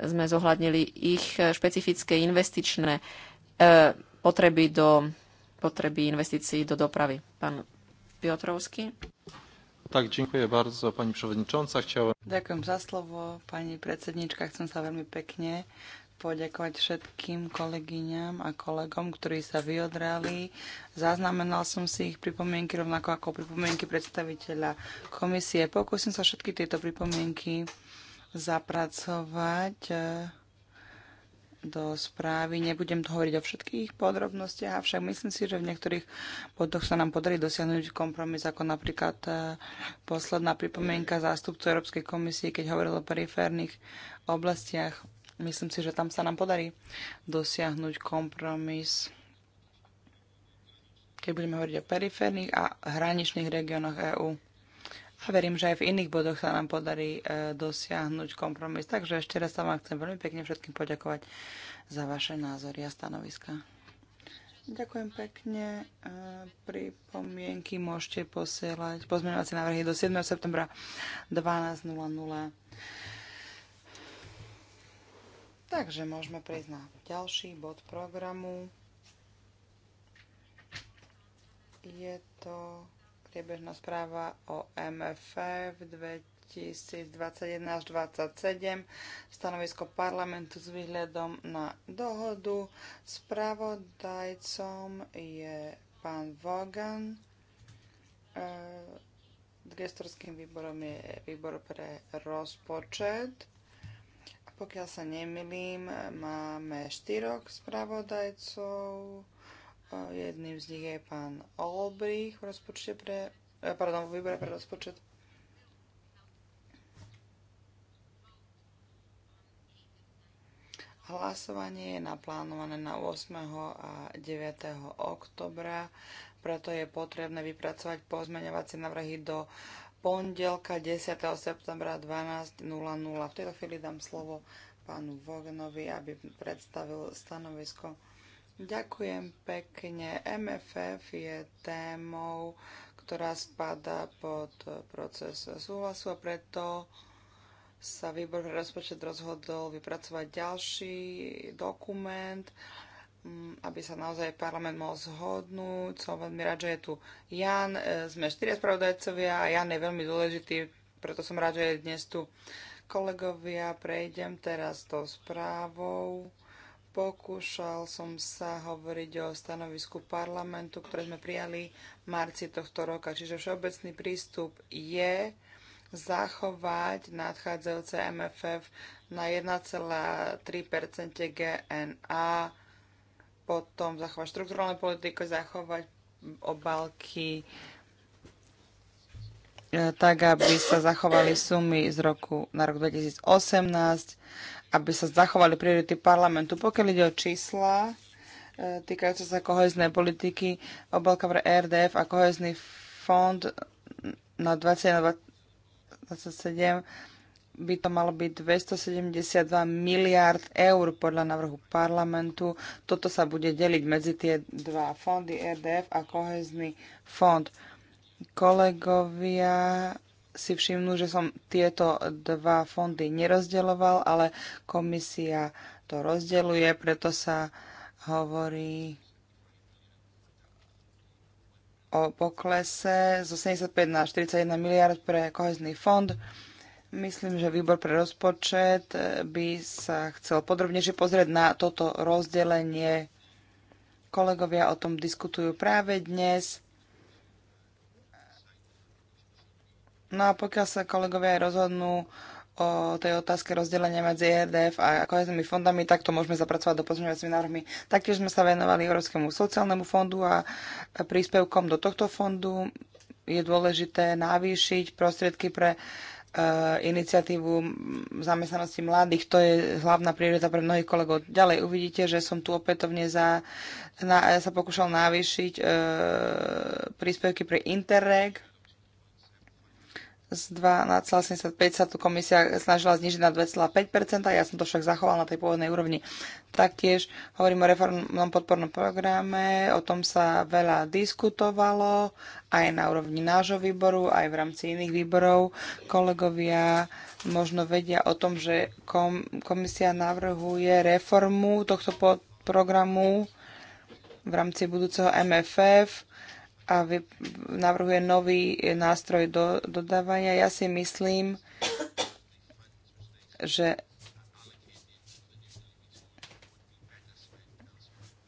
sme zohľadnili ich špecifické investičné e, potreby do potreby investícií do dopravy. Pán Piotrovský. Tak, ďakujem bardzo, pani przewodnicząca. Chciałem...
Ďakujem za slovo, pani predsednička. Chcem sa veľmi pekne poďakovať všetkým kolegyňam a kolegom, ktorí sa vyodrali. Zaznamenal som si ich pripomienky rovnako ako pripomienky predstaviteľa komisie. Pokúsim sa všetky tieto pripomienky zapracovať eh, do správy. Nebudem tu hovoriť o všetkých podrobnostiach, avšak myslím si, že v niektorých bodoch sa nám podarí dosiahnuť kompromis, ako napríklad e, posledná pripomienka zástupcu Európskej komisie, keď hovoril o periférnych oblastiach. Myslím si, že tam sa nám podarí dosiahnuť kompromis keď budeme hovoriť o periférnych a hraničných regiónoch EÚ a verím, že aj v iných bodoch sa nám podarí e, dosiahnuť kompromis. Takže ešte raz sa vám chcem veľmi pekne všetkým poďakovať za vaše názory a stanoviska. Ďakujem pekne. E, pripomienky môžete posielať pozmeňovacie návrhy do 7. septembra 12.00. Takže môžeme prejsť na ďalší bod programu. Je to priebežná správa o MFF 2021 až 2027, stanovisko parlamentu s výhľadom na dohodu. Spravodajcom je pán Vogan. E, gestorským výborom je výbor pre rozpočet. Pokiaľ sa nemilím, máme štyroch spravodajcov Jedným z nich je pán Olbrich v rozpočte pre, e, pardon, výbore pre rozpočet. Hlasovanie je naplánované na 8. a 9. oktobra, preto je potrebné vypracovať pozmeňovacie navrhy do pondelka 10. septembra 12.00. V tejto chvíli dám slovo pánu Vognovi, aby predstavil stanovisko Ďakujem pekne. MFF je témou, ktorá spadá pod proces súhlasu a preto sa výbor pre rozpočet rozhodol vypracovať ďalší dokument, mm, aby sa naozaj parlament mohol zhodnúť. Som veľmi rád, že je tu Jan. Sme štyria spravodajcovia a Jan je veľmi dôležitý, preto som rád, že je dnes tu kolegovia. Prejdem teraz tou správou Pokúšal som sa hovoriť o stanovisku parlamentu, ktoré sme prijali v marci tohto roka. Čiže všeobecný prístup je zachovať nadchádzajúce MFF na 1,3 GNA, potom zachovať štruktúrne politiku, zachovať obalky, e, tak aby sa zachovali sumy z roku na rok 2018 aby sa zachovali priority parlamentu. Pokiaľ ide o čísla e, týkajúce sa kohezné politiky, obalka pre RDF a kohezný fond na 2027 27 by to malo byť 272 miliard eur podľa návrhu parlamentu. Toto sa bude deliť medzi tie dva fondy RDF a kohezný fond. Kolegovia si všimnú, že som tieto dva fondy nerozdeloval, ale komisia to rozdeľuje, preto sa hovorí o poklese z 85 na 41 miliard pre kohezný fond. Myslím, že výbor pre rozpočet by sa chcel podrobnejšie pozrieť na toto rozdelenie. Kolegovia o tom diskutujú práve dnes No a pokiaľ sa kolegovia aj rozhodnú o tej otázke rozdelenia medzi EDF a kohezными fondami, tak to môžeme zapracovať do pozmeňovacími návrhmi. Taktiež sme sa venovali Európskemu sociálnemu fondu a príspevkom do tohto fondu je dôležité navýšiť prostriedky pre e, iniciatívu zamestnanosti mladých. To je hlavná priorita pre mnohých kolegov. Ďalej uvidíte, že som tu opätovne za, na, ja sa pokúšal navýšiť e, príspevky pre Interreg z 2,75 sa tu komisia snažila znižiť na 2,5%, ja som to však zachoval na tej pôvodnej úrovni. Taktiež hovorím o reformnom podpornom programe, o tom sa veľa diskutovalo, aj na úrovni nášho výboru, aj v rámci iných výborov. Kolegovia možno vedia o tom, že kom, komisia navrhuje reformu tohto programu v rámci budúceho MFF a navrhuje nový nástroj do, dodávania. Ja si myslím, že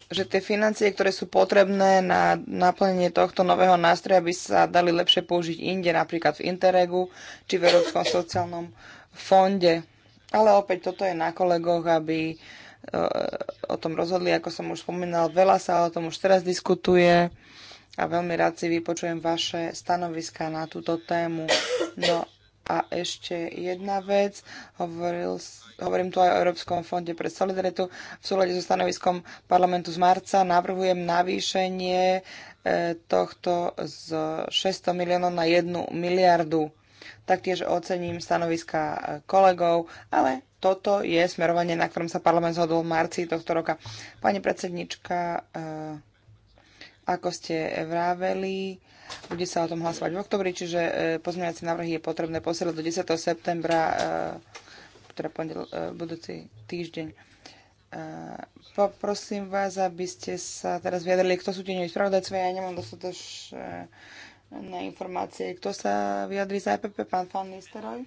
že tie financie, ktoré sú potrebné na naplnenie tohto nového nástroja, by sa dali lepšie použiť inde, napríklad v Interregu či v Európskom sociálnom fonde. Ale opäť toto je na kolegoch, aby eh, o tom rozhodli, ako som už spomínal, veľa sa o tom už teraz diskutuje a veľmi rád si vypočujem vaše stanoviska na túto tému. No a ešte jedna vec, Hovoril, hovorím tu aj o Európskom fonde pre solidaritu. V súlade so stanoviskom parlamentu z marca navrhujem navýšenie e, tohto z 600 miliónov na 1 miliardu. Taktiež ocením stanoviska e, kolegov, ale toto je smerovanie, na ktorom sa parlament zhodol v marci tohto roka. Pani predsednička, e, ako ste vraveli, bude sa o tom hlasovať v oktobri, čiže e, pozmeňovacie návrhy je potrebné posielať do 10. septembra, e, teda pondel, e, budúci týždeň. Poprosím vás, aby ste sa teraz vyjadrili, kto sú tieňoví spravodajcovia. Ja nemám dostatočné informácie. Kto sa vyjadrí za EPP? Pán Fan Nisteroj?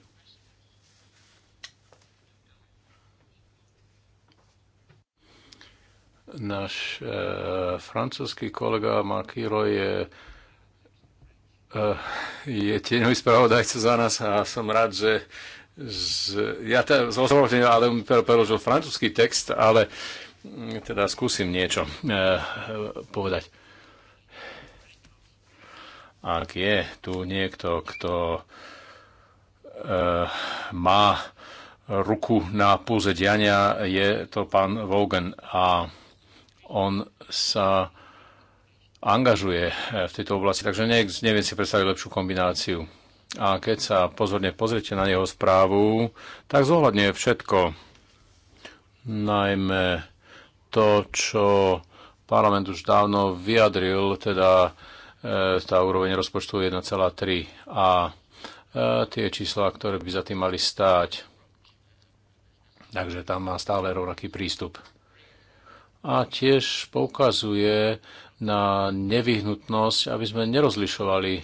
Náš e, francúzsky kolega Makiro je, e, je tieňový spravodajca za nás a som rád, že z, ja teda, ale preložil francúzsky text, ale mm, teda skúsim niečo e, povedať. Ak je tu niekto, kto e, má ruku na púze diania, je to pán Vogan a on sa angažuje eh, v tejto oblasti, takže ne, neviem si predstaviť lepšiu kombináciu. A keď sa pozorne pozriete na jeho správu, tak zohľadňuje všetko. Najmä to, čo parlament už dávno vyjadril, teda eh, tá úroveň rozpočtu 1,3 a eh, tie čísla, ktoré by za tým mali stáť. Takže tam má stále rovnaký prístup a tiež poukazuje na nevyhnutnosť, aby sme nerozlišovali e,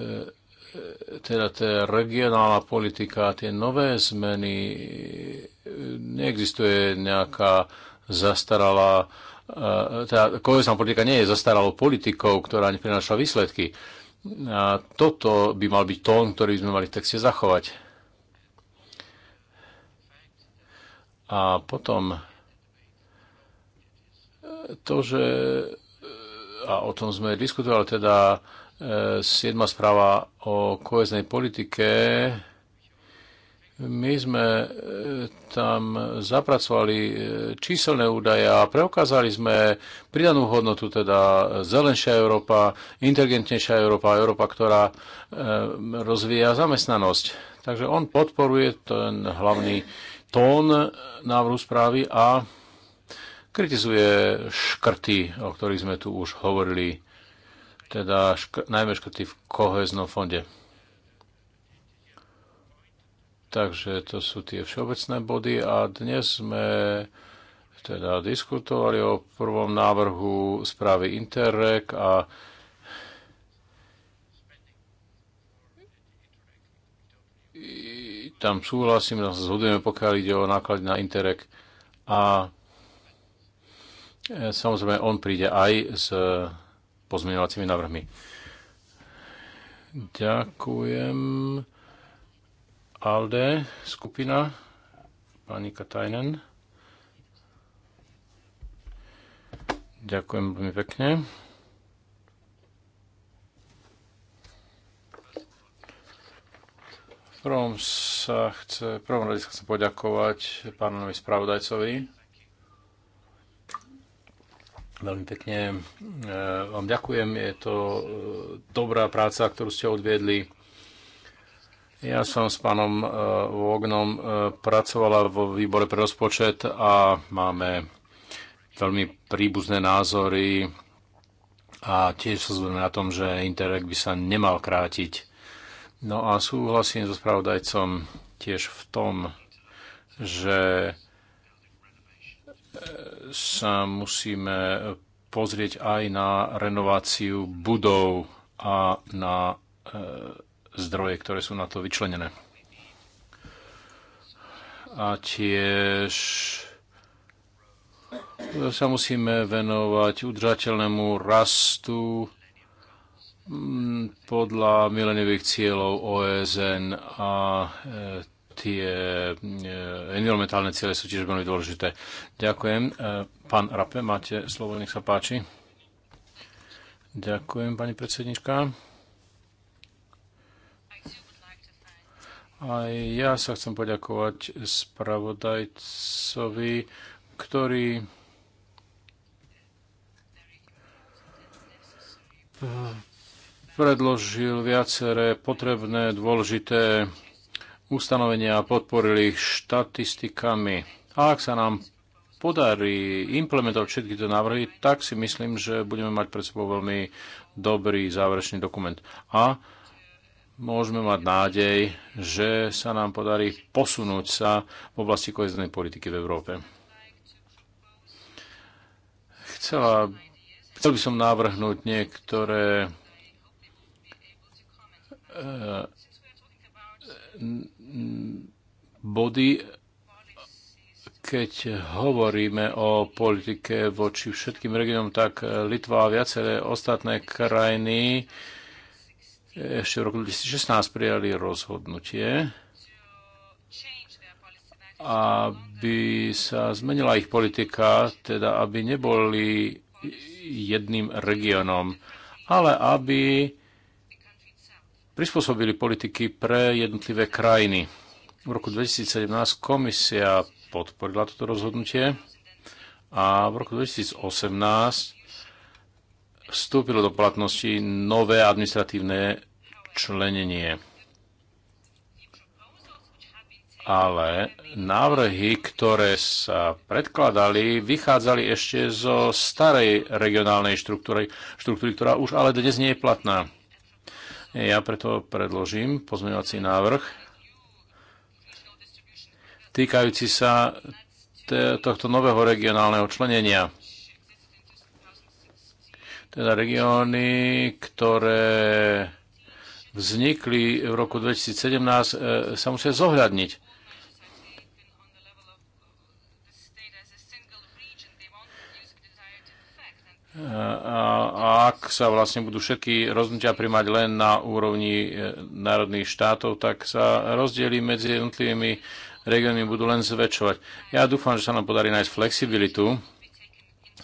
e, teda tá regionálna politika, tie nové zmeny, e, neexistuje nejaká zastaralá, teda kohezná politika nie je zastaralou politikou, ktorá neprináša výsledky. A toto by mal byť tón, ktorý by sme mali v texte zachovať. A potom e, to, že e, a o tom sme diskutovali teda e, siedma správa o koheznej politike. My sme tam zapracovali číselné údaje a preukázali sme pridanú hodnotu, teda zelenšia Európa, inteligentnejšia Európa, Európa, ktorá rozvíja zamestnanosť. Takže on podporuje ten hlavný tón návrhu správy a kritizuje škrty, o ktorých sme tu už hovorili, teda škr- najmä škrty v koheznom fonde. Takže to sú tie všeobecné body a dnes sme teda diskutovali o prvom návrhu správy Interreg a tam súhlasím, tam sa zhodujeme, pokiaľ ide o náklad na Interreg. A e, samozrejme, on príde aj s pozmeňovacími návrhmi. Ďakujem. ALDE, skupina, pani Katajnen. Ďakujem veľmi pekne. prvom sa chce, prvom rade chcem poďakovať pánovi spravodajcovi. Veľmi pekne e, vám ďakujem. Je to e, dobrá práca, ktorú ste odviedli. Ja som s pánom e, Vognom pracovala vo výbore pre rozpočet a máme veľmi príbuzné názory a tiež sa zhodneme na tom, že Interreg by sa nemal krátiť No a súhlasím so spravodajcom tiež v tom, že e, sa musíme pozrieť aj na renováciu budov a na e, zdroje, ktoré sú na to vyčlenené. A tiež sa musíme venovať udržateľnému rastu Mm, podľa mileniových cieľov OSN a e, tie e, environmentálne ciele sú tiež veľmi dôležité. Ďakujem. E, pán Rape, máte slovo, nech sa páči. Ďakujem, pani predsednička. A ja sa chcem poďakovať spravodajcovi, ktorý predložil viaceré potrebné dôležité ustanovenia a podporil ich štatistikami. A ak sa nám podarí implementovať všetky tie návrhy, tak si myslím, že budeme mať pred sebou veľmi dobrý záverečný dokument. A môžeme mať nádej, že sa nám podarí posunúť sa v oblasti koheznej politiky v Európe. Chcela, chcel by som navrhnúť niektoré body, keď hovoríme o politike voči všetkým regiónom, tak Litva a viaceré ostatné krajiny ešte v roku 2016 prijali rozhodnutie, aby sa zmenila ich politika, teda aby neboli jedným regiónom, ale aby prispôsobili politiky pre jednotlivé krajiny. V roku 2017 komisia podporila toto rozhodnutie a v roku 2018 vstúpilo do platnosti nové administratívne členenie. Ale návrhy, ktoré sa predkladali, vychádzali ešte zo starej regionálnej štruktúry, štruktúry ktorá už ale dnes nie je platná. Ja preto predložím pozmeňovací návrh týkajúci sa tohto nového regionálneho členenia. Teda regióny, ktoré vznikli v roku 2017, e, sa musia zohľadniť a ak sa vlastne budú všetky rozhodnutia primať len na úrovni e, národných štátov, tak sa rozdiely medzi jednotlivými regiónmi budú len zväčšovať. Ja dúfam, že sa nám podarí nájsť flexibilitu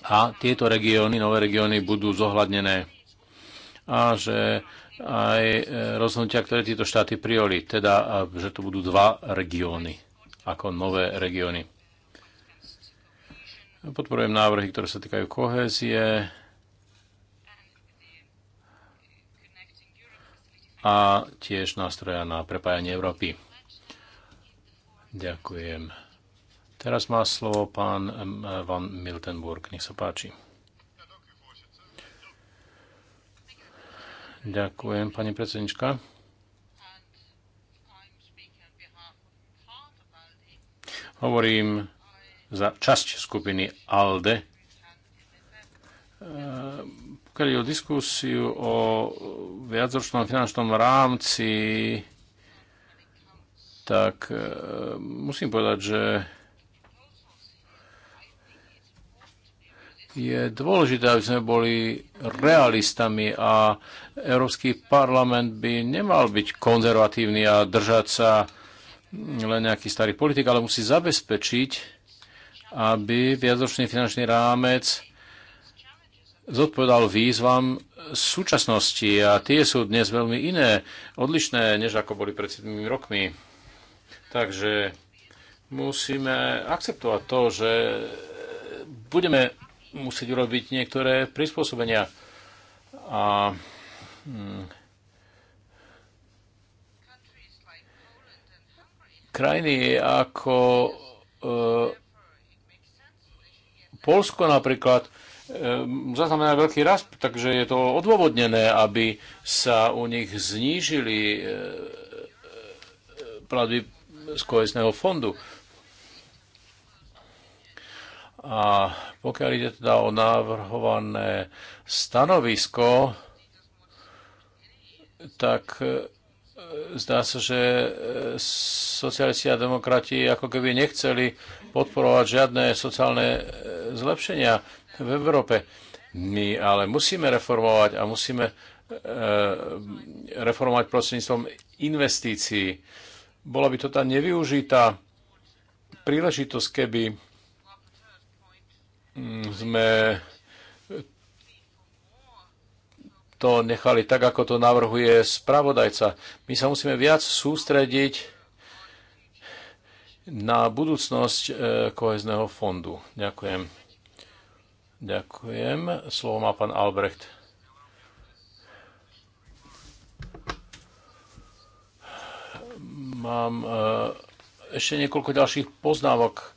a tieto regióny, nové regióny budú zohľadnené a že aj e, rozhodnutia, ktoré tieto štáty prijali, teda, že to budú dva regióny ako nové regióny. Podporujem návrhy, ktoré sa týkajú kohézie a tiež nástroja na prepájanie Európy. Ďakujem. Teraz má slovo pán Van Miltenburg. Nech sa páči. Ďakujem, pani predsednička. Hovorím za časť skupiny ALDE. E, pokiaľ o diskusiu o viacročnom finančnom rámci, tak e, musím povedať, že je dôležité, aby sme boli realistami a Európsky parlament by nemal byť konzervatívny a držať sa len nejaký starý politik, ale musí zabezpečiť, aby viacročný finančný rámec zodpovedal výzvam súčasnosti a tie sú dnes veľmi iné, odlišné, než ako boli pred 7 rokmi. Takže musíme akceptovať to, že budeme musieť urobiť niektoré prispôsobenia. A hm, krajiny ako e, Polsko napríklad ehm, zaznamená veľký rast, takže je to odôvodnené, aby sa u nich znížili e, e, platby z kohesného fondu. A pokiaľ ide teda o navrhované stanovisko, tak e, zdá sa, že socialisti a demokrati ako keby nechceli podporovať žiadne sociálne e, zlepšenia v Európe. My ale musíme reformovať a musíme e, reformovať prostredníctvom investícií. Bola by to tá nevyužitá príležitosť, keby mm, sme to nechali tak, ako to navrhuje spravodajca. My sa musíme viac sústrediť na budúcnosť e, kohezného fondu. Ďakujem. Ďakujem. Slovo má pán Albrecht. Mám e, ešte niekoľko ďalších poznámok.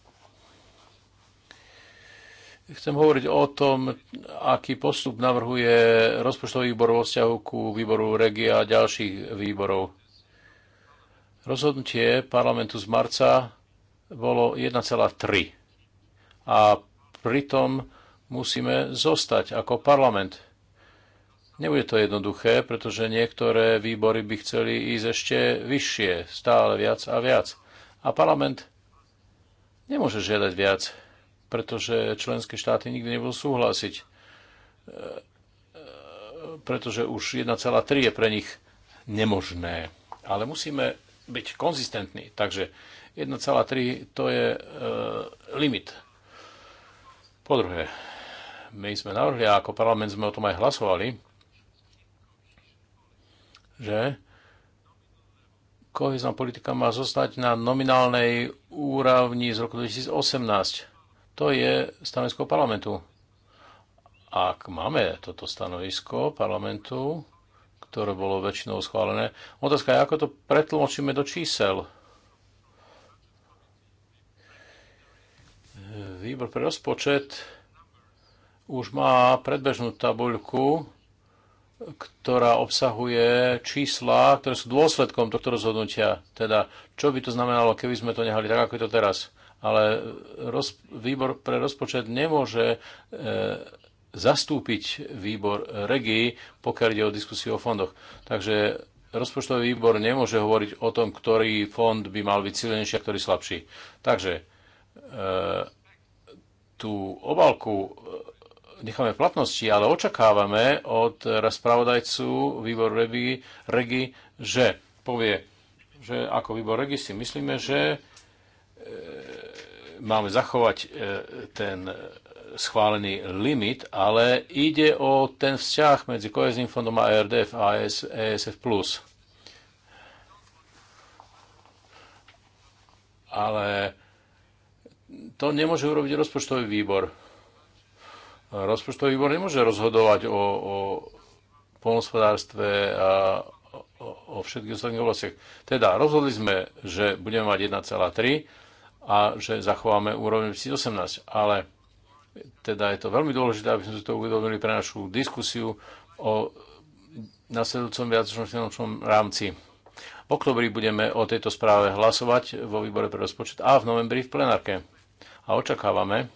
Chcem hovoriť o tom, aký postup navrhuje rozpočtový výbor vo vzťahu ku výboru regia a ďalších výborov. Rozhodnutie parlamentu z marca bolo 1,3. A pritom musíme zostať ako parlament. Nebude to jednoduché, pretože niektoré výbory by chceli ísť ešte vyššie, stále viac a viac. A parlament nemôže žiadať viac, pretože členské štáty nikdy nebudú súhlasiť, e, e, pretože už 1,3 je pre nich nemožné. Ale musíme byť konzistentní, takže 1,3 to je e, limit. Po druhé, my sme navrhli, a ako parlament sme o tom aj hlasovali, že kohezná politika má zostať na nominálnej úrovni z roku 2018. To je stanovisko parlamentu. Ak máme toto stanovisko parlamentu, ktoré bolo väčšinou schválené, otázka je, ako to pretlmočíme do čísel. Výbor pre rozpočet už má predbežnú tabuľku, ktorá obsahuje čísla, ktoré sú dôsledkom tohto rozhodnutia. Teda, čo by to znamenalo, keby sme to nehali tak, ako je to teraz. Ale roz, výbor pre rozpočet nemôže e, zastúpiť výbor regii, pokiaľ ide o diskusiu o fondoch. Takže rozpočtový výbor nemôže hovoriť o tom, ktorý fond by mal byť silnejší a ktorý slabší. Takže e, tú obalku e, necháme v platnosti, ale očakávame od spravodajcu výboru regi, regi, že povie, že ako výbor regi si myslíme, že e, máme zachovať e, ten schválený limit, ale ide o ten vzťah medzi kohezným fondom a e RDF a ES, ESF+. Ale to nemôže urobiť rozpočtový výbor. Rozpočtový výbor nemôže rozhodovať o, o polnospodárstve a o, o všetkých ostatných oblastiach. Teda rozhodli sme, že budeme mať 1,3 a že zachováme úroveň 2018, ale teda je to veľmi dôležité, aby sme si to uvedomili pre našu diskusiu o nasledujúcom viacročnom finančnom rámci. V oktobri budeme o tejto správe hlasovať vo výbore pre rozpočet a v novembri v plenárke a očakávame,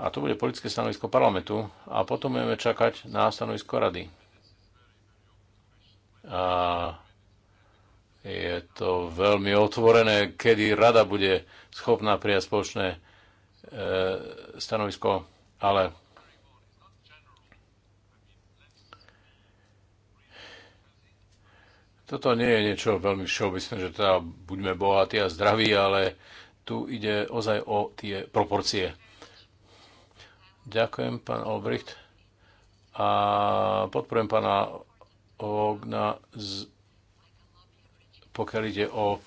a to bude politické stanovisko parlamentu, a potom budeme čakať na stanovisko rady. A je to veľmi otvorené, kedy rada bude schopná prijať spoločné e, stanovisko, ale toto nie je niečo veľmi všeobecné, že teda buďme bohatí a zdraví, ale tu ide ozaj o tie proporcie. Ďakujem, pán Olbricht. A podporujem pána Ogna, pokiaľ ide o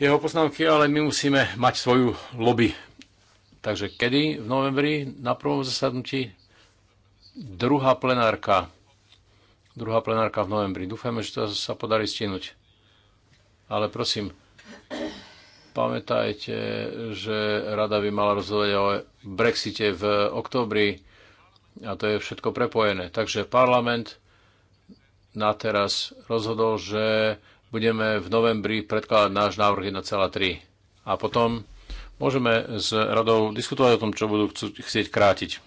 jeho poznámky, ale my musíme mať svoju lobby. Takže kedy? V novembri na prvom zasadnutí druhá plenárka. Druhá plenárka v novembri. Dúfame, že to sa podarí stihnúť. Ale prosím, Pamätajte, že rada by mala rozhodovať o Brexite v októbri a to je všetko prepojené. Takže parlament na teraz rozhodol, že budeme v novembri predkladať náš návrh 1,3. A potom môžeme s radou diskutovať o tom, čo budú chcieť krátiť.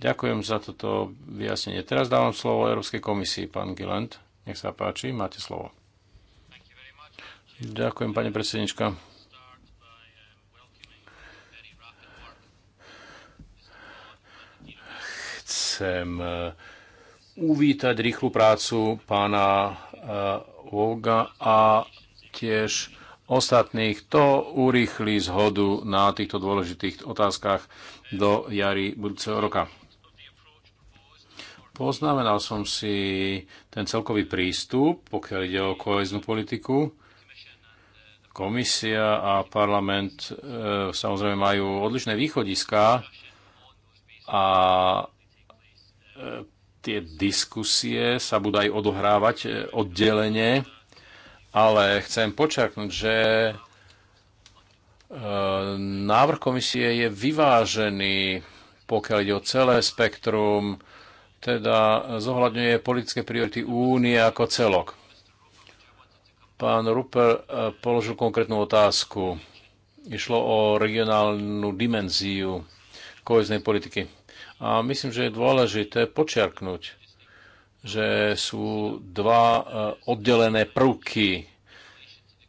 Ďakujem za toto vyjasnenie. Teraz dávam slovo Európskej komisii, pán Gilland. Nech sa páči, máte slovo. Ďakujem, pani predsednička. chcem e, uvítať rýchlu prácu pána e, Volga a tiež ostatných. To urýchli zhodu na týchto dôležitých otázkach do jary budúceho roka. Poznamenal som si ten celkový prístup, pokiaľ ide o koheznú politiku. Komisia a parlament e, samozrejme majú odlišné východiska a E, tie diskusie sa budú aj odohrávať e, oddelenie, ale chcem počaknúť, že e, návrh komisie je vyvážený, pokiaľ ide o celé spektrum, teda zohľadňuje politické priority únie ako celok. Pán Ruper položil konkrétnu otázku. Išlo o regionálnu dimenziu kohezné politiky. A myslím, že je dôležité počiarknúť, že sú dva e, oddelené prvky.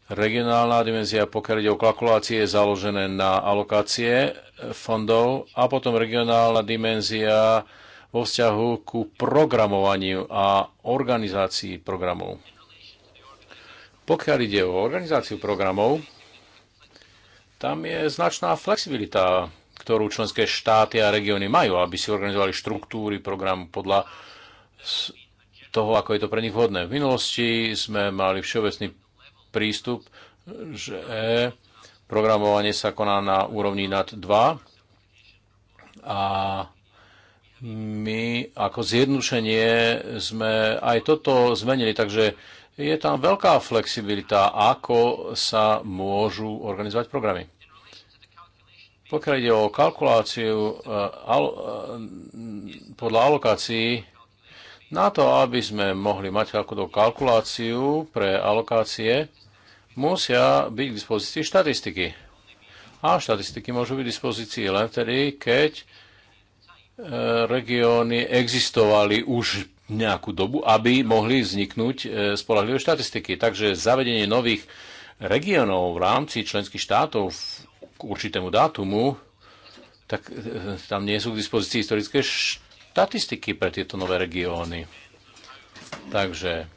Regionálna dimenzia, pokiaľ ide o kalkulácie, je založené na alokácie e, fondov a potom regionálna dimenzia vo vzťahu ku programovaniu a organizácii programov. Pokiaľ ide o organizáciu programov, tam je značná flexibilita ktorú členské štáty a regióny majú, aby si organizovali štruktúry programu podľa toho, ako je to pre nich vhodné. V minulosti sme mali všeobecný prístup, že programovanie sa koná na úrovni nad 2 a my ako zjednušenie sme aj toto zmenili, takže je tam veľká flexibilita, ako sa môžu organizovať programy. Pokiaľ ide o kalkuláciu e, e, podľa alokácií, na to, aby sme mohli mať takúto kalkuláciu pre alokácie, musia byť k dispozícii štatistiky. A štatistiky môžu byť k dispozícii len vtedy, keď e, regióny existovali už nejakú dobu, aby mohli vzniknúť spolahlivé štatistiky. Takže zavedenie nových regiónov v rámci členských štátov v k určitému dátumu, tak e, tam nie sú k dispozícii historické štatistiky pre tieto nové regióny. Takže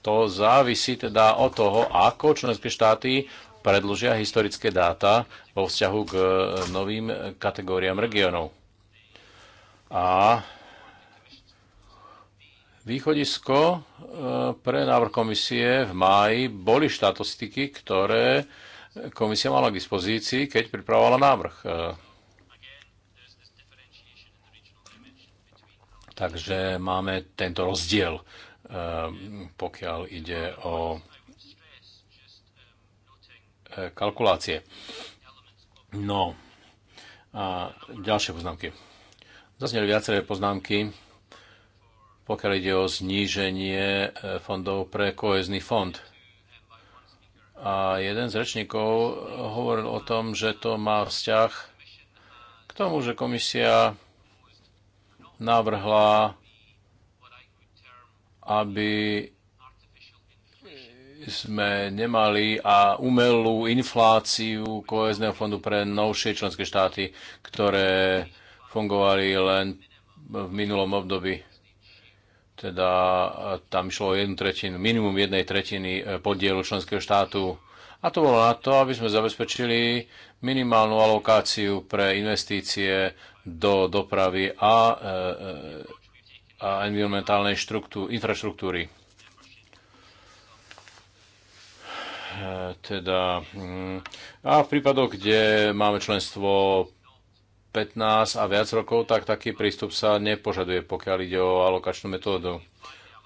to závisí teda od toho, ako členské štáty predložia historické dáta vo vzťahu k e, novým kategóriám regiónov. A východisko e, pre návrh komisie v máji boli štatistiky, ktoré komisia mala k dispozícii, keď pripravovala návrh. E, Takže máme tento rozdiel, e, pokiaľ ide o e, kalkulácie. No a ďalšie poznámky. Zazneli viaceré poznámky, pokiaľ ide o zníženie fondov pre kohezný fond. A jeden z rečníkov hovoril o tom, že to má vzťah k tomu, že komisia navrhla, aby sme nemali a umelú infláciu kohezného fondu pre novšie členské štáty, ktoré fungovali len v minulom období. Teda e, tam išlo o jednu tretinu, minimum jednej tretiny e, podielu členského štátu. A to bolo na to, aby sme zabezpečili minimálnu alokáciu pre investície do dopravy a, e, a environmentálnej infraštruktúry. teda, mm, a v prípadoch, kde máme členstvo 15 a viac rokov, tak taký prístup sa nepožaduje, pokiaľ ide o alokačnú metódu.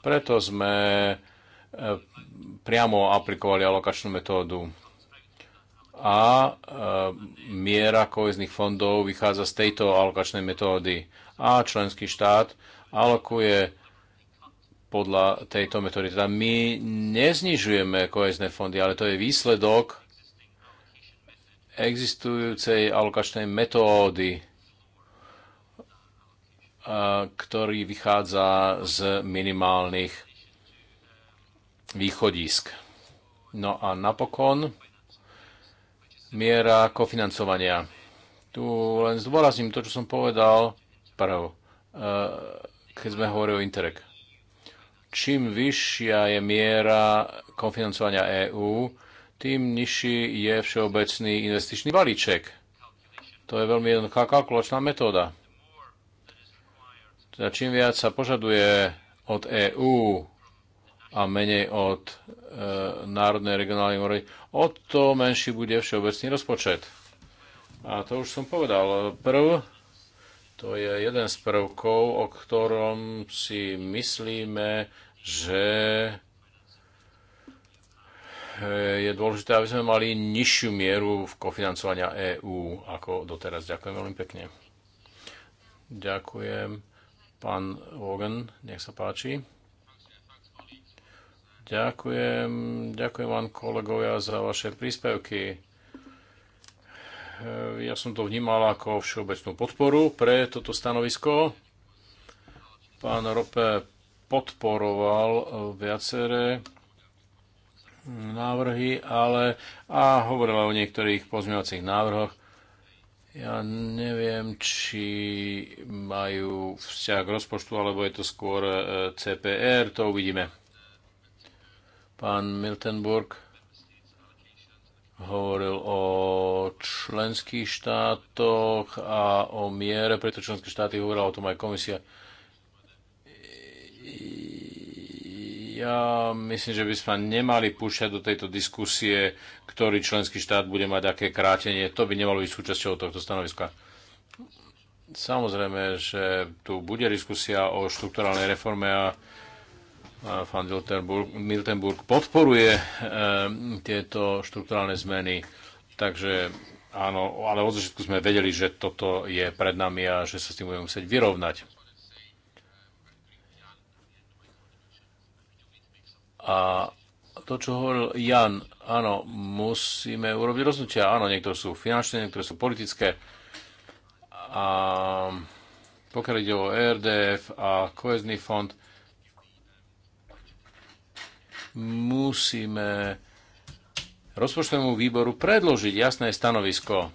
Preto sme e, priamo aplikovali alokačnú metódu. A e, miera kohezných fondov vychádza z tejto alokačnej metódy. A členský štát alokuje podľa tejto metódy. Teda my neznižujeme kohezné fondy, ale to je výsledok existujúcej alokačnej metódy, ktorý vychádza z minimálnych východisk. No a napokon miera kofinancovania. Tu len zdôrazním to, čo som povedal prv, e, keď sme hovorili o Interreg. Čím vyššia je miera kofinancovania EÚ, tým nižší je všeobecný investičný balíček. To je veľmi jednoduchá kalkulačná metóda. Teda čím viac sa požaduje od EÚ a menej od e, národnej regionálnej úrovni, o to menší bude všeobecný rozpočet. A to už som povedal. Prv, to je jeden z prvkov, o ktorom si myslíme, že je dôležité, aby sme mali nižšiu mieru kofinancovania EÚ ako doteraz. Ďakujem veľmi pekne. Ďakujem. Pán Logan, nech sa páči. Ďakujem, ďakujem vám kolegovia za vaše príspevky. Ja som to vnímal ako všeobecnú podporu pre toto stanovisko. Pán Rope podporoval viaceré návrhy, ale a hovorila o niektorých pozmeňovacích návrhoch. Ja neviem, či majú vzťah k rozpočtu, alebo je to skôr e, CPR, to uvidíme. Pán Miltenburg hovoril o členských štátoch a o miere, preto členské štáty hovorila o tom aj komisia. Ja myslím, že by sme nemali púšťať do tejto diskusie, ktorý členský štát bude mať aké krátenie. To by nemalo byť súčasťou tohto stanoviska. Samozrejme, že tu bude diskusia o štruktúralnej reforme a pán Miltenburg, Miltenburg podporuje e, tieto štruktúralne zmeny. Takže áno, ale od začiatku sme vedeli, že toto je pred nami a že sa s tým budeme musieť vyrovnať. A to, čo hovoril Jan, áno, musíme urobiť rozhodnutia. Áno, niektoré sú finančné, niektoré sú politické. A pokiaľ ide o RDF a kohezný fond, musíme rozpočtovému výboru predložiť jasné stanovisko.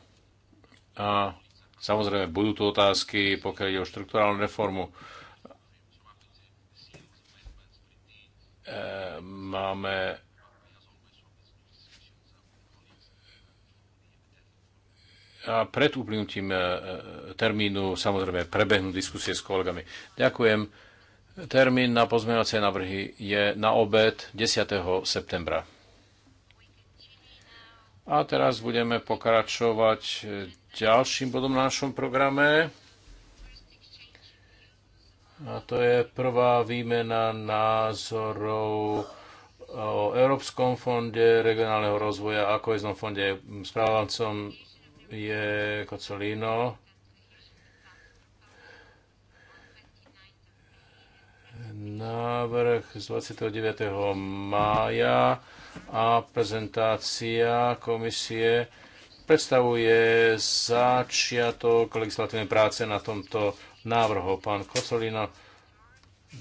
A samozrejme budú tu otázky, pokiaľ ide o štruktúrálnu reformu. máme a pred uplynutím e, e, termínu samozrejme prebehnú diskusie s kolegami. Ďakujem. Termín na pozmeňovacie návrhy je na obed 10. septembra. A teraz budeme pokračovať ďalším bodom na našom programe. A to je prvá výmena názorov o Európskom fonde regionálneho rozvoja a koheznom fonde. Správancom je Kocolino. Návrh z 29. mája a prezentácia komisie predstavuje začiatok legislatívnej práce na tomto návrhov. Pán Kocolina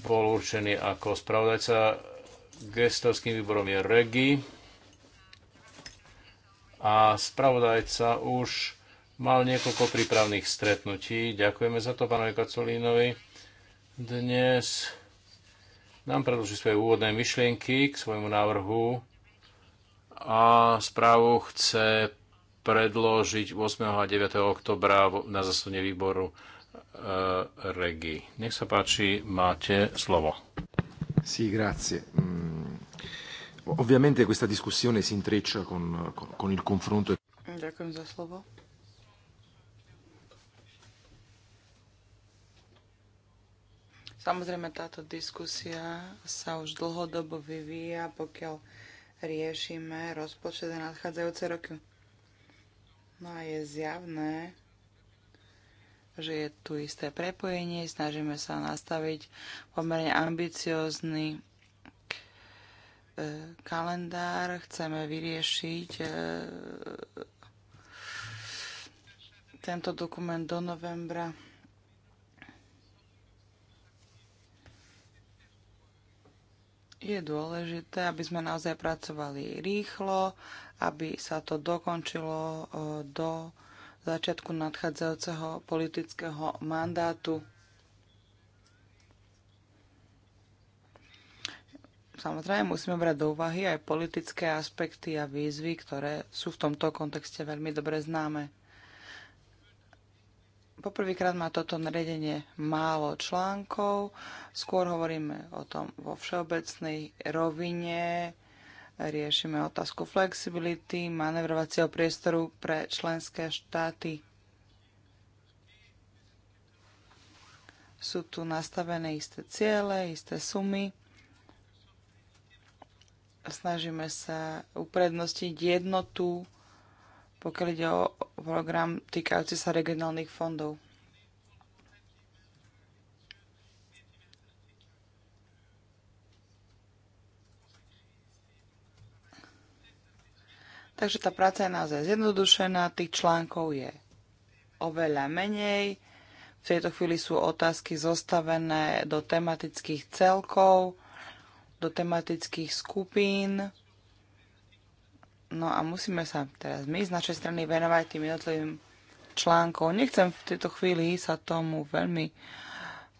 bol určený ako spravodajca gestorským výborom je REGI a spravodajca už mal niekoľko prípravných stretnutí. Ďakujeme za to pánovi Kacolínovi. Dnes nám predloží svoje úvodné myšlienky k svojmu návrhu a správu chce predložiť 8. a 9. oktobra na zasadne výboru Eh, regi. Nech sa páči, máte slovo.
Sì, grazie. Mm, ovviamente questa discussione si intreccia
con, con il confronto.
Ďakujem za slovo. Samozrejme, táto diskusia sa už dlhodobo vyvíja, pokiaľ riešime rozpočet na nadchádzajúce roky. No a je zjavné, že je tu isté prepojenie, snažíme sa nastaviť pomerne ambiciózny e, kalendár, chceme vyriešiť e, tento dokument do novembra. Je dôležité, aby sme naozaj pracovali rýchlo, aby sa to dokončilo e, do začiatku nadchádzajúceho politického mandátu. Samozrejme musíme brať do úvahy aj politické aspekty a výzvy, ktoré sú v tomto kontexte veľmi dobre známe. Poprvýkrát má toto nariadenie málo článkov, skôr hovoríme o tom vo všeobecnej rovine, riešime otázku flexibility, manevrovacieho priestoru pre členské štáty. Sú tu nastavené isté ciele, isté sumy. Snažíme sa uprednostiť jednotu, pokiaľ ide o program týkajúci sa regionálnych fondov. Takže tá práca je naozaj zjednodušená, tých článkov je oveľa menej. V tejto chvíli sú otázky zostavené do tematických celkov, do tematických skupín. No a musíme sa teraz my z našej strany venovať tým jednotlivým článkom. Nechcem v tejto chvíli sa tomu veľmi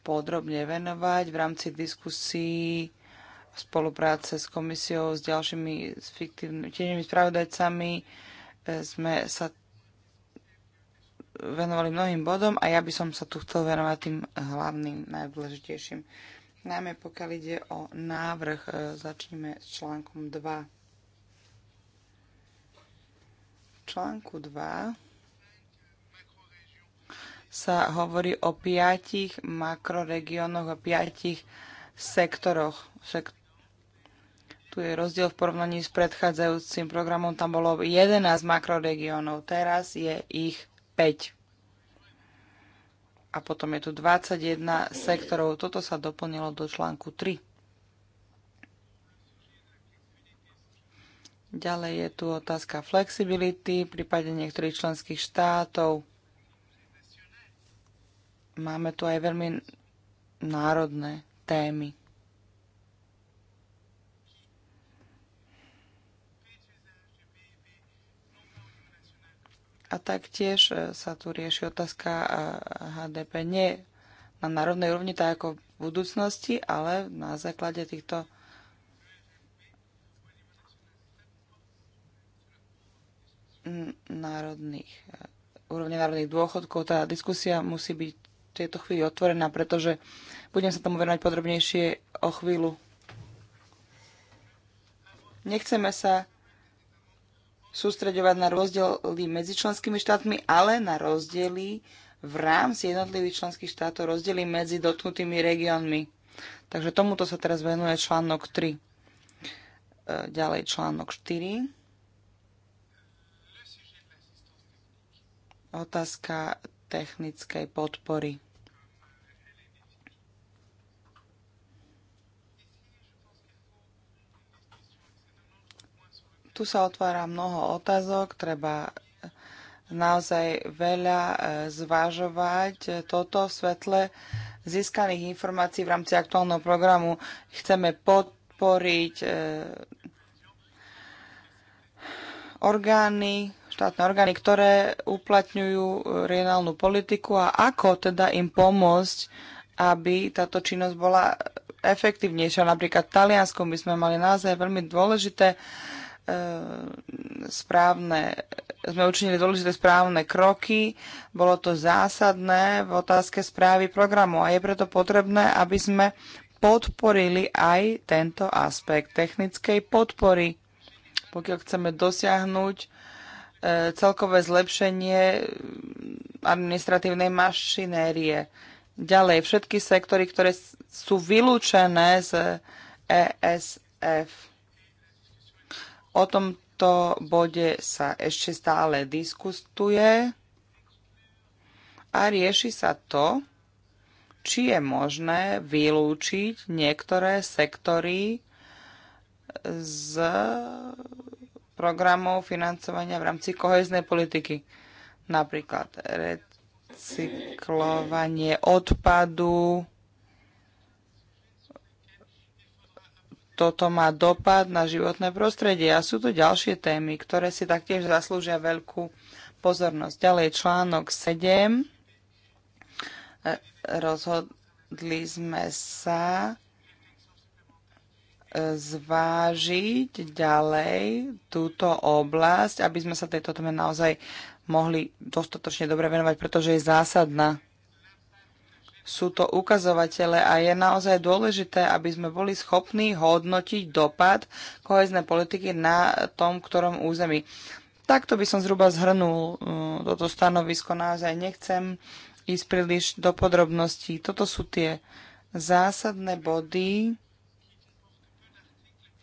podrobne venovať v rámci diskusí spolupráce s komisiou, s ďalšími fiktívnymi spravodajcami e, sme sa venovali mnohým bodom a ja by som sa tu chcel venovať tým hlavným, najdôležitejším. Najmä pokiaľ ide o návrh, e, začneme s článkom 2. článku 2 sa hovorí o piatich makroregiónoch, o piatich sektoroch, tu je rozdiel v porovnaní s predchádzajúcim programom. Tam bolo 11 makroregiónov, teraz je ich 5. A potom je tu 21 sektorov. Toto sa doplnilo do článku 3. Ďalej je tu otázka flexibility, v prípade niektorých členských štátov. Máme tu aj veľmi národné témy. A taktiež e, sa tu rieši otázka e, HDP nie na národnej úrovni, tak ako v budúcnosti, ale na základe týchto národných, e, úrovne národných dôchodkov. Tá diskusia musí byť v tejto chvíli otvorená, pretože budem sa tomu venovať podrobnejšie o chvíľu. Nechceme sa sústreďovať na rozdiely medzi členskými štátmi, ale na rozdiely v rámci jednotlivých členských štátov, rozdiely medzi dotknutými regiónmi. Takže tomuto sa teraz venuje článok 3. E, ďalej článok 4. Otázka technickej podpory. Tu sa otvára mnoho otázok, treba naozaj veľa e, zvážovať. Toto v svetle získaných informácií v rámci aktuálneho programu chceme podporiť e, orgány, štátne orgány, ktoré uplatňujú regionálnu politiku a ako teda im pomôcť, aby táto činnosť bola efektívnejšia. Napríklad v Taliansku by sme mali naozaj veľmi dôležité uh, Eh, správne, sme učinili dôležité správne kroky, bolo to zásadné v otázke správy programu a je preto potrebné, aby sme podporili aj tento aspekt technickej podpory, pokiaľ chceme dosiahnuť eh, celkové zlepšenie mm, administratívnej mašinérie. Ďalej, všetky sektory, ktoré sú vylúčené z ESF. O tomto bode sa ešte stále diskutuje a rieši sa to, či je možné vylúčiť niektoré sektory z programov financovania v rámci koheznej politiky. Napríklad recyklovanie odpadu, toto má dopad na životné prostredie. A sú tu ďalšie témy, ktoré si taktiež zaslúžia veľkú pozornosť. Ďalej článok 7. E, rozhodli sme sa e, zvážiť ďalej túto oblasť, aby sme sa tejto téme naozaj mohli dostatočne dobre venovať, pretože je zásadná sú to ukazovatele a je naozaj dôležité, aby sme boli schopní hodnotiť dopad kohezné politiky na tom, ktorom území. Takto by som zhruba zhrnul uh, toto stanovisko. Naozaj nechcem ísť príliš do podrobností. Toto sú tie zásadné body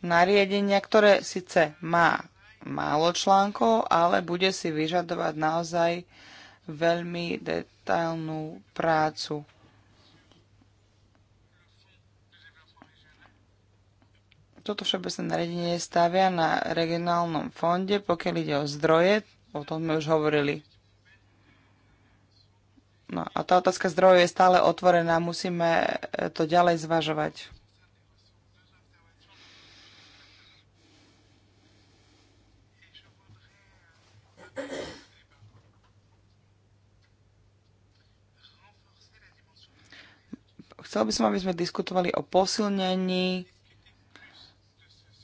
nariadenia, ktoré síce má málo článkov, ale bude si vyžadovať naozaj veľmi detailnú prácu. toto všeobecné nariadenie stavia na regionálnom fonde, pokiaľ ide o zdroje, o tom sme už hovorili. No a tá otázka zdrojov je stále otvorená, musíme e, to ďalej zvažovať. Chcel by som, aby sme diskutovali o posilnení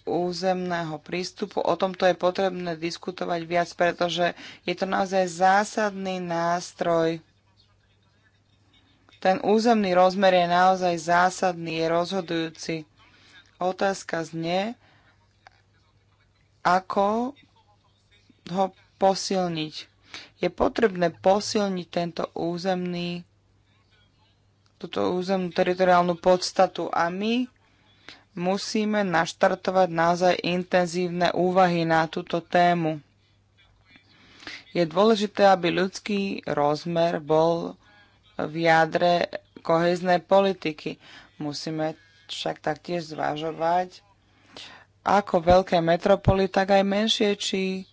územného prístupu. O tomto je potrebné diskutovať viac, pretože je to naozaj zásadný nástroj. Ten územný rozmer je naozaj zásadný, je rozhodujúci. Otázka znie, ako ho posilniť. Je potrebné posilniť tento územný túto územnú teritoriálnu podstatu a my musíme naštartovať naozaj intenzívne úvahy na túto tému. Je dôležité, aby ľudský rozmer bol v jadre koheznej politiky. Musíme však taktiež zvažovať, ako veľké metropoly, tak aj menšie či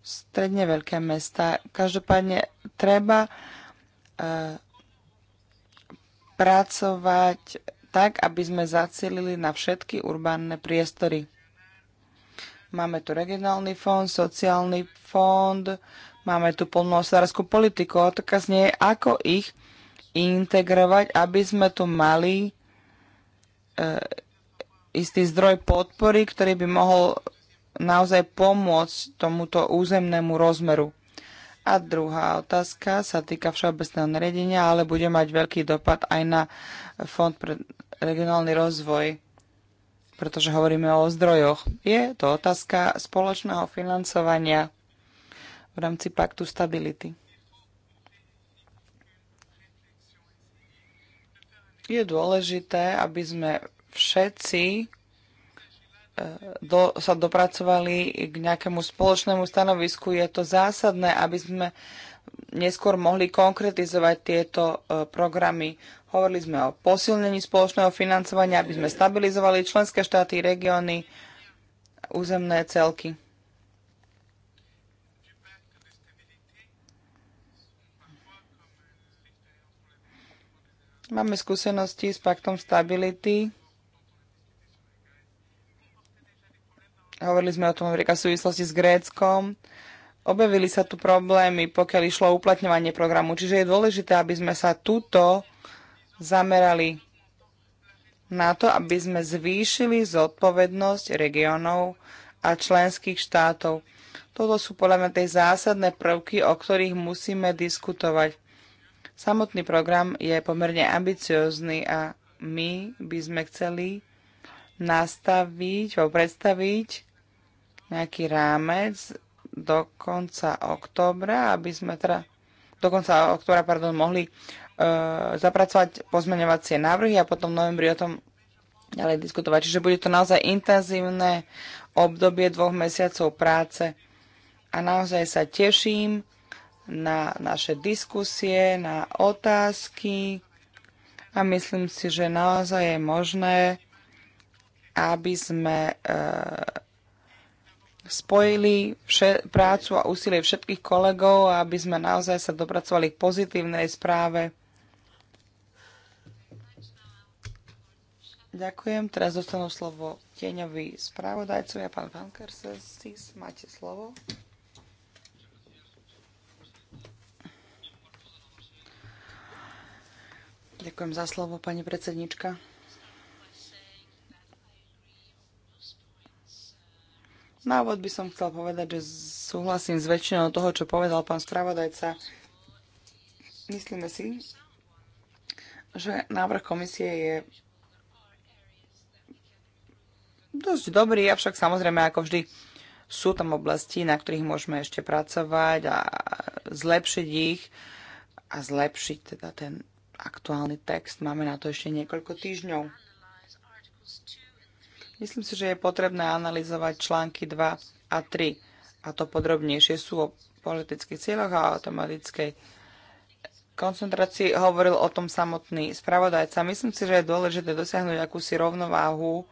stredne veľké mesta. Každopádne treba e, pracovať tak, aby sme zacielili na všetky urbánne priestory. Máme tu regionálny fond, sociálny fond, máme tu polnohospodárskú politiku. Otázka znie, ako ich integrovať, aby sme tu mali e, istý zdroj podpory, ktorý by mohol naozaj pomôcť tomuto územnému rozmeru. A druhá otázka sa týka všeobecného nariadenia, ale bude mať veľký dopad aj na Fond pre regionálny rozvoj, pretože hovoríme o zdrojoch. Je to otázka spoločného financovania v rámci paktu stability. Je dôležité, aby sme všetci do, sa dopracovali k nejakému spoločnému stanovisku. Je to zásadné, aby sme neskôr mohli konkretizovať tieto e, programy. Hovorili sme o posilnení spoločného financovania, aby sme stabilizovali členské štáty, regióny, územné celky. Máme skúsenosti s paktom stability Hovorili sme o tom napríklad v súvislosti s Gréckom. Objavili sa tu problémy, pokiaľ išlo o uplatňovanie programu. Čiže je dôležité, aby sme sa tuto zamerali na to, aby sme zvýšili zodpovednosť regionov a členských štátov. Toto sú podľa mňa tie zásadné prvky, o ktorých musíme diskutovať. Samotný program je pomerne ambiciózny a my by sme chceli nastaviť alebo predstaviť nejaký rámec do konca oktobra, aby sme teda do konca oktobra, pardon, mohli e, zapracovať pozmeňovacie návrhy a potom v novembri o tom ďalej diskutovať. Čiže bude to naozaj intenzívne obdobie dvoch mesiacov práce a naozaj sa teším na naše diskusie, na otázky a myslím si, že naozaj je možné, aby sme e, spojili prácu a úsilie všetkých kolegov, aby sme naozaj sa dopracovali k pozitívnej správe. Ďakujem. Teraz dostanú slovo tieňový tieňovi spravodajcovia. Pán Vanker, máte slovo. Ďakujem za slovo, pani predsednička. Na úvod by som chcel povedať, že súhlasím s väčšinou toho, čo povedal pán spravodajca. Myslíme si, že návrh komisie je dosť dobrý, avšak samozrejme ako vždy sú tam oblasti, na ktorých môžeme ešte pracovať a zlepšiť ich a zlepšiť teda ten aktuálny text. Máme na to ešte niekoľko týždňov. Myslím si, že je potrebné analyzovať články 2 a 3 a to podrobnejšie sú o politických cieľoch a automatickej koncentrácii. Hovoril o tom samotný spravodajca. Myslím si, že je dôležité dosiahnuť akúsi rovnováhu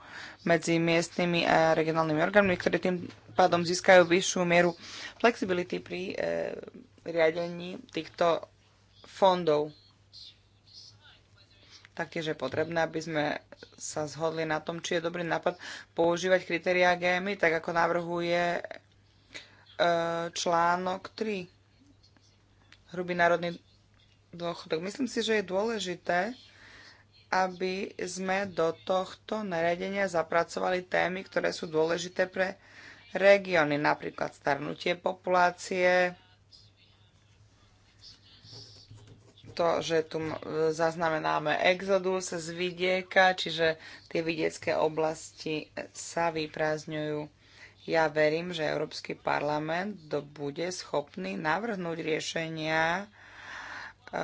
medzi miestnymi a regionálnymi orgánmi, ktoré tým pádom získajú vyššiu mieru flexibility pri e, riadení týchto fondov. Taktiež je potrebné, aby sme sa zhodli na tom, či je dobrý nápad používať kritériá GMI, tak ako navrhuje e, článok 3. Hrubý národný dôchodok. Myslím si, že je dôležité, aby sme do tohto naredenia zapracovali témy, ktoré sú dôležité pre regióny, napríklad starnutie populácie, to, že tu zaznamenáme exodus z vidieka, čiže tie vidiecké oblasti sa vyprázdňujú. Ja verím, že Európsky parlament bude schopný navrhnúť riešenia e,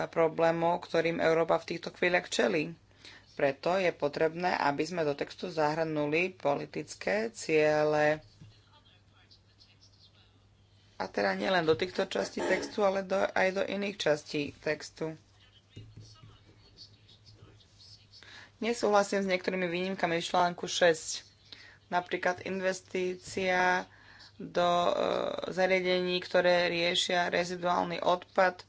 problémov, ktorým Európa v týchto chvíľach čelí. Preto je potrebné, aby sme do textu zahrnuli politické ciele a teda nielen do týchto častí textu, ale do, aj do iných častí textu. Nesúhlasím s niektorými výnimkami v článku 6. Napríklad investícia do e, zariadení, ktoré riešia reziduálny odpad.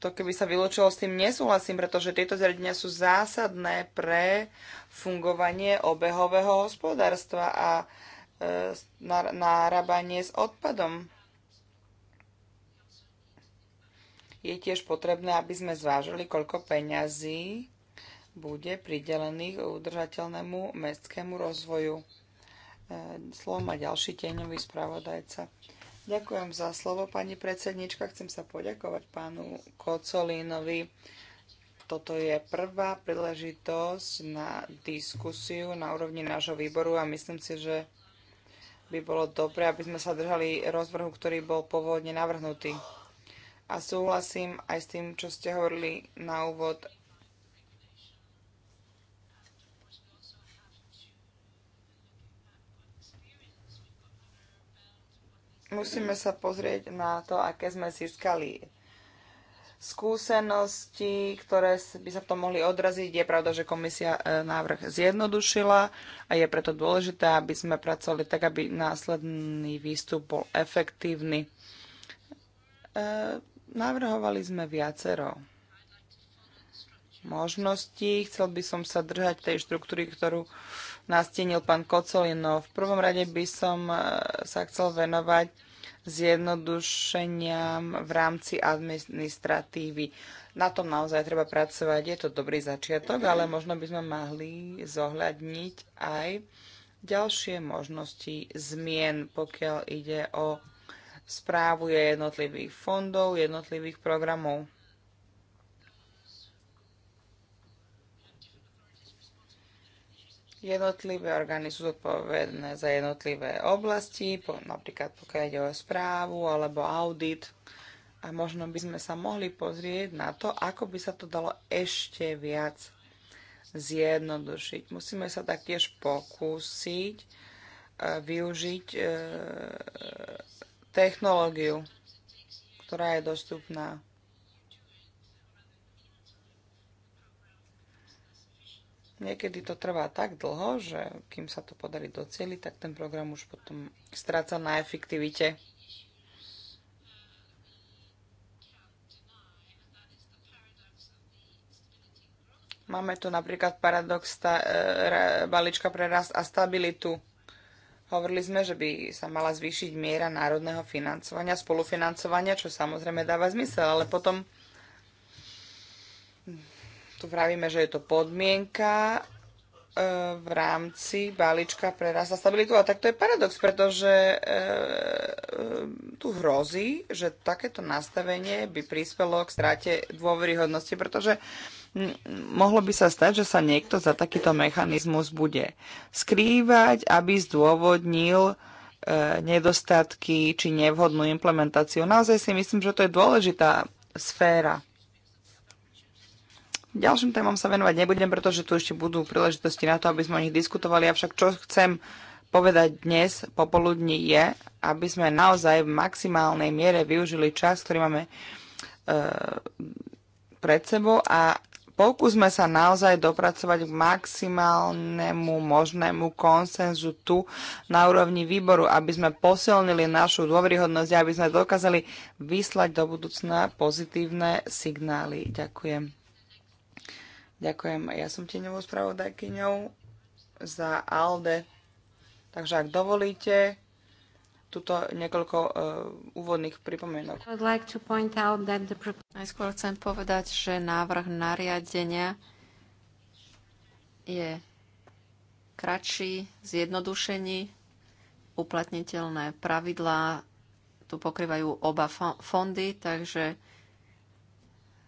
To keby sa vylúčilo, s tým nesúhlasím, pretože tieto zariadenia sú zásadné pre fungovanie obehového hospodárstva a e, narábanie s odpadom. je tiež potrebné, aby sme zvážili, koľko peňazí bude pridelených udržateľnému mestskému rozvoju. E, slovo má ďalší tieňový spravodajca. Ďakujem za slovo, pani predsednička. Chcem sa poďakovať pánu Kocolínovi. Toto je prvá príležitosť na diskusiu na úrovni nášho výboru a myslím si, že by bolo dobré, aby sme sa držali rozvrhu, ktorý bol pôvodne navrhnutý a súhlasím aj s tým, čo ste hovorili na úvod. Musíme sa pozrieť na to, aké sme získali skúsenosti, ktoré by sa v tom mohli odraziť. Je pravda, že komisia e, návrh zjednodušila a je preto dôležité, aby sme pracovali tak, aby následný výstup bol efektívny. E, Navrhovali sme viacero možností. Chcel by som sa držať tej štruktúry, ktorú nastienil pán Kocolino. V prvom rade by som e, sa chcel venovať zjednodušeniam v rámci administratívy. Na tom naozaj treba pracovať. Je to dobrý začiatok, ale možno by sme mohli zohľadniť aj ďalšie možnosti zmien, pokiaľ ide o správuje jednotlivých fondov, jednotlivých programov. Jednotlivé orgány sú zodpovedné za jednotlivé oblasti, napríklad pokiaľ ide o správu alebo audit. A možno by sme sa mohli pozrieť na to, ako by sa to dalo ešte viac zjednodušiť. Musíme sa taktiež pokúsiť eh, využiť eh, technológiu, ktorá je dostupná. Niekedy to trvá tak dlho, že kým sa to podarí docieliť, tak ten program už potom stráca na efektivite. Máme tu napríklad paradox tá, e, balíčka pre rast a stabilitu. Hovorili sme, že by sa mala zvýšiť miera národného financovania, spolufinancovania, čo samozrejme dáva zmysel, ale potom tu vravíme, že je to podmienka e, v rámci balíčka pre rast a stabilitu. A tak to je paradox, pretože e, e, tu hrozí, že takéto nastavenie by prispelo k stráte dôveryhodnosti, pretože mohlo by sa stať, že sa niekto za takýto mechanizmus bude skrývať, aby zdôvodnil e, nedostatky či nevhodnú implementáciu. Naozaj si myslím, že to je dôležitá sféra. Ďalším témam sa venovať nebudem, pretože tu ešte budú príležitosti na to, aby sme o nich diskutovali. Avšak čo chcem povedať dnes popoludní je, aby sme naozaj v maximálnej miere využili čas, ktorý máme e, pred sebou a pokúsme sa naozaj dopracovať k maximálnemu možnému konsenzu tu na úrovni výboru, aby sme posilnili našu dôveryhodnosť a aby sme dokázali vyslať do budúcna pozitívne signály. Ďakujem. Ďakujem. Ja som tieňovou spravodajkyňou za ALDE. Takže ak dovolíte, tuto niekoľko uh, úvodných pripomienok.
Like the... Najskôr chcem povedať, že návrh nariadenia je kratší, zjednodušení, uplatniteľné pravidlá tu pokrývajú oba fondy, takže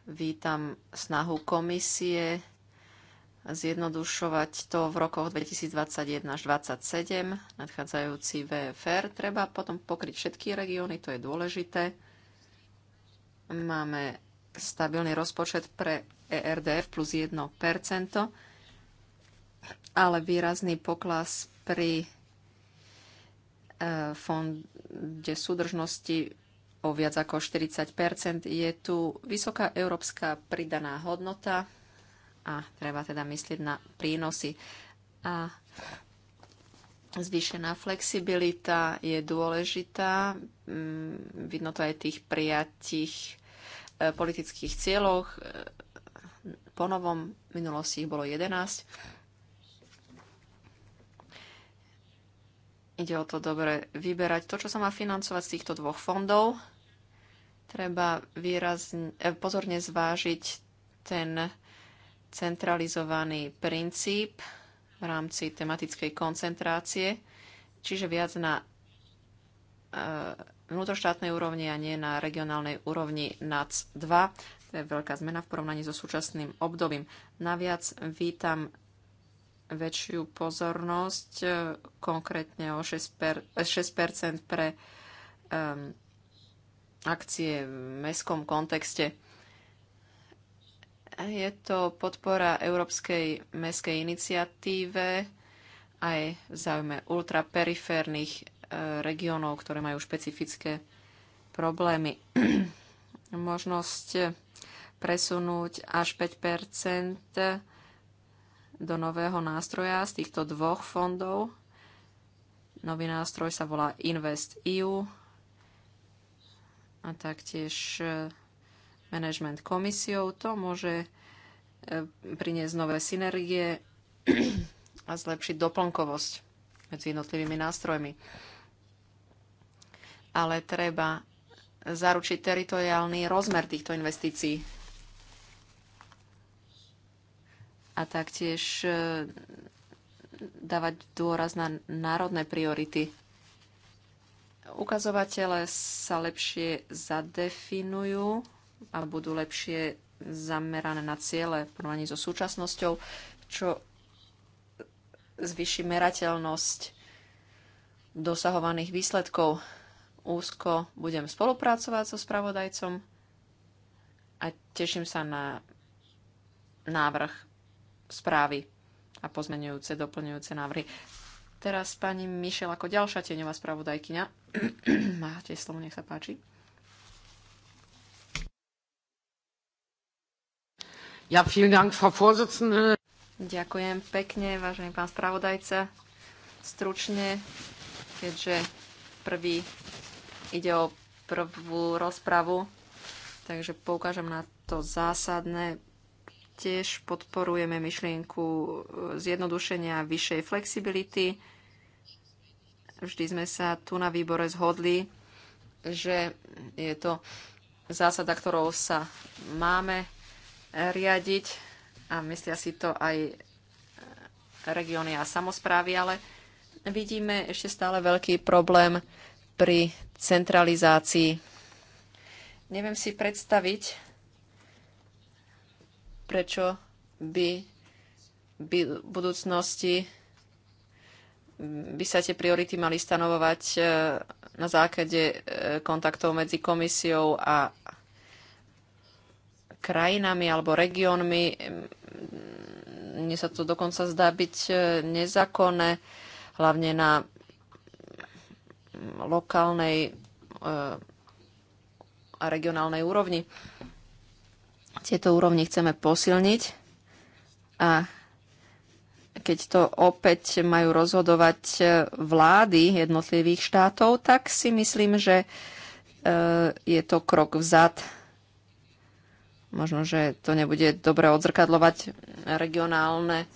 vítam snahu komisie zjednodušovať to v rokoch 2021 až 2027, nadchádzajúci VFR. Treba potom pokryť všetky regióny, to je dôležité. Máme stabilný rozpočet pre ERDF plus 1%, ale výrazný poklas pri e, fonde súdržnosti o viac ako 40 je tu vysoká európska pridaná hodnota a treba teda myslieť na prínosy. A zvýšená flexibilita je dôležitá. Mm, vidno to aj tých prijatých e, politických cieľoch. E, po novom minulosti ich bolo 11. Ide o to dobre vyberať to, čo sa má financovať z týchto dvoch fondov. Treba výrazne, pozorne zvážiť ten centralizovaný princíp v rámci tematickej koncentrácie, čiže viac na e, vnútroštátnej úrovni a nie na regionálnej úrovni NAC 2. To je veľká zmena v porovnaní so súčasným obdobím. Naviac vítam väčšiu pozornosť, e, konkrétne o 6%, per, 6 e, pre um, akcie v mestskom kontexte je to podpora Európskej mestskej iniciatíve aj v záujme ultraperiférnych e, regiónov, ktoré majú špecifické problémy. Možnosť presunúť až 5 do nového nástroja z týchto dvoch fondov. Nový nástroj sa volá Invest EU a taktiež e, management komisiou. To môže e, priniesť nové synergie a zlepšiť doplnkovosť medzi jednotlivými nástrojmi. Ale treba zaručiť teritoriálny rozmer týchto investícií a taktiež e, dávať dôraz na národné priority. Ukazovatele sa lepšie zadefinujú a budú lepšie zamerané na ciele v porovnaní so súčasnosťou, čo zvyši merateľnosť dosahovaných výsledkov. Úzko budem spolupracovať so spravodajcom a teším sa na návrh správy a pozmenujúce, doplňujúce návrhy. Teraz pani Mišel ako ďalšia tieňová spravodajkyňa. Máte slovo, nech sa páči. Ja, vielen
Dank, Frau Vorsitzende.
Ďakujem pekne, vážený pán spravodajca. Stručne, keďže prvý ide o prvú rozpravu, takže poukážem na to zásadné. Tiež podporujeme myšlienku zjednodušenia vyššej flexibility. Vždy sme sa tu na výbore zhodli, že je to zásada, ktorou sa máme riadiť a myslia si to aj e, regióny a samozprávy, ale vidíme ešte stále veľký problém pri centralizácii. Neviem si predstaviť, prečo by v budúcnosti by sa tie priority mali stanovovať e, na základe e, kontaktov medzi komisiou a krajinami alebo regiónmi. Mne sa to dokonca zdá byť e, nezákonné, hlavne na lokálnej e, a regionálnej úrovni. Tieto úrovni chceme posilniť a keď to opäť majú rozhodovať e, vlády jednotlivých štátov, tak si myslím, že je to krok vzad Možno, že to nebude dobre odzrkadlovať regionálne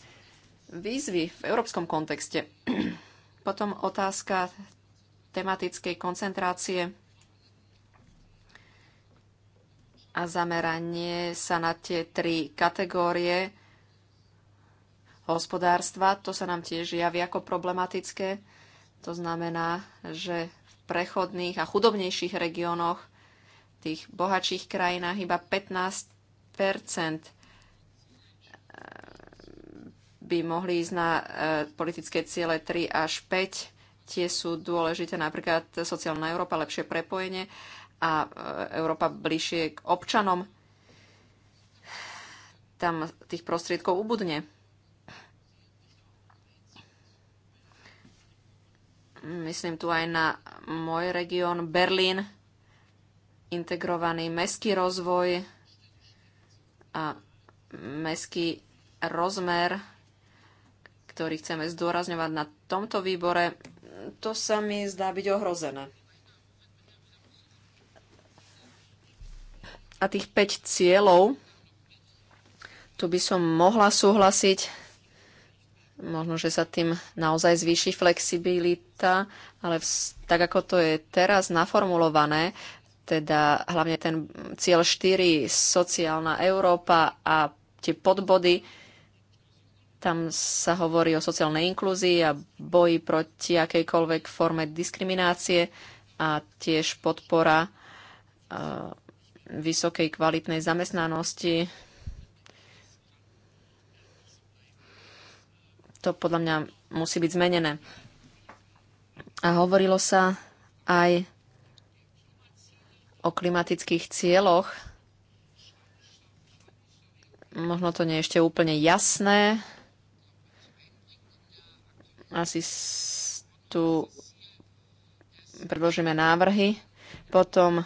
výzvy v európskom kontexte. Potom otázka tematickej koncentrácie a zameranie sa na tie tri kategórie hospodárstva. To sa nám tiež javí ako problematické. To znamená, že v prechodných a chudobnejších regiónoch tých bohatších krajinách iba 15 eh, by mohli ísť na eh, politické ciele 3 až 5. Tie sú dôležité napríklad sociálna Európa, lepšie prepojenie a eh, Európa bližšie k občanom. Tam tých prostriedkov ubudne. Myslím tu aj na môj región Berlín integrovaný meský rozvoj a meský rozmer, ktorý chceme zdôrazňovať na tomto výbore, to sa mi zdá byť ohrozené. A tých 5 cieľov, tu by som mohla súhlasiť, možno, že sa tým naozaj zvýši flexibilita, ale tak ako to je teraz naformulované, teda hlavne ten cieľ 4, sociálna Európa a tie podbody, tam sa hovorí o sociálnej inklúzii a boji proti akejkoľvek forme diskriminácie a tiež podpora e, vysokej kvalitnej zamestnanosti. To podľa mňa musí byť zmenené. A hovorilo sa aj o klimatických cieľoch. Možno to nie je ešte úplne jasné. Asi tu predložíme návrhy. Potom e,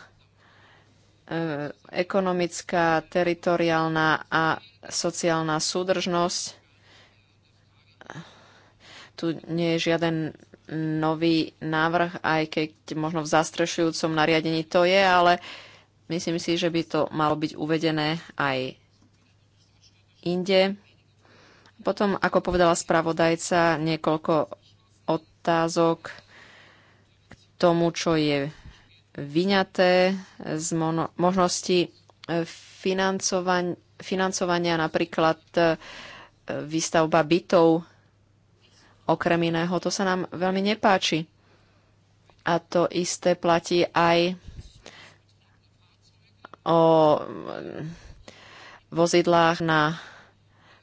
ekonomická, teritoriálna a sociálna súdržnosť. Tu nie je žiaden nový návrh, aj keď možno v zastrešujúcom nariadení to je, ale myslím si, že by to malo byť uvedené aj inde. Potom, ako povedala spravodajca, niekoľko otázok k tomu, čo je vyňaté z možnosti eh, financovania, financovania napríklad eh, výstavba bytov okrem iného. To sa nám veľmi nepáči. A to isté platí aj o vozidlách na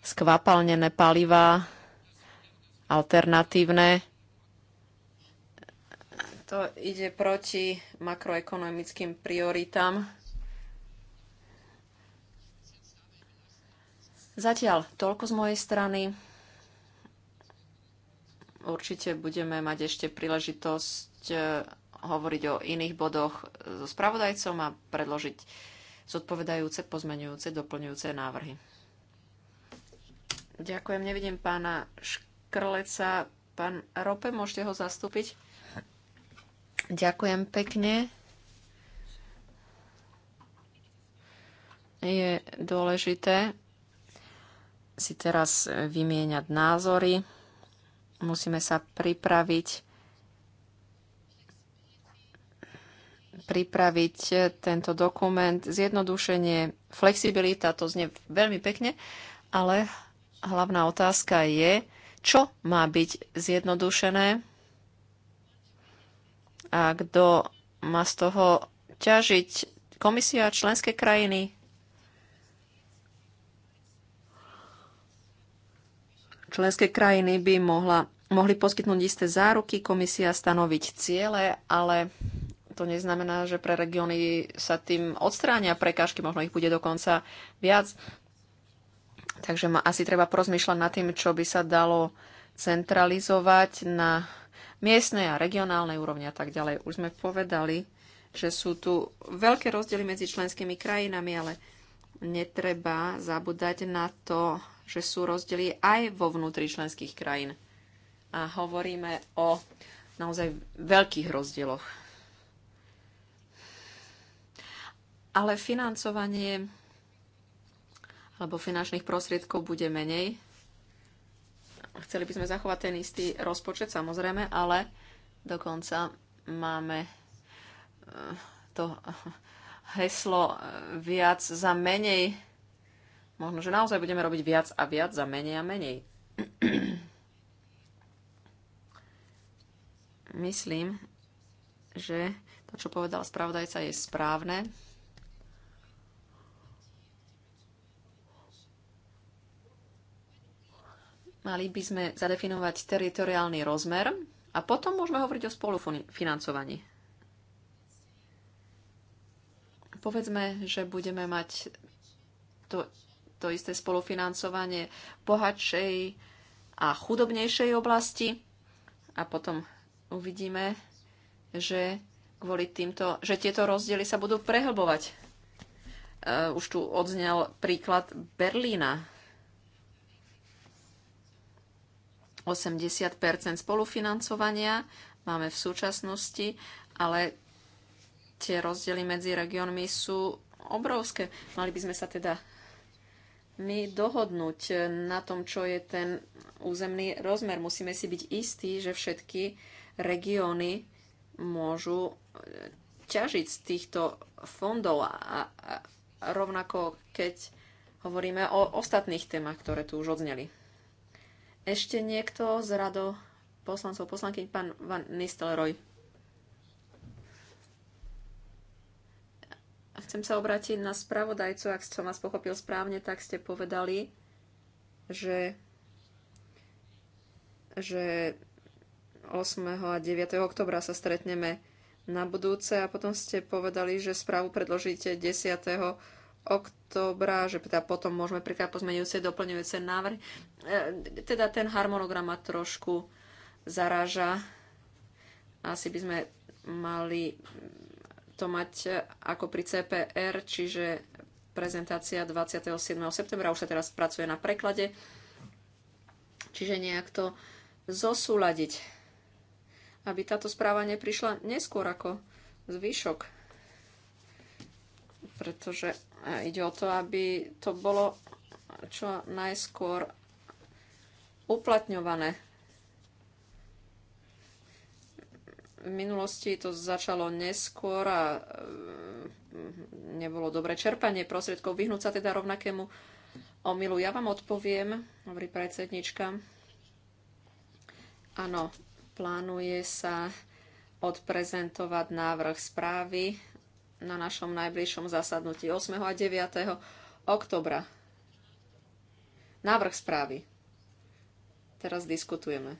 skvapalnené palivá, alternatívne. To ide proti makroekonomickým prioritám. Zatiaľ toľko z mojej strany. Určite budeme mať ešte príležitosť e, hovoriť o iných bodoch e, so spravodajcom a predložiť zodpovedajúce, pozmenujúce, doplňujúce návrhy. Ďakujem, nevidím pána Škrleca. Pán Rope, môžete ho zastúpiť? Ďakujem pekne. Je dôležité si teraz vymieňať názory. Musíme sa pripraviť pripraviť eh, tento dokument. Zjednodušenie, flexibilita, to znie veľmi pekne, ale hlavná otázka je, čo má byť zjednodušené a kto má z toho ťažiť komisia členské krajiny. Členské krajiny by mohla, mohli poskytnúť isté záruky, komisia stanoviť ciele, ale to neznamená, že pre regióny sa tým odstránia prekážky, možno ich bude dokonca viac. Takže ma asi treba porozmýšľať nad tým, čo by sa dalo centralizovať na miestnej a regionálnej úrovni a tak ďalej. Už sme povedali, že sú tu veľké rozdiely medzi členskými krajinami, ale netreba zabúdať na to, že sú rozdiely aj vo vnútri členských krajín. A hovoríme o naozaj veľkých rozdieloch. Ale financovanie alebo finančných prostriedkov bude menej. Chceli by sme zachovať ten istý rozpočet, samozrejme, ale dokonca máme eh, to heslo eh, viac za menej Možno, že naozaj budeme robiť viac a viac za menej a menej. Myslím, že to, čo povedal spravodajca, je správne. Mali by sme zadefinovať teritoriálny rozmer a potom môžeme hovoriť o spolufinancovaní. Povedzme, že budeme mať to to isté spolufinancovanie bohatšej a chudobnejšej oblasti. A potom uvidíme, že, kvôli týmto, že tieto rozdiely sa budú prehlbovať. Uh, už tu odznel príklad Berlína. 80 spolufinancovania máme v súčasnosti, ale tie rozdiely medzi regiónmi sú obrovské. Mali by sme sa teda my dohodnúť na tom, čo je ten územný rozmer. Musíme si byť istí, že všetky regióny môžu eh, ťažiť z týchto fondov a, a rovnako keď hovoríme o ostatných témach, ktoré tu už odzneli. Ešte niekto z rado poslancov, poslanky, pán Van Nistelrooy. Chcem sa obrátiť na spravodajcu, ak som vás pochopil správne, tak ste povedali, že, že 8. a 9. oktobra sa stretneme na budúce a potom ste povedali, že správu predložíte 10. oktobra, že teda potom môžeme príklad pozmeňujúce doplňujúce návrhy. E, teda ten harmonogram ma trošku zaráža. Asi by sme mali to mať e, ako pri CPR, čiže prezentácia 27. septembra, už sa teraz pracuje na preklade, čiže nejak to zosúľadiť, aby táto správa neprišla neskôr ako zvyšok, pretože e, ide o to, aby to bolo čo najskôr uplatňované V minulosti to začalo neskôr a e, nebolo dobre čerpanie prostriedkov, vyhnúť sa teda rovnakému omilu. Ja vám odpoviem, hovorí predsednička. Áno, plánuje sa odprezentovať návrh správy na našom najbližšom zasadnutí 8. a 9. oktobra. Návrh správy. Teraz diskutujeme.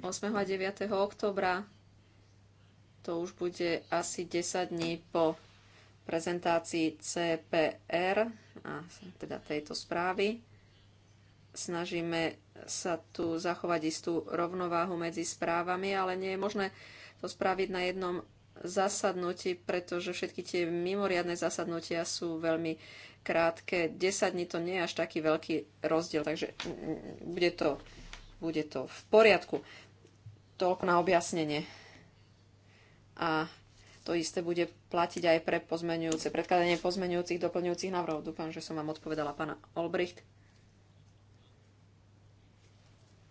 8. a 9. oktobra. To už bude asi 10 dní po prezentácii CPR, a teda tejto správy. Snažíme sa tu zachovať istú rovnováhu medzi správami, ale nie je možné to spraviť na jednom zasadnutí, pretože všetky tie mimoriadne zasadnutia sú veľmi krátke. 10 dní to nie je až taký veľký rozdiel, takže bude to, bude to v poriadku. Toľko na objasnenie. A to isté bude platiť aj pre pozmenujúce, predkladanie pozmenujúcich, doplňujúcich návrhov. Dúfam, že som vám odpovedala, pána Olbricht.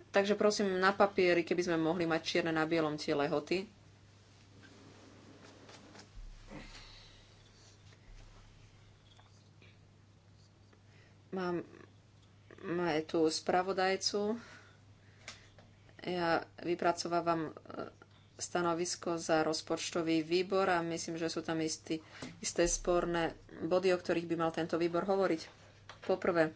Takže prosím, na papieri, keby sme mohli mať čierne na bielom tie lehoty. Mám, máme tu spravodajcu. Ja vypracovávam e, stanovisko za rozpočtový výbor a myslím, že sú tam istý, isté sporné body, o ktorých by mal tento výbor hovoriť. Poprvé,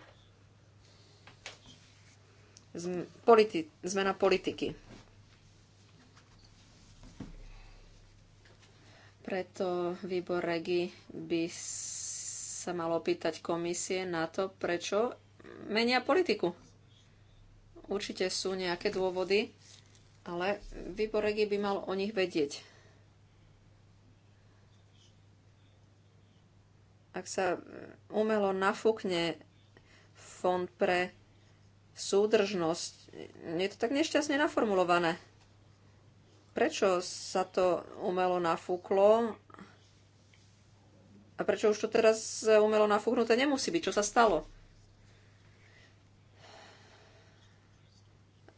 politi- zmena politiky. Preto výbor Regi by sa mal opýtať komisie na to, prečo menia politiku Určite sú nejaké dôvody, ale výborek by mal o nich vedieť. Ak sa umelo nafúkne fond pre súdržnosť, je to tak nešťastne naformulované. Prečo sa to umelo nafúklo a prečo už to teraz umelo nafúknuté nemusí byť? Čo sa stalo?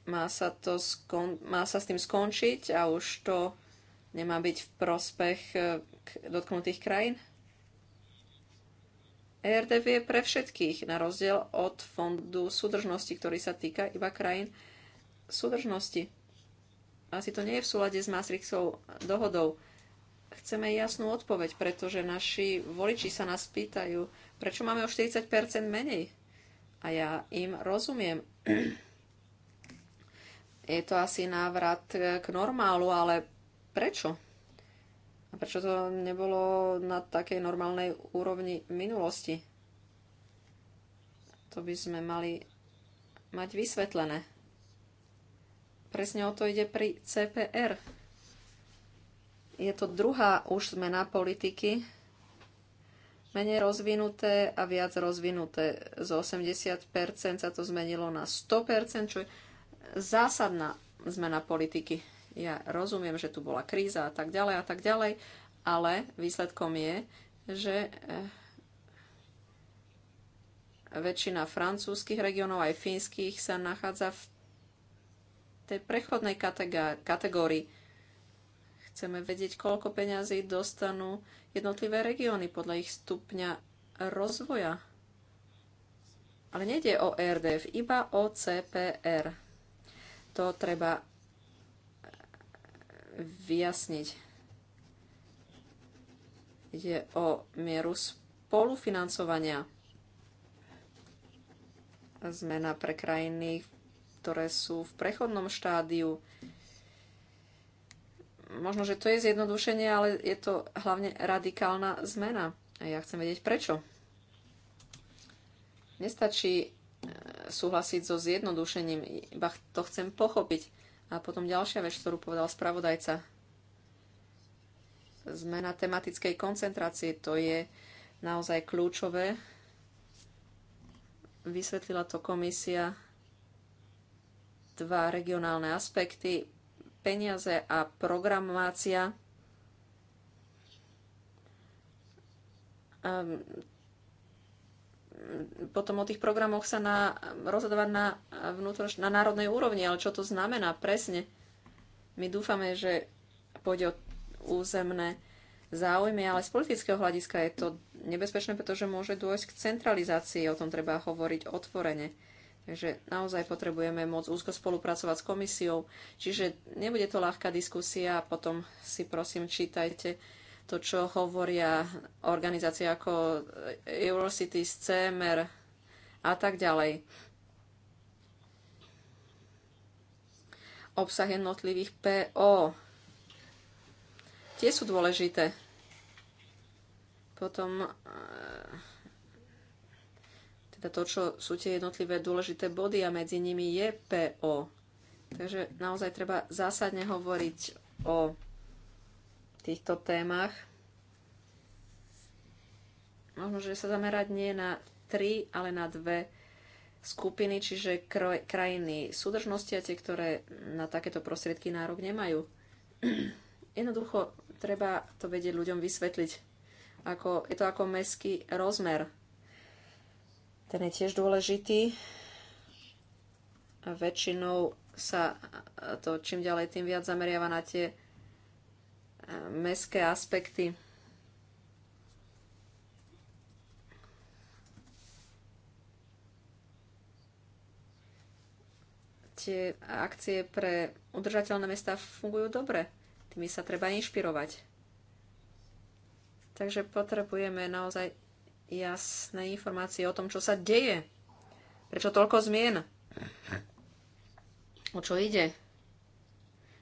Má sa, to skon- má sa s tým skončiť a už to nemá byť v prospech e, dotknutých krajín? ERDF je pre všetkých, na rozdiel od fondu súdržnosti, ktorý sa týka iba krajín súdržnosti. Asi to nie je v súlade s Maastrichtskou dohodou. Chceme jasnú odpoveď, pretože naši voliči sa nás pýtajú, prečo máme o 40% menej. A ja im rozumiem je to asi návrat e, k normálu, ale prečo? A prečo to nebolo na takej normálnej úrovni minulosti? To by sme mali mať vysvetlené. Presne o to ide pri CPR. Je to druhá už zmena politiky, menej rozvinuté a viac rozvinuté. Z 80% sa to zmenilo na 100%, čo je zásadná zmena politiky. Ja rozumiem, že tu bola kríza a tak ďalej a tak ďalej, ale výsledkom je, že eh, väčšina francúzskych regiónov aj fínskych sa nachádza v tej prechodnej kategórii. Chceme vedieť, koľko peňazí dostanú jednotlivé regióny podľa ich stupňa rozvoja. Ale nejde o RDF, iba o CPR. To treba vyjasniť. Ide o mieru spolufinancovania. Zmena pre krajiny, ktoré sú v prechodnom štádiu. Možno, že to je zjednodušenie, ale je to hlavne radikálna zmena. A ja chcem vedieť prečo. Nestačí súhlasiť so zjednodušením, iba to chcem pochopiť. A potom ďalšia vec, ktorú povedal spravodajca. Zmena tematickej koncentrácie, to je naozaj kľúčové. Vysvetlila to komisia dva regionálne aspekty, peniaze a programácia. Ehm, potom o tých programoch sa na, rozhodovať na, vnútroš, na národnej úrovni, ale čo to znamená presne? My dúfame, že pôjde o územné záujmy, ale z politického hľadiska je to nebezpečné, pretože môže dôjsť k centralizácii, o tom treba hovoriť otvorene. Takže naozaj potrebujeme môcť úzko spolupracovať s komisiou, čiže nebude to ľahká diskusia, potom si prosím čítajte to, čo hovoria organizácie ako Eurocities, CMR a tak ďalej. Obsah jednotlivých PO. Tie sú dôležité. Potom e, teda to, čo sú tie jednotlivé dôležité body a medzi nimi je PO. Takže naozaj treba zásadne hovoriť o týchto témach. Možno, že sa zamerať nie na tri, ale na dve skupiny, čiže krajiny súdržnosti a tie, ktoré na takéto prostriedky nárok nemajú. Jednoducho treba to vedieť ľuďom vysvetliť. Ako, je to ako meský rozmer. Ten je tiež dôležitý. A väčšinou sa to čím ďalej tým viac zameriava na tie mestské aspekty. Tie akcie pre udržateľné mesta fungujú dobre. Tými sa treba inšpirovať. Takže potrebujeme naozaj jasné informácie o tom, čo sa deje. Prečo toľko zmien? O čo ide?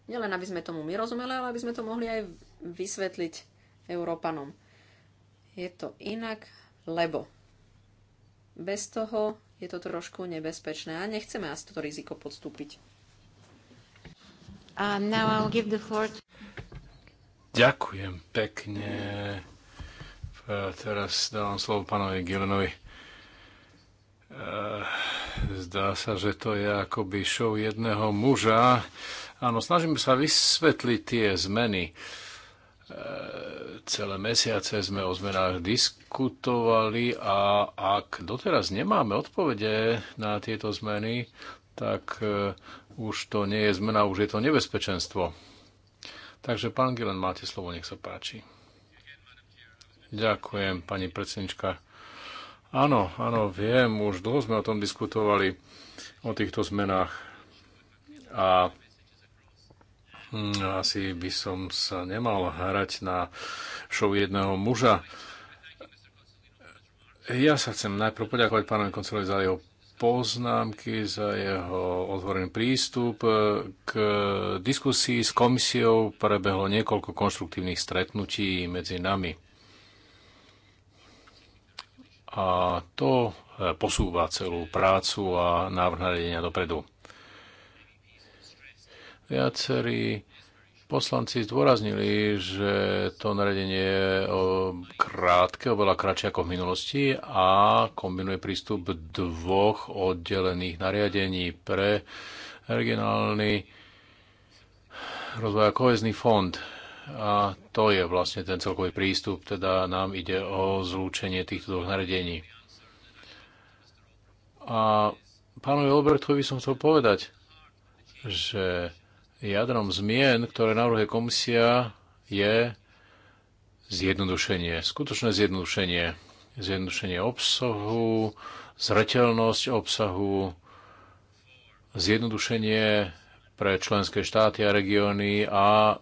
Nielen, aby sme tomu my rozumeli, ale aby sme to mohli aj vysvetliť Európanom. Je to inak, lebo bez toho je to trošku nebezpečné a nechceme asi toto riziko podstúpiť. Uh, to...
Ďakujem pekne. Teraz dávam slovo pánovi Gilenovi. Eh, zdá sa, že to je akoby show jedného muža. Áno, snažím sa vysvetliť tie zmeny. E, celé mesiace sme o zmenách diskutovali a ak doteraz nemáme odpovede na tieto zmeny, tak e, už to nie je zmena, už je to nebezpečenstvo. Takže, pán Gilen, máte slovo, nech sa páči. Ďakujem, pani predsednička. Áno, áno, viem, už dlho sme o tom diskutovali, o týchto zmenách. A Hm, asi by som sa nemal hrať na show jedného muža. Ja sa chcem najprv poďakovať pánovi koncelovi za jeho poznámky, za jeho otvorený prístup. K diskusii s komisiou prebehlo niekoľko konštruktívnych stretnutí medzi nami. A to posúva celú prácu a návrh nariadenia dopredu. Viacerí poslanci zdôraznili, že to naredenie je krátke, oveľa kratšie ako v minulosti a kombinuje prístup dvoch oddelených nariadení pre regionálny rozvoj a kohezný fond. A to je vlastne ten celkový prístup, teda nám ide o zlúčenie týchto dvoch nariadení. A pánovi Albertovi som chcel povedať, že Jadrom zmien, ktoré navrhuje komisia, je zjednodušenie, skutočné zjednodušenie. Zjednodušenie obsahu, zreteľnosť obsahu, zjednodušenie pre členské štáty a regióny a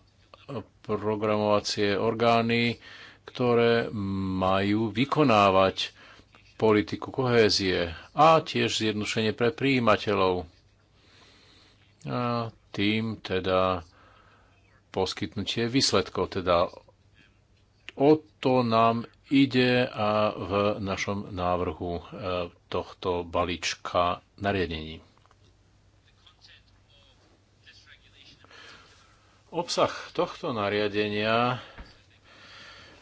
programovacie orgány, ktoré majú vykonávať politiku kohézie a tiež zjednodušenie pre príjimateľov. A tým teda poskytnutie výsledkov. Teda o to nám ide a v našom návrhu e, tohto balíčka nariadení. Obsah tohto nariadenia,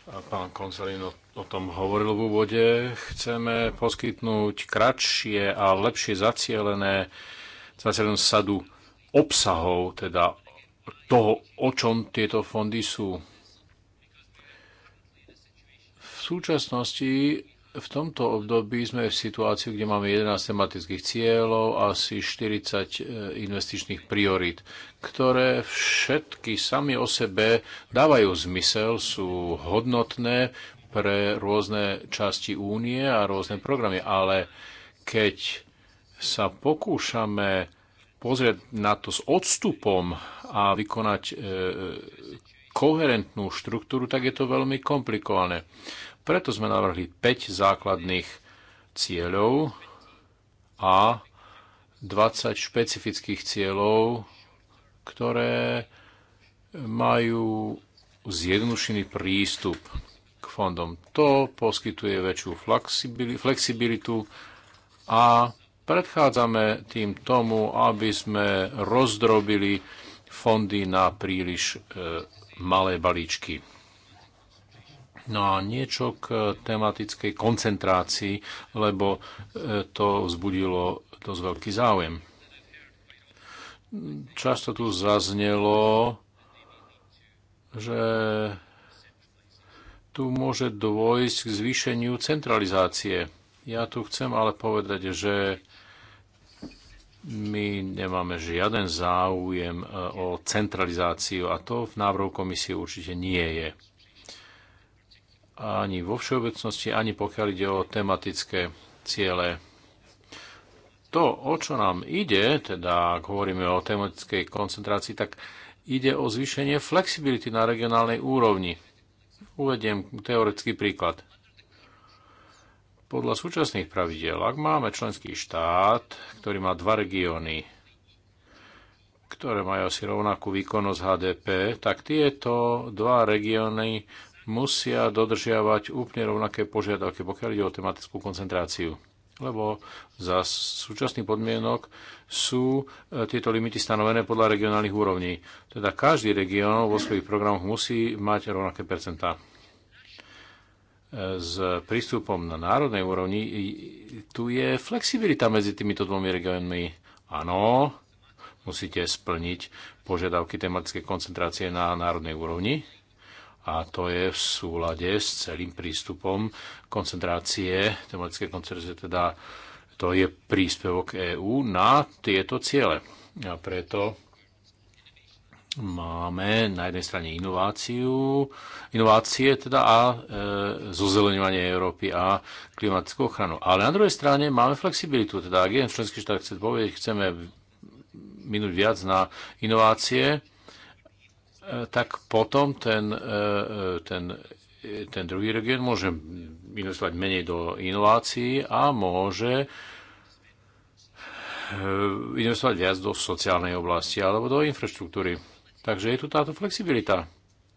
a pán Konzalino o tom hovoril v úvode, chceme poskytnúť kratšie a lepšie zacielené zacielenú sadu obsahov, teda toho, o čom tieto fondy sú. V súčasnosti v tomto období sme v situácii, kde máme 11 tematických cieľov, a asi 40 e, investičných priorít, ktoré všetky sami o sebe dávajú zmysel, sú hodnotné pre rôzne časti únie a rôzne programy, ale keď sa pokúšame pozrieť na to s odstupom a vykonať e, e, koherentnú štruktúru, tak je to veľmi komplikované. Preto sme navrhli 5 základných cieľov a 20 špecifických cieľov, ktoré majú zjednodušený prístup k fondom. To poskytuje väčšiu flexibilitu a Predchádzame tým tomu, aby sme rozdrobili fondy na príliš e, malé balíčky. No a niečo k tematickej koncentrácii, lebo e, to vzbudilo dosť veľký záujem. Často tu zaznelo, že tu môže dôjsť k zvýšeniu centralizácie. Ja tu chcem ale povedať, že my nemáme žiaden záujem e, o centralizáciu a to v návrhu komisie určite nie je. Ani vo všeobecnosti, ani pokiaľ ide o tematické ciele. To, o čo nám ide, teda ak hovoríme o tematickej koncentrácii, tak ide o zvýšenie flexibility na regionálnej úrovni. Uvediem teoretický príklad. Podľa súčasných pravidel, ak máme členský štát, ktorý má dva regióny, ktoré majú asi rovnakú výkonnosť HDP, tak tieto dva regióny musia dodržiavať úplne rovnaké požiadavky, pokiaľ ide o tematickú koncentráciu. Lebo za súčasných podmienok sú e, tieto limity stanovené podľa regionálnych úrovní. Teda každý región vo svojich programoch musí mať rovnaké percentá s prístupom na národnej úrovni, tu je flexibilita medzi týmito dvomi regiónmi. Áno, musíte splniť požiadavky tematické koncentrácie na národnej úrovni a to je v súlade s celým prístupom koncentrácie, tematické koncentrácie, teda to je príspevok EÚ na tieto ciele. A preto máme na jednej strane inováciu, inovácie teda a e, zozeleňovanie Európy a klimatickú ochranu. Ale na druhej strane máme flexibilitu, teda ak jeden členský štát chce povedať, chceme minúť viac na inovácie, e, tak potom ten, e, ten, e, ten druhý región môže investovať menej do inovácií a môže e, investovať viac do sociálnej oblasti alebo do infraštruktúry. Takže je tu táto flexibilita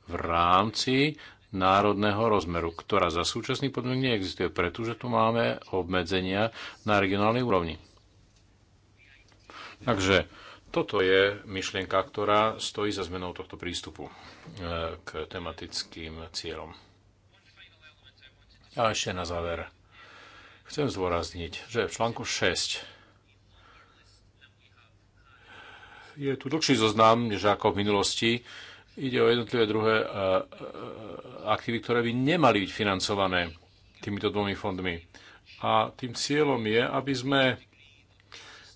v rámci národného rozmeru, ktorá za súčasný podmienok neexistuje, pretože tu máme obmedzenia na regionálnej úrovni. Takže toto je myšlienka, ktorá stojí za zmenou tohto prístupu e, k tematickým cieľom. A ešte na záver. Chcem zdôrazniť, že v článku 6 je tu dlhší zoznam, než ako v minulosti. Ide o jednotlivé druhé e, e, aktívy, ktoré by nemali byť financované týmito dvomi fondmi. A tým cieľom je, aby sme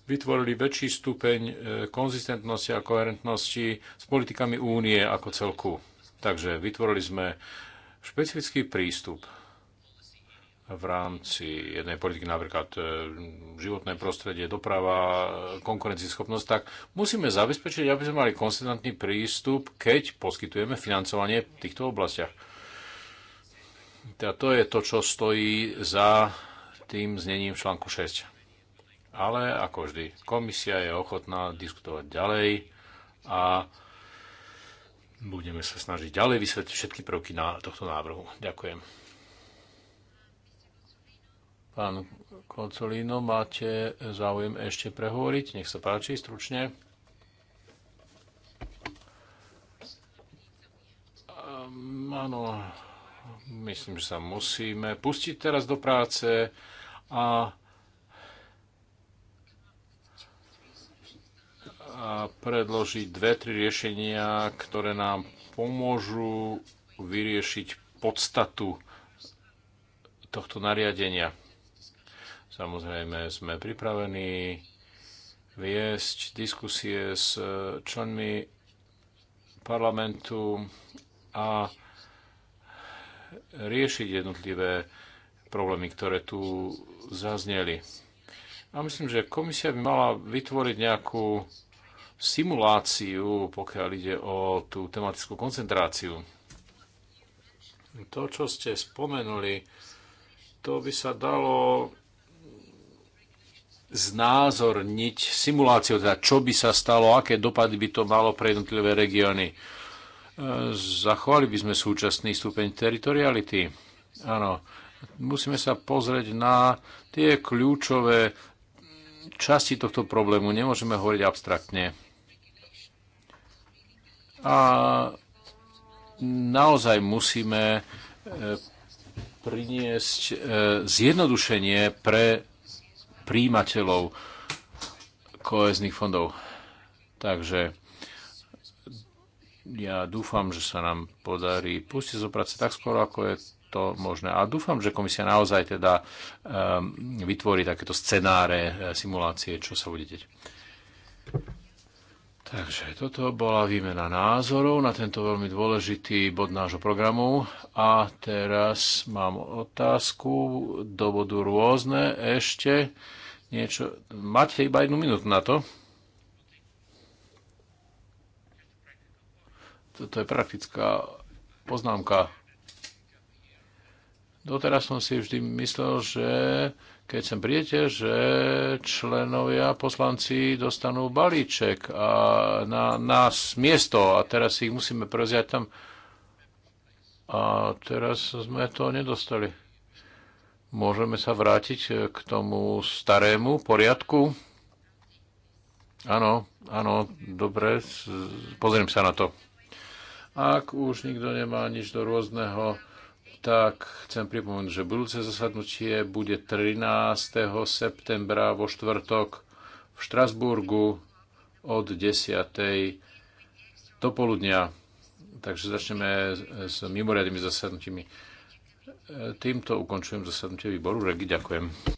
vytvorili väčší stupeň e, konzistentnosti a koherentnosti s politikami únie ako celku. Takže vytvorili sme špecifický prístup v rámci jednej politiky, napríklad e, životné prostredie, doprava, konkurencieschopnosť, tak musíme zabezpečiť, aby sme mali konstantný prístup, keď poskytujeme financovanie v týchto oblastiach. Teda to je to, čo stojí za tým znením článku 6. Ale ako vždy, komisia je ochotná diskutovať ďalej a budeme sa snažiť ďalej vysvetliť všetky prvky na tohto návrhu. Ďakujem. Pán Kocolino, máte záujem ešte prehovoriť? Nech sa páči, stručne. Um, áno, myslím, že sa musíme pustiť teraz do práce a, a predložiť dve, tri riešenia, ktoré nám pomôžu vyriešiť podstatu tohto nariadenia. Samozrejme sme pripravení viesť diskusie s eh, členmi parlamentu a riešiť jednotlivé problémy, ktoré tu zazneli. A myslím, že komisia by mala vytvoriť nejakú simuláciu, pokiaľ ide o tú tematickú koncentráciu. To, čo ste spomenuli, to by sa dalo znázorniť simuláciu, teda čo by sa stalo, aké dopady by to malo pre jednotlivé regióny. E, zachovali by sme súčasný stupeň teritoriality. Áno, musíme sa pozrieť na tie kľúčové časti tohto problému. Nemôžeme hovoriť abstraktne. A naozaj musíme e, priniesť e, zjednodušenie pre príjimateľov kohezných fondov. Takže ja dúfam, že sa nám podarí pustiť zo práce tak skoro, ako je to možné. A dúfam, že komisia naozaj teda um, vytvorí takéto scenáre, e, simulácie, čo sa bude deť. Takže toto bola výmena názorov na tento veľmi dôležitý bod nášho programu. A teraz mám otázku do bodu rôzne ešte. Niečo... Máte iba jednu minútu na to. Toto je praktická poznámka. Doteraz som si vždy myslel, že keď sem prídete, že členovia poslanci dostanú balíček a na nás miesto a teraz ich musíme prevziať tam. A teraz sme to nedostali. Môžeme sa vrátiť k tomu starému poriadku? Áno, áno, dobre, pozriem sa na to. Ak už nikto nemá nič do rôzneho, tak chcem pripomenúť, že budúce zasadnutie bude 13. septembra vo štvrtok v Štrasburgu od 10. do poludnia. Takže začneme s mimoriadnými zasadnutími. Týmto ukončujem zasadnutie výboru. Regi, ďakujem.